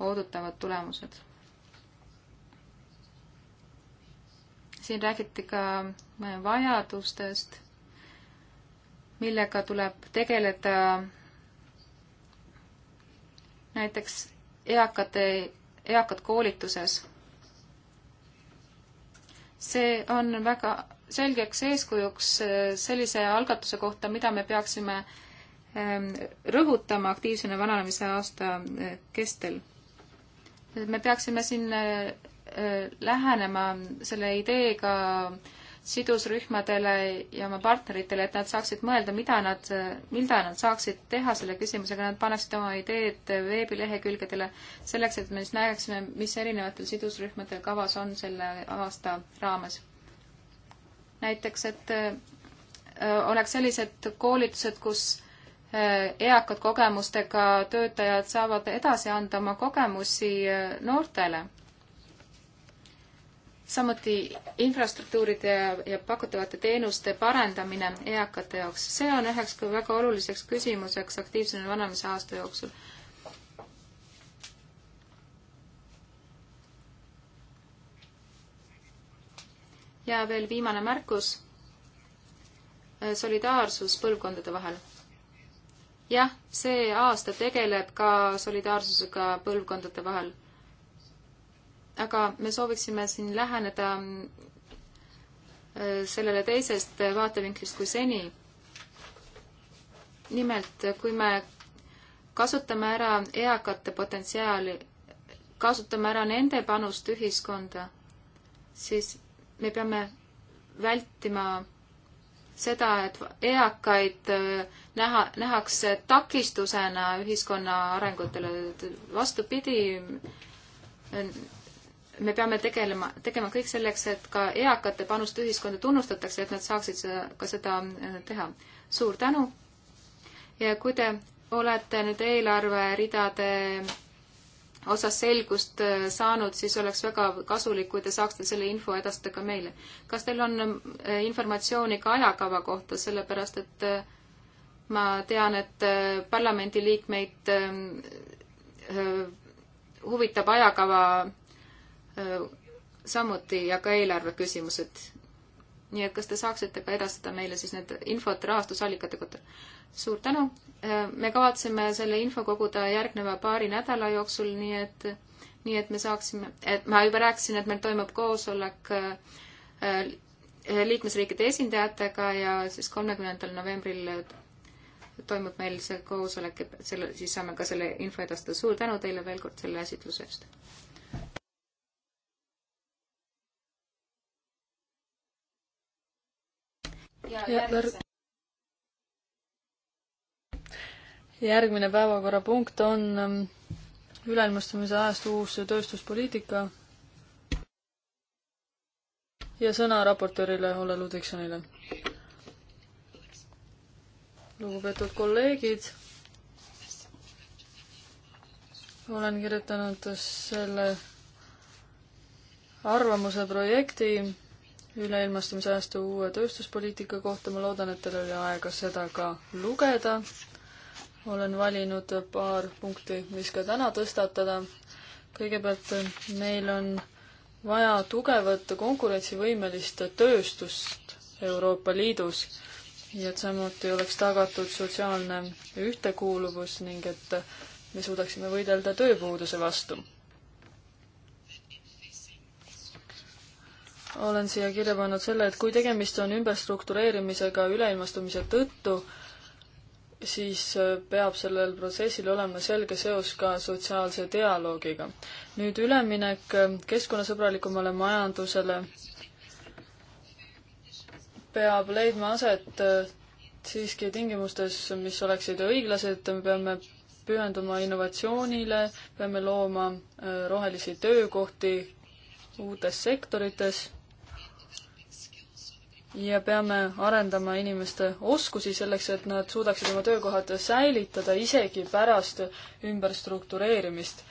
oodatavad tulemused. siin räägiti ka äh, vajadustest, millega tuleb tegeleda näiteks eakate, eakad koolituses. see on väga selgeks eeskujuks äh, sellise algatuse kohta, mida me peaksime ähm, rõhutama aktiivsena vananemise aasta äh, kestel. me peaksime siin äh, lähenema selle ideega sidusrühmadele ja oma partneritele, et nad saaksid mõelda, mida nad, mida nad saaksid teha selle küsimusega, nad paneksid oma ideed veebilehekülgedele selleks, et me siis näeksime, mis erinevatel sidusrühmadel kavas on selle aasta raames näiteks, et äh, oleks sellised koolitused, kus äh, eakad kogemustega töötajad saavad edasi anda oma kogemusi äh, noortele. samuti infrastruktuuride ja, ja pakutavate teenuste parendamine eakate jaoks, see on üheks väga oluliseks küsimuseks aktiivsena vananemise aasta jooksul ja veel viimane märkus. Äh, solidaarsus põlvkondade vahel. jah, see aasta tegeleb ka solidaarsusega põlvkondade vahel. aga me sooviksime siin läheneda mm, äh, sellele teisest vaatevinklist kui seni. nimelt, kui me kasutame ära eakate potentsiaali, kasutame ära nende panust ühiskonda, siis me peame vältima seda, et eakaid äh, näha, nähakse takistusena ühiskonna arengutele. vastupidi, me peame tegelema, tegema kõik selleks, et ka eakate panust ühiskonda tunnustatakse, et nad saaksid seda, ka seda äh, teha. suur tänu! ja kui te olete nüüd eelarveridade osas selgust äh, saanud, siis oleks väga kasulik, kui te saaksite selle info edastada ka meile. kas teil on äh, informatsiooni ka ajakava kohta, sellepärast et äh, ma tean, et parlamendiliikmeid huvitab ajakava samuti ja ka eelarve küsimused. nii et kas te saaksite ka edastada meile siis need infot rahastusallikate kohta? suur tänu. Äh, me kavatseme selle info koguda järgneva paari nädala jooksul, nii et, nii et me saaksime, et ma juba rääkisin, et meil toimub koosolek äh, äh, liikmesriikide esindajatega ja siis kolmekümnendal novembril toimub meil see koosolek, et selle, siis saame ka selle info edastada. suur tänu teile veel kord selle esitluse eest. ja järgmise. järgmine päevakorrapunkt on ähm, üleilmastumise ajast uus tööstuspoliitika. ja sõna raportöörile Olle Ludiksonile. lugupeetud kolleegid, olen kirjutanud selle arvamuse projekti üleilmastumise ajastu uue tööstuspoliitika kohta, ma loodan, et teil oli aega seda ka lugeda olen valinud paar punkti, mis ka täna tõstatada. kõigepealt meil on vaja tugevat konkurentsivõimelist tööstust Euroopa Liidus ja et samuti oleks tagatud sotsiaalne ühtekuuluvus ning et me suudaksime võidelda tööpuuduse vastu. olen siia kirja pannud selle, et kui tegemist on ümberstruktureerimisega üleilmastumise tõttu, siis äh, peab sellel protsessil olema selge seos ka sotsiaalse dialoogiga. nüüd üleminek äh, keskkonnasõbralikumale majandusele peab leidma aset äh, siiski tingimustes, mis oleksid õiglased, me peame pühenduma innovatsioonile, peame looma rohelisi töökohti uutes sektorites ja peame arendama inimeste oskusi selleks, et nad suudaksid oma töökohad säilitada isegi pärast ümberstruktureerimist.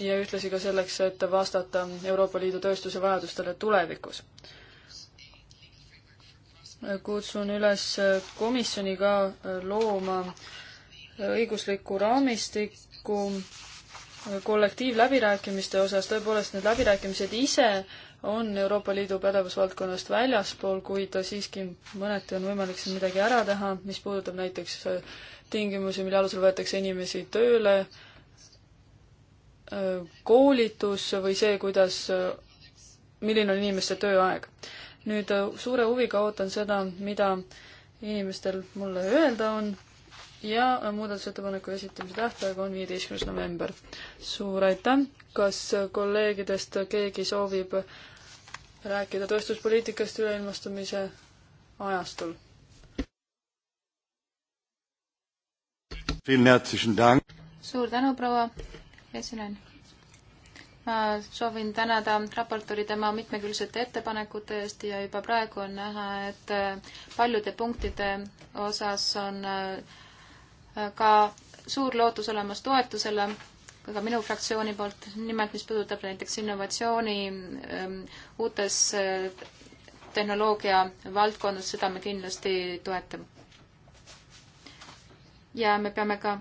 ja ühtlasi ka selleks, et vastata Euroopa Liidu tööstuse vajadustele tulevikus. kutsun üles komisjoni ka looma õiguslikku raamistikku kollektiivläbirääkimiste osas, tõepoolest need läbirääkimised ise on Euroopa Liidu pädevusvaldkonnast väljaspool, kuid siiski mõneti on võimalik siin midagi ära teha, mis puudutab näiteks äh, tingimusi, mille alusel võetakse inimesi tööle, äh, koolitus või see, kuidas, äh, milline on inimeste tööaeg. nüüd suure huviga ootan seda, mida inimestel mulle öelda on ja äh, muudatusettepaneku esitamise tähtaeg on viieteistkümnes november. suur aitäh, kas äh, kolleegidest keegi soovib rääkida tööstuspoliitikast üleilmastumise ajastul? suur tänu, proua esinen. ma soovin tänada raportööri tema mitmekülgsete ettepanekute eest ja juba praegu on näha, et äh, paljude punktide osas on äh, ka suur lootus olemas toetusele ka minu fraktsiooni poolt, nimelt mis puudutab näiteks innovatsiooni ähm, uutes äh, tehnoloogia valdkondades, seda me kindlasti toetame. ja me peame ka,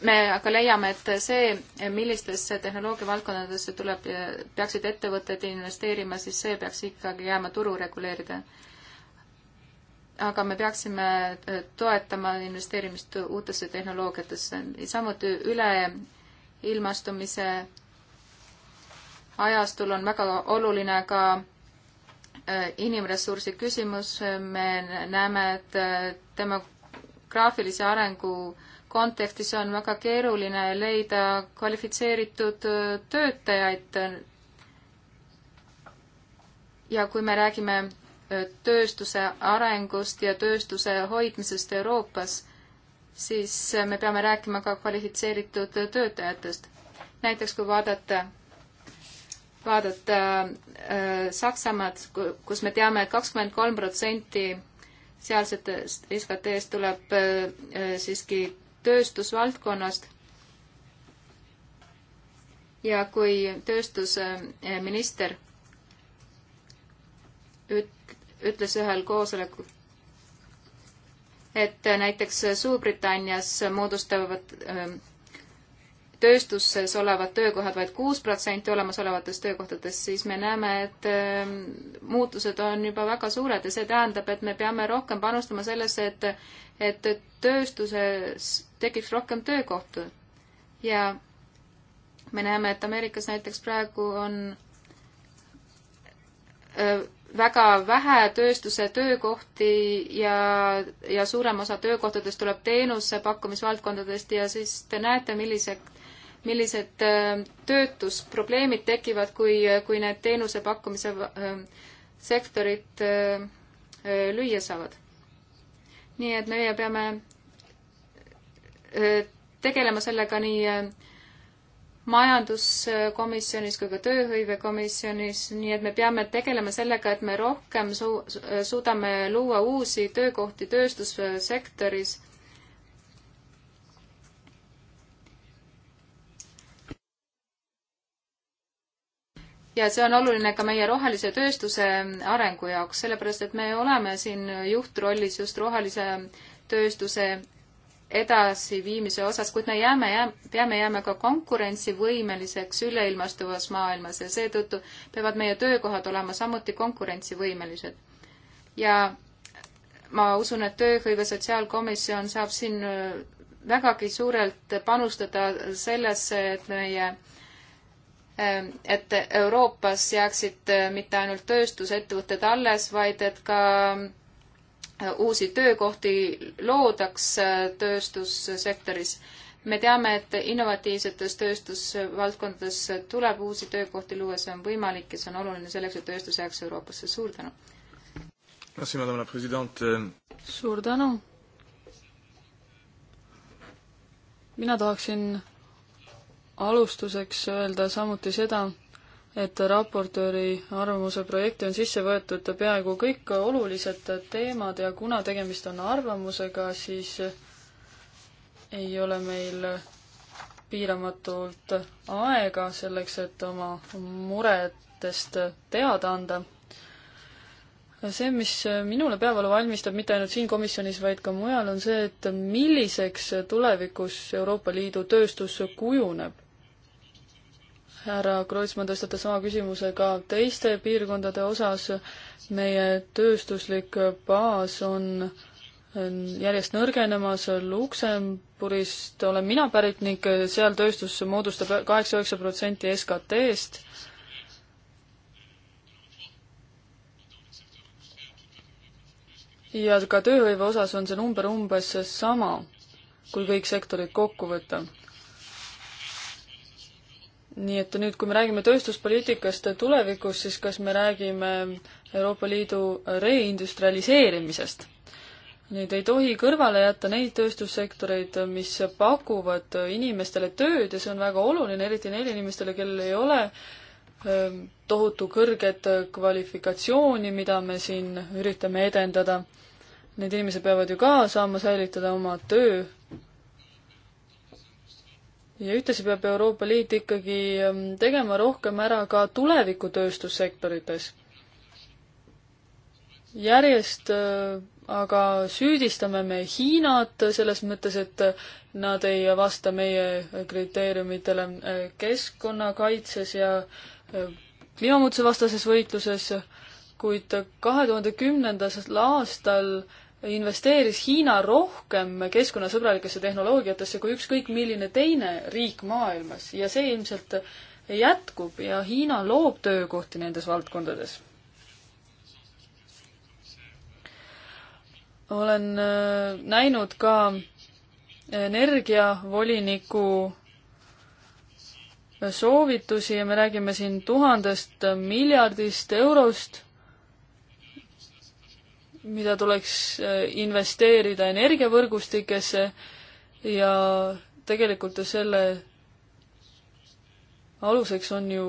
me aga leiame, et see, millistesse tehnoloogia valdkondadesse tuleb, peaksid ettevõtted investeerima, siis see peaks ikkagi jääma turu reguleerida aga me peaksime äh, toetama investeerimist uutesse tehnoloogiatesse, samuti üleilmastumise ajastul on väga oluline ka äh, inimressursi küsimus, me näeme, et äh, demograafilise arengu kontekstis on väga keeruline leida kvalifitseeritud töötajaid. ja kui me räägime tööstuse arengust ja tööstuse hoidmisest Euroopas, siis me peame rääkima ka kvalifitseeritud töötajatest. näiteks kui vaadata, vaadata äh, Saksamaad, kus me teame et, et kakskümmend kolm protsenti sealsetest SKT-st tuleb äh, äh, siiski tööstusvaldkonnast ja kui tööstusminister üt-, ütles ühel koosolekul, et näiteks Suurbritannias moodustavad ähm, tööstuses olevad töökohad vaid kuus protsenti olemasolevatest töökohtadest, siis me näeme, et ähm, muutused on juba väga suured ja see tähendab, et me peame rohkem panustama sellesse, et et tööstuses tekiks rohkem töökohtu. ja me näeme, et Ameerikas näiteks praegu on äh, väga vähe tööstuse töökohti ja, ja suurem osa töökohtadest tuleb teenuse pakkumisvaldkondadest ja siis te näete, millised, millised äh, töötusprobleemid tekivad, kui, kui need teenuse pakkumise äh, sektorid äh, lüüa saavad. nii et meie peame tegelema sellega nii majanduskomisjonis kui ka tööhõivekomisjonis, nii et me peame tegelema sellega, et me rohkem su-, suudame luua uusi töökohti tööstussektoris ja see on oluline ka meie rohelise tööstuse arengu jaoks, sellepärast et me oleme siin juhtrollis just rohelise tööstuse edasiviimise osas, kuid me jääme, jääme, peame jääma ka konkurentsivõimeliseks üleilmastuvas maailmas ja seetõttu peavad meie töökohad olema samuti konkurentsivõimelised. ja ma usun, et tööhõive sotsiaalkomisjon saab siin äh, vägagi suurelt panustada sellesse, et meie ähm, et Euroopas jääksid äh, mitte ainult tööstusettevõtted alles, vaid et ka uusi töökohti loodaks äh, tööstussektoris. me teame, et innovatiivsetes tööstusvaldkondades tuleb uusi töökohti luua, see on võimalik ja see on oluline selleks, et tööstus jääks Euroopasse. suur tänu! suur tänu! mina tahaksin alustuseks öelda samuti seda, et raportööri arvamuse projekti on sisse võetud peaaegu kõik olulised teemad ja kuna tegemist on arvamusega, siis ei ole meil piiramatult aega selleks, et oma muredest teada anda. see, mis minule peavalu valmistab mitte ainult siin komisjonis, vaid ka mujal, on see, et milliseks tulevikus Euroopa Liidu tööstus kujuneb härra Kreutzmann tõstatas sama küsimuse ka teiste piirkondade osas. meie tööstuslik baas on järjest nõrgenemas, Luksemburist olen mina pärit ning seal tööstus moodustab kaheksa, üheksa protsenti SKT-st. ja ka tööhõive osas on see number umbes sama, kui kõik sektorid kokku võtta nii et nüüd, kui me räägime tööstuspoliitikast tulevikus, siis kas me räägime Euroopa Liidu reindustrialiseerimisest? nüüd ei tohi kõrvale jätta neid tööstussektoreid, mis pakuvad inimestele tööd ja see on väga oluline, eriti neile inimestele, kellel ei ole ähm, tohutu kõrget kvalifikatsiooni, mida me siin üritame edendada. Need inimesed peavad ju ka saama säilitada oma töö ja ühtlasi peab Euroopa Liit ikkagi ähm, tegema rohkem ära ka tuleviku tööstussektorites. järjest äh, aga süüdistame me Hiinat selles mõttes, et nad ei vasta meie kriteeriumitele äh, keskkonnakaitses ja äh, kliimamuutuse vastases võitluses, kuid kahe tuhande kümnendal aastal äh, investeeris Hiina rohkem keskkonnasõbralikesse tehnoloogiatesse kui ükskõik milline teine riik maailmas ja see ilmselt jätkub ja Hiina loob töökohti nendes valdkondades. olen äh, näinud ka energiavoliniku soovitusi ja me räägime siin tuhandest miljardist eurost mida tuleks äh, investeerida energiavõrgustikesse ja tegelikult ju selle aluseks on ju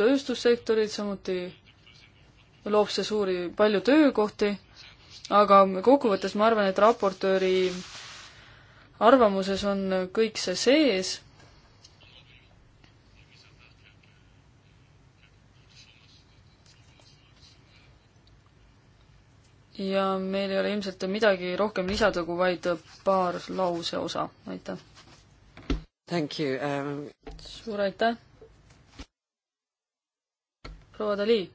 tööstussektorid, samuti loob see suuri, palju töökohti, aga kokkuvõttes ma arvan, et raportööri arvamuses on kõik see sees ja meil ei ole ilmselt midagi rohkem lisada kui vaid paar lause osa, aitäh. Thank you um.... suur aitäh. proua Dali.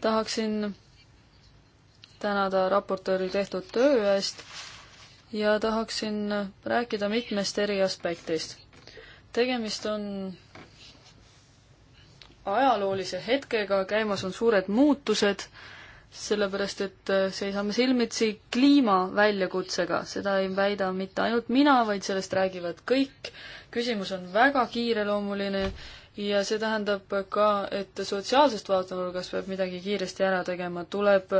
tahaksin tänada raportööri tehtud töö eest ja tahaksin rääkida mitmest eri aspektist. tegemist on ajaloolise hetkega, käimas on suured muutused, sellepärast et äh, seisame silmitsi kliimaväljakutsega, seda ei väida mitte ainult mina, vaid sellest räägivad kõik. küsimus on väga kiireloomuline ja see tähendab ka, et sotsiaalsest vaatenurgast peab midagi kiiresti ära tegema, tuleb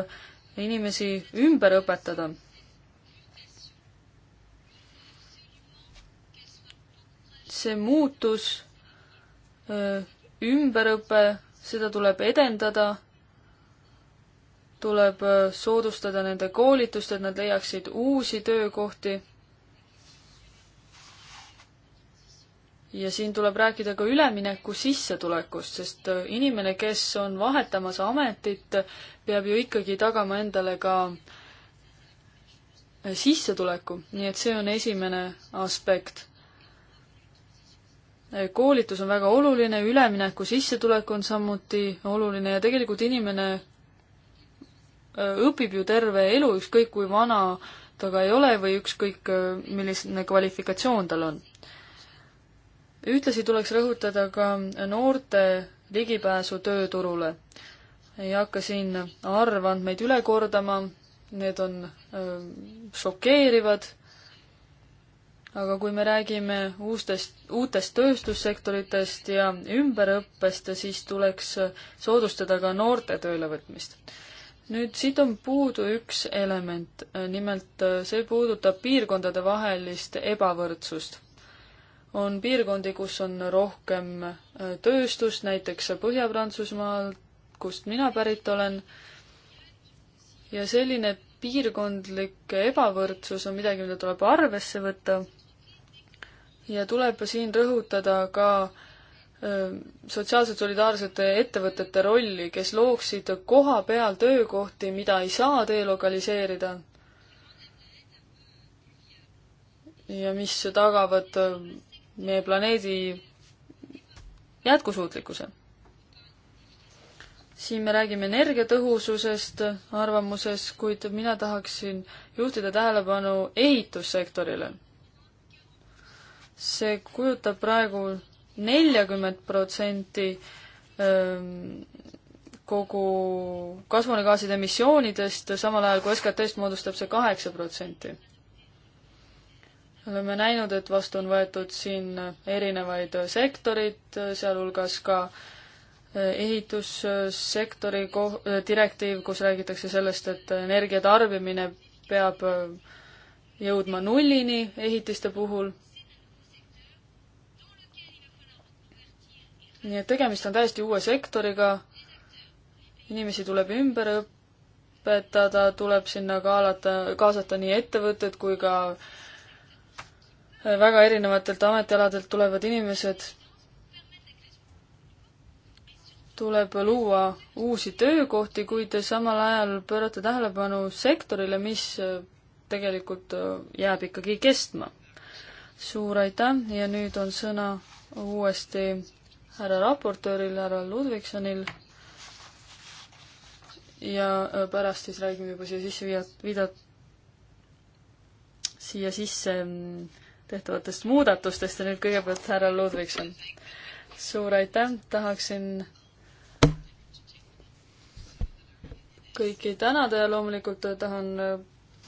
inimesi ümber õpetada see muutus äh, ümberõpe, seda tuleb edendada, tuleb äh, soodustada nende koolitust, et nad leiaksid uusi töökohti. ja siin tuleb rääkida ka ülemineku sissetulekust, sest äh, inimene, kes on vahetamas ametit, peab ju ikkagi tagama endale ka äh, sissetuleku, nii et see on esimene aspekt koolitus on väga oluline, ülemineku sissetulek on samuti oluline ja tegelikult inimene äh, õpib ju terve elu, ükskõik kui vana ta ka ei ole või ükskõik, äh, milline kvalifikatsioon tal on. ühtlasi tuleks rõhutada ka noorte ligipääsu tööturule. ei hakka siin arvandmeid üle kordama, need on öö, äh, šokeerivad aga kui me räägime uustest, uutest tööstussektoritest ja ümberõppest, siis tuleks soodustada ka noorte töölevõtmist. nüüd siit on puudu üks element, nimelt see puudutab piirkondade vahelist ebavõrdsust. on piirkondi, kus on rohkem äh, tööstust, näiteks Põhja-Prantsusmaal, kust mina pärit olen, ja selline piirkondlik ebavõrdsus on midagi, mida tuleb arvesse võtta ja tuleb siin rõhutada ka sotsiaalselt solidaarsete ettevõtete rolli, kes looksid koha peal töökohti, mida ei saa delokaliseerida. ja mis tagavad meie planeedi jätkusuutlikkuse. siin me räägime energiatõhususest arvamuses, kuid mina tahaksin juhtida tähelepanu ehitussektorile see kujutab praegu neljakümmet protsenti ähm, kogu kasvuhoonegaaside emissioonidest, samal ajal kui SKT-st moodustab see kaheksa protsenti. oleme näinud, et vastu on võetud siin erinevaid sektorid, sealhulgas ka äh, ehitussektori ko-, äh, direktiiv, kus räägitakse sellest, et energia tarbimine peab äh, jõudma nullini ehitiste puhul nii et tegemist on täiesti uue sektoriga, inimesi tuleb ümber õpetada, tuleb sinna kaalata, kaasata nii ettevõtted kui ka väga erinevatelt ametialadelt tulevad inimesed. tuleb luua uusi töökohti, kuid samal ajal pöörata tähelepanu sektorile, mis tegelikult jääb ikkagi kestma. suur aitäh ja nüüd on sõna uuesti härra raportööril, härra Ludvigsonil ja äh, pärast siis räägime juba siia sisse viia, viida-, siia sisse mm, tehtavatest muudatustest ja nüüd kõigepealt härra Ludvigson. suur aitäh, tahaksin kõiki tänada ja loomulikult äh, tahan äh,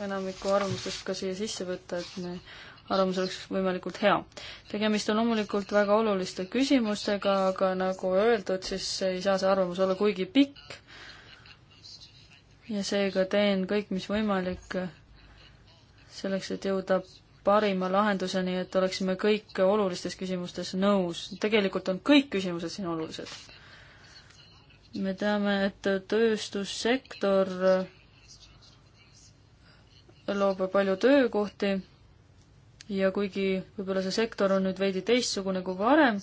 enamiku arvamustest ka siia sisse võtta, et me arvamus oleks võimalikult hea. tegemist on loomulikult väga oluliste küsimustega, aga nagu öeldud, siis ei saa see arvamus olla kuigi pikk. ja seega teen kõik, mis võimalik selleks, et jõuda parima lahenduseni, et oleksime kõik olulistes küsimustes nõus. tegelikult on kõik küsimused siin olulised. me teame, et tööstussektor loob palju töökohti ja kuigi võib-olla see sektor on nüüd veidi teistsugune kui varem,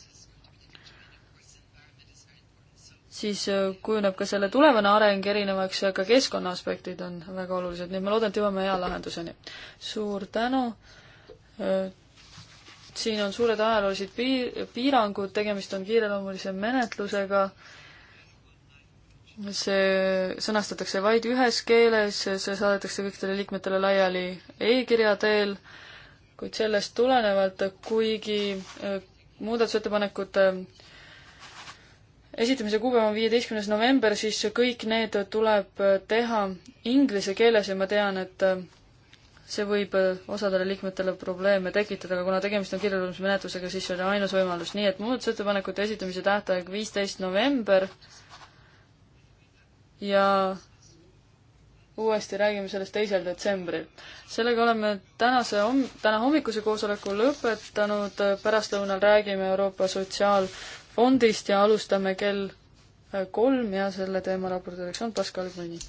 siis äh, kujuneb ka selle tulevane areng erinevaks ja ka keskkonna aspektid on väga olulised, nii et ma loodan, et jõuame hea lahenduseni. suur tänu! Äh, siin on suured ajaloolised piir, piirangud, tegemist on kiireloomulise menetlusega, see sõnastatakse vaid ühes keeles, see saadetakse kõikidele liikmetele laiali e-kirja teel kuid sellest tulenevalt, kuigi äh, muudatusettepanekute äh, esitamise kuupäev on viieteistkümnes november, siis kõik need tuleb äh, teha inglise keeles ja ma tean, et see võib osadele liikmetele probleeme tekitada, aga kuna tegemist on kirjeldamismenetlusega, siis see oli ainus võimalus, nii et muudatusettepanekute esitamise tähtaeg viisteist november ja uuesti räägime sellest teisel detsembril. sellega oleme tänase homm-, täna hommikuse koosoleku lõpetanud, pärastlõunal räägime Euroopa Sotsiaalfondist ja alustame kell kolm ja selle teema raportööriks on Pascal Grüni.